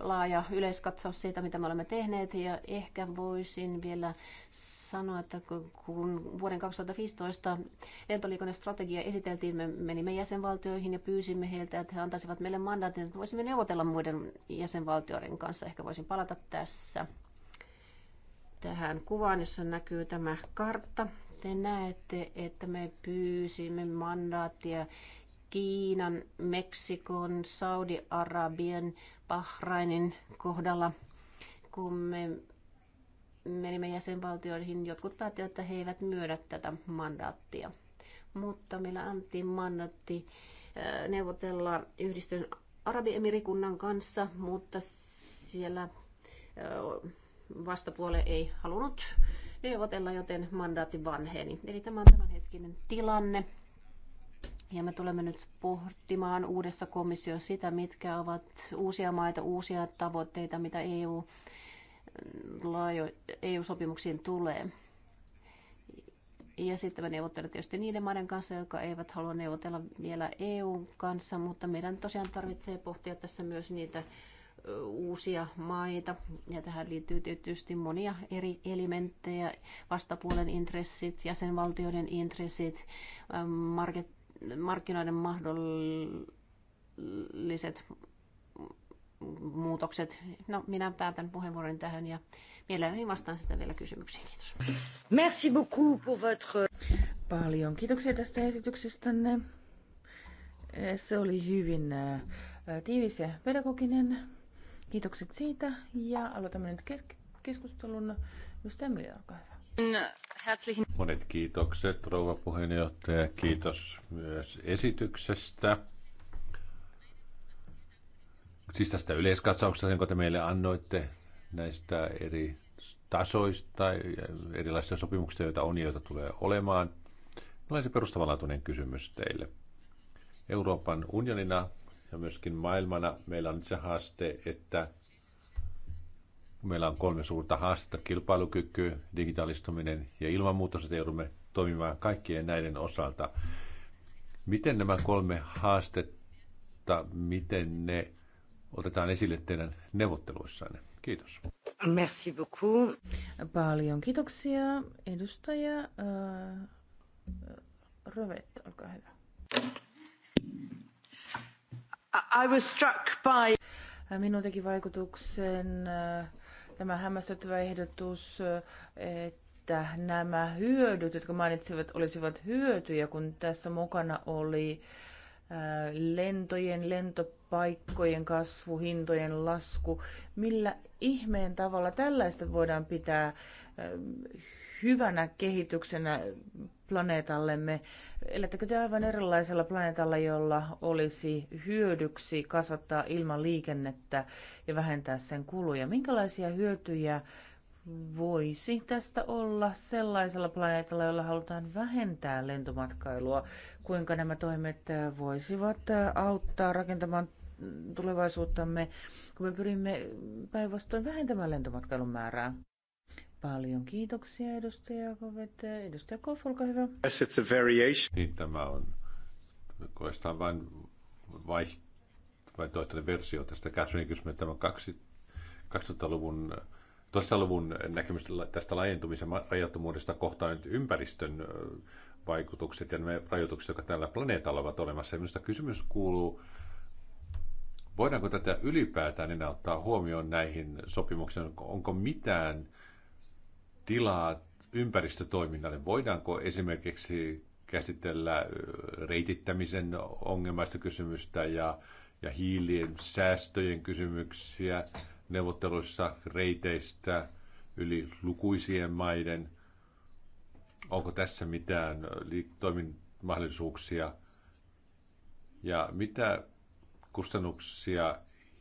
B: laaja yleiskatsaus siitä, mitä me olemme tehneet. Ja ehkä voisin vielä sanoa, että kun vuoden 2015 lentoliikennestrategia esiteltiin, me menimme jäsenvaltioihin ja pyysimme heiltä, että he antaisivat meille mandaatin, että voisimme neuvotella muiden jäsenvaltioiden kanssa. Ehkä voisin palata tässä tähän kuvaan, jossa näkyy tämä kartta. Te näette, että me pyysimme mandaattia Kiinan, Meksikon, Saudi-Arabian, Bahrainin kohdalla, kun me menimme jäsenvaltioihin, jotkut päättivät, että he eivät myödä tätä mandaattia. Mutta meillä annettiin mandaatti neuvotella yhdistyn Arabiemirikunnan kanssa, mutta siellä vastapuole ei halunnut neuvotella, joten mandaatti vanheni. Eli tämä on tämänhetkinen tilanne. Ja me tulemme nyt pohtimaan uudessa komissiossa sitä, mitkä ovat uusia maita, uusia tavoitteita, mitä EU, laajo, EU-sopimuksiin tulee. Ja sitten me neuvottelemme tietysti niiden maiden kanssa, jotka eivät halua neuvotella vielä EUn kanssa, mutta meidän tosiaan tarvitsee pohtia tässä myös niitä uusia maita. Ja tähän liittyy tietysti monia eri elementtejä, vastapuolen intressit, jäsenvaltioiden intressit, market markkinoiden mahdolliset muutokset. No, minä päätän puheenvuoron tähän ja mielelläni vastaan sitä vielä kysymyksiin. Kiitos.
A: Merci beaucoup pour votre... Paljon kiitoksia tästä esityksestänne. Se oli hyvin äh, tiivis ja pedagoginen. Kiitokset siitä ja aloitamme nyt keskustelun. Edustaja Mylly, olkaa hyvä.
C: Monet kiitokset, rouva puheenjohtaja. Kiitos myös esityksestä. Siis tästä yleiskatsauksesta, jonka te meille annoitte näistä eri tasoista ja erilaisista sopimuksista, joita on, joita tulee olemaan. Minulla on se perustavanlaatuinen kysymys teille. Euroopan unionina ja myöskin maailmana meillä on se haaste, että Meillä on kolme suurta haastetta, kilpailukyky, digitalistuminen ja ilmanmuutos, että joudumme toimimaan kaikkien näiden osalta. Miten nämä kolme haastetta, miten ne otetaan esille teidän neuvotteluissanne? Kiitos.
A: Merci beaucoup. Paljon kiitoksia. Edustaja uh, Rovet, olkaa hyvä. I was struck by... Minun teki vaikutuksen uh, tämä hämmästyttävä ehdotus, että nämä hyödyt, jotka mainitsivat, olisivat hyötyjä, kun tässä mukana oli äh, lentojen, lentopaikkojen kasvu, hintojen lasku. Millä ihmeen tavalla tällaista voidaan pitää äh, hyvänä kehityksenä planeetallemme. Elättekö te aivan erilaisella planeetalla, jolla olisi hyödyksi kasvattaa ilman liikennettä ja vähentää sen kuluja? Minkälaisia hyötyjä voisi tästä olla sellaisella planeetalla, jolla halutaan vähentää lentomatkailua? Kuinka nämä toimet voisivat auttaa rakentamaan tulevaisuuttamme, kun me pyrimme päinvastoin vähentämään lentomatkailun määrää? Paljon kiitoksia edustaja Kovet. Edustaja Koff, olkaa hyvä.
C: Yes, it's a variation. Niin tämä on koestaan vain toinen versio tästä Catherine kysymys. Tämä on 2000-luvun Tuossa-luvun näkemystä tästä laajentumisen rajoittomuudesta kohtaan nyt ympäristön vaikutukset ja ne rajoitukset, jotka tällä planeetalla ovat olemassa. Ja minusta kysymys kuuluu, voidaanko tätä ylipäätään enää ottaa huomioon näihin sopimuksiin? Onko mitään tilaa ympäristötoiminnalle? Voidaanko esimerkiksi käsitellä reitittämisen ongelmaista kysymystä ja, ja hiilien säästöjen kysymyksiä neuvotteluissa reiteistä yli lukuisien maiden? Onko tässä mitään toimintamahdollisuuksia? Ja mitä kustannuksia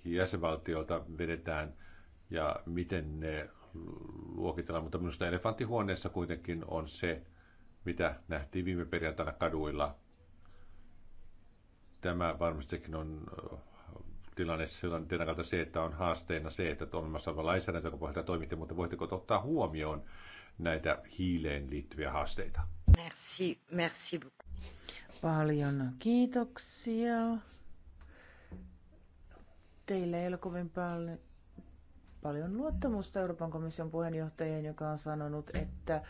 C: jäsenvaltiolta vedetään ja miten ne luokitella, mutta minusta elefanttihuoneessa kuitenkin on se, mitä nähtiin viime perjantaina kaduilla. Tämä varmastikin on äh, tilanne tilanteen kannalta se, että on haasteena se, että on olemassa oleva lainsäädäntö, joka pohjalta toimitte, mutta voitteko ottaa huomioon näitä hiileen liittyviä haasteita?
A: Merci, merci beaucoup. Paljon kiitoksia. teille ei ole kovin paljon paljon luottamusta Euroopan komission puheenjohtajien, joka on sanonut, että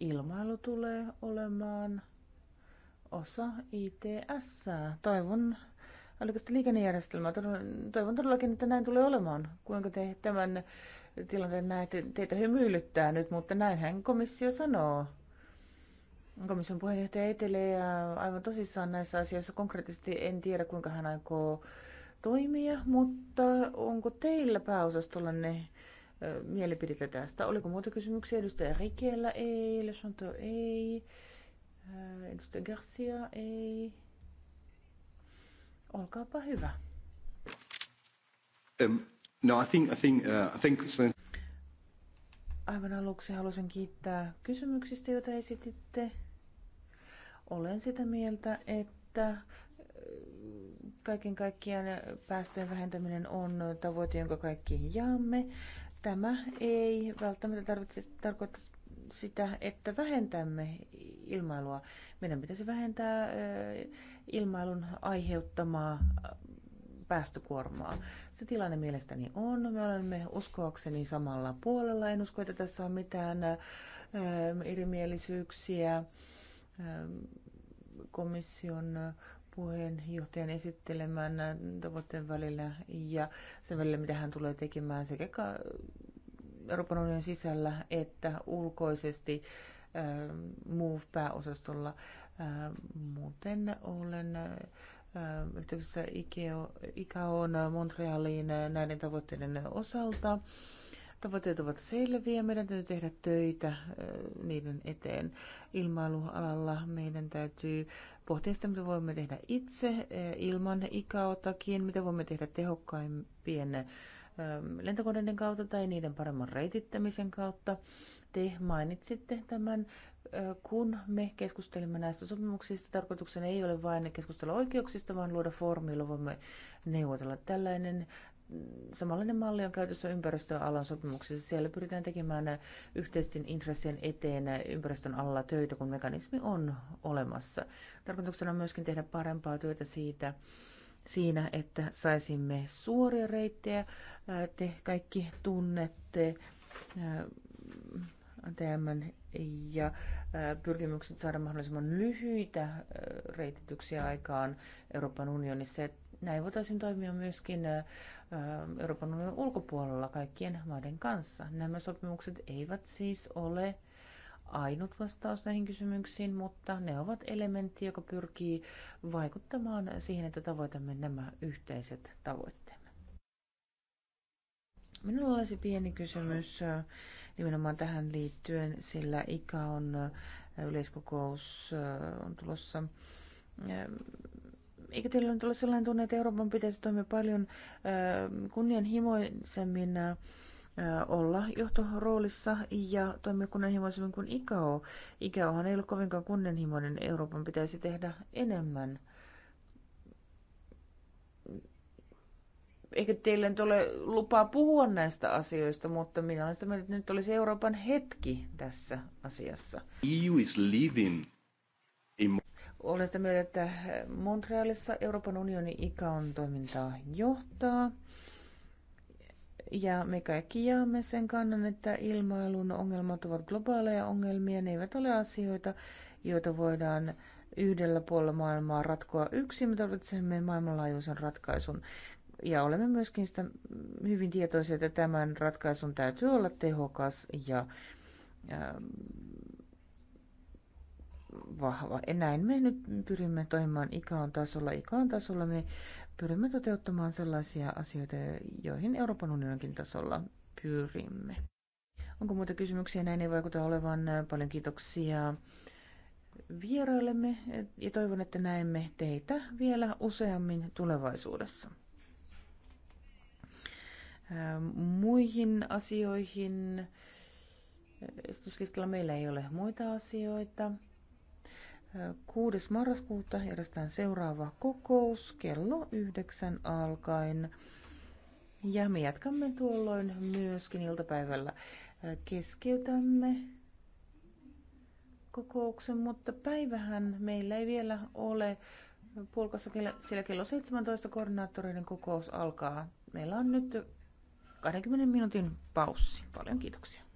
A: ilmailu tulee olemaan osa ITS. Toivon älykästä liikennejärjestelmää. Toivon todellakin, että näin tulee olemaan. Kuinka te tämän tilanteen näette? Teitä hymyilyttää nyt, mutta näinhän komissio sanoo. Komission puheenjohtaja etelee ja aivan tosissaan näissä asioissa. Konkreettisesti en tiedä, kuinka hän aikoo toimia, mutta onko teillä pääosastolla ne mielipiteitä tästä? Oliko muita kysymyksiä? Edustaja Rikellä ei, Le Chanteau ei, edustaja Garcia ei. Olkaapa hyvä.
C: Um, no, I think, I think, uh, I think...
A: Aivan aluksi haluaisin kiittää kysymyksistä, joita esititte. Olen sitä mieltä, että Kaiken kaikkiaan päästöjen vähentäminen on tavoite, jonka kaikki jaamme. Tämä ei välttämättä tarvitse tarkoittaa sitä, että vähentämme ilmailua. Meidän pitäisi vähentää ilmailun aiheuttamaa päästökuormaa. Se tilanne mielestäni on. Me olemme uskoakseni samalla puolella. En usko, että tässä on mitään erimielisyyksiä komission puheenjohtajan esittelemään tavoitteen välillä ja sen välillä, mitä hän tulee tekemään sekä Euroopan unionin sisällä että ulkoisesti ähm, MOVE-pääosastolla. Ähm, muuten olen äh, ICAO, ICAO äh, Montrealiin äh, näiden tavoitteiden osalta. Tavoitteet ovat selviä. Meidän täytyy tehdä töitä niiden eteen. Ilmailualalla meidän täytyy pohtia sitä, mitä voimme tehdä itse ilman ikäotakin, mitä voimme tehdä tehokkaimpien lentokoneiden kautta tai niiden paremman reitittämisen kautta. Te mainitsitte tämän kun me keskustelemme näistä sopimuksista, tarkoituksena ei ole vain keskustella oikeuksista, vaan luoda foorumi, jolla voimme neuvotella. Tällainen samanlainen malli on käytössä ympäristöalan sopimuksessa. Siellä pyritään tekemään yhteisten intressien eteen ympäristön alla töitä, kun mekanismi on olemassa. Tarkoituksena on myöskin tehdä parempaa työtä siitä, siinä, että saisimme suoria reittejä. Te kaikki tunnette ATM ja pyrkimykset saada mahdollisimman lyhyitä reitityksiä aikaan Euroopan unionissa. Näin voitaisiin toimia myöskin Euroopan unionin ulkopuolella kaikkien maiden kanssa. Nämä sopimukset eivät siis ole ainut vastaus näihin kysymyksiin, mutta ne ovat elementti, joka pyrkii vaikuttamaan siihen, että tavoitamme nämä yhteiset tavoitteemme. Minulla olisi pieni kysymys nimenomaan tähän liittyen, sillä ikä on yleiskokous on tulossa Eikö teillä nyt ole sellainen tunne, että Euroopan pitäisi toimia paljon äh, kunnianhimoisemmin äh, olla johtoroolissa ja toimia kunnianhimoisemmin kuin ICAO? ICAOhan ei ole kovinkaan kunnianhimoinen. Euroopan pitäisi tehdä enemmän. Eikö teillä nyt ole lupaa puhua näistä asioista, mutta minä olen sitä mieltä, että nyt olisi Euroopan hetki tässä asiassa.
C: EU is leading
A: olen sitä mieltä, että Montrealissa Euroopan unionin on toimintaa johtaa. Ja me kaikki jaamme sen kannan, että ilmailun ongelmat ovat globaaleja ongelmia. Ne eivät ole asioita, joita voidaan yhdellä puolella maailmaa ratkoa yksin. Me tarvitsemme maailmanlaajuisen ratkaisun. Ja olemme myöskin sitä hyvin tietoisia, että tämän ratkaisun täytyy olla tehokas ja vahva. Ja näin me nyt pyrimme toimimaan ikaon tasolla. Ikaon tasolla me pyrimme toteuttamaan sellaisia asioita, joihin Euroopan unioninkin tasolla pyrimme. Onko muita kysymyksiä? Näin ei vaikuta olevan. Paljon kiitoksia vieraillemme ja toivon, että näemme teitä vielä useammin tulevaisuudessa. Muihin asioihin Estuslistalla meillä ei ole muita asioita. 6. marraskuuta järjestetään seuraava kokous kello yhdeksän alkaen. Ja me jatkamme tuolloin myöskin iltapäivällä. Keskeytämme kokouksen, mutta päivähän meillä ei vielä ole pulkassa, sillä kello 17 koordinaattoreiden kokous alkaa. Meillä on nyt 20 minuutin paussi. Paljon kiitoksia.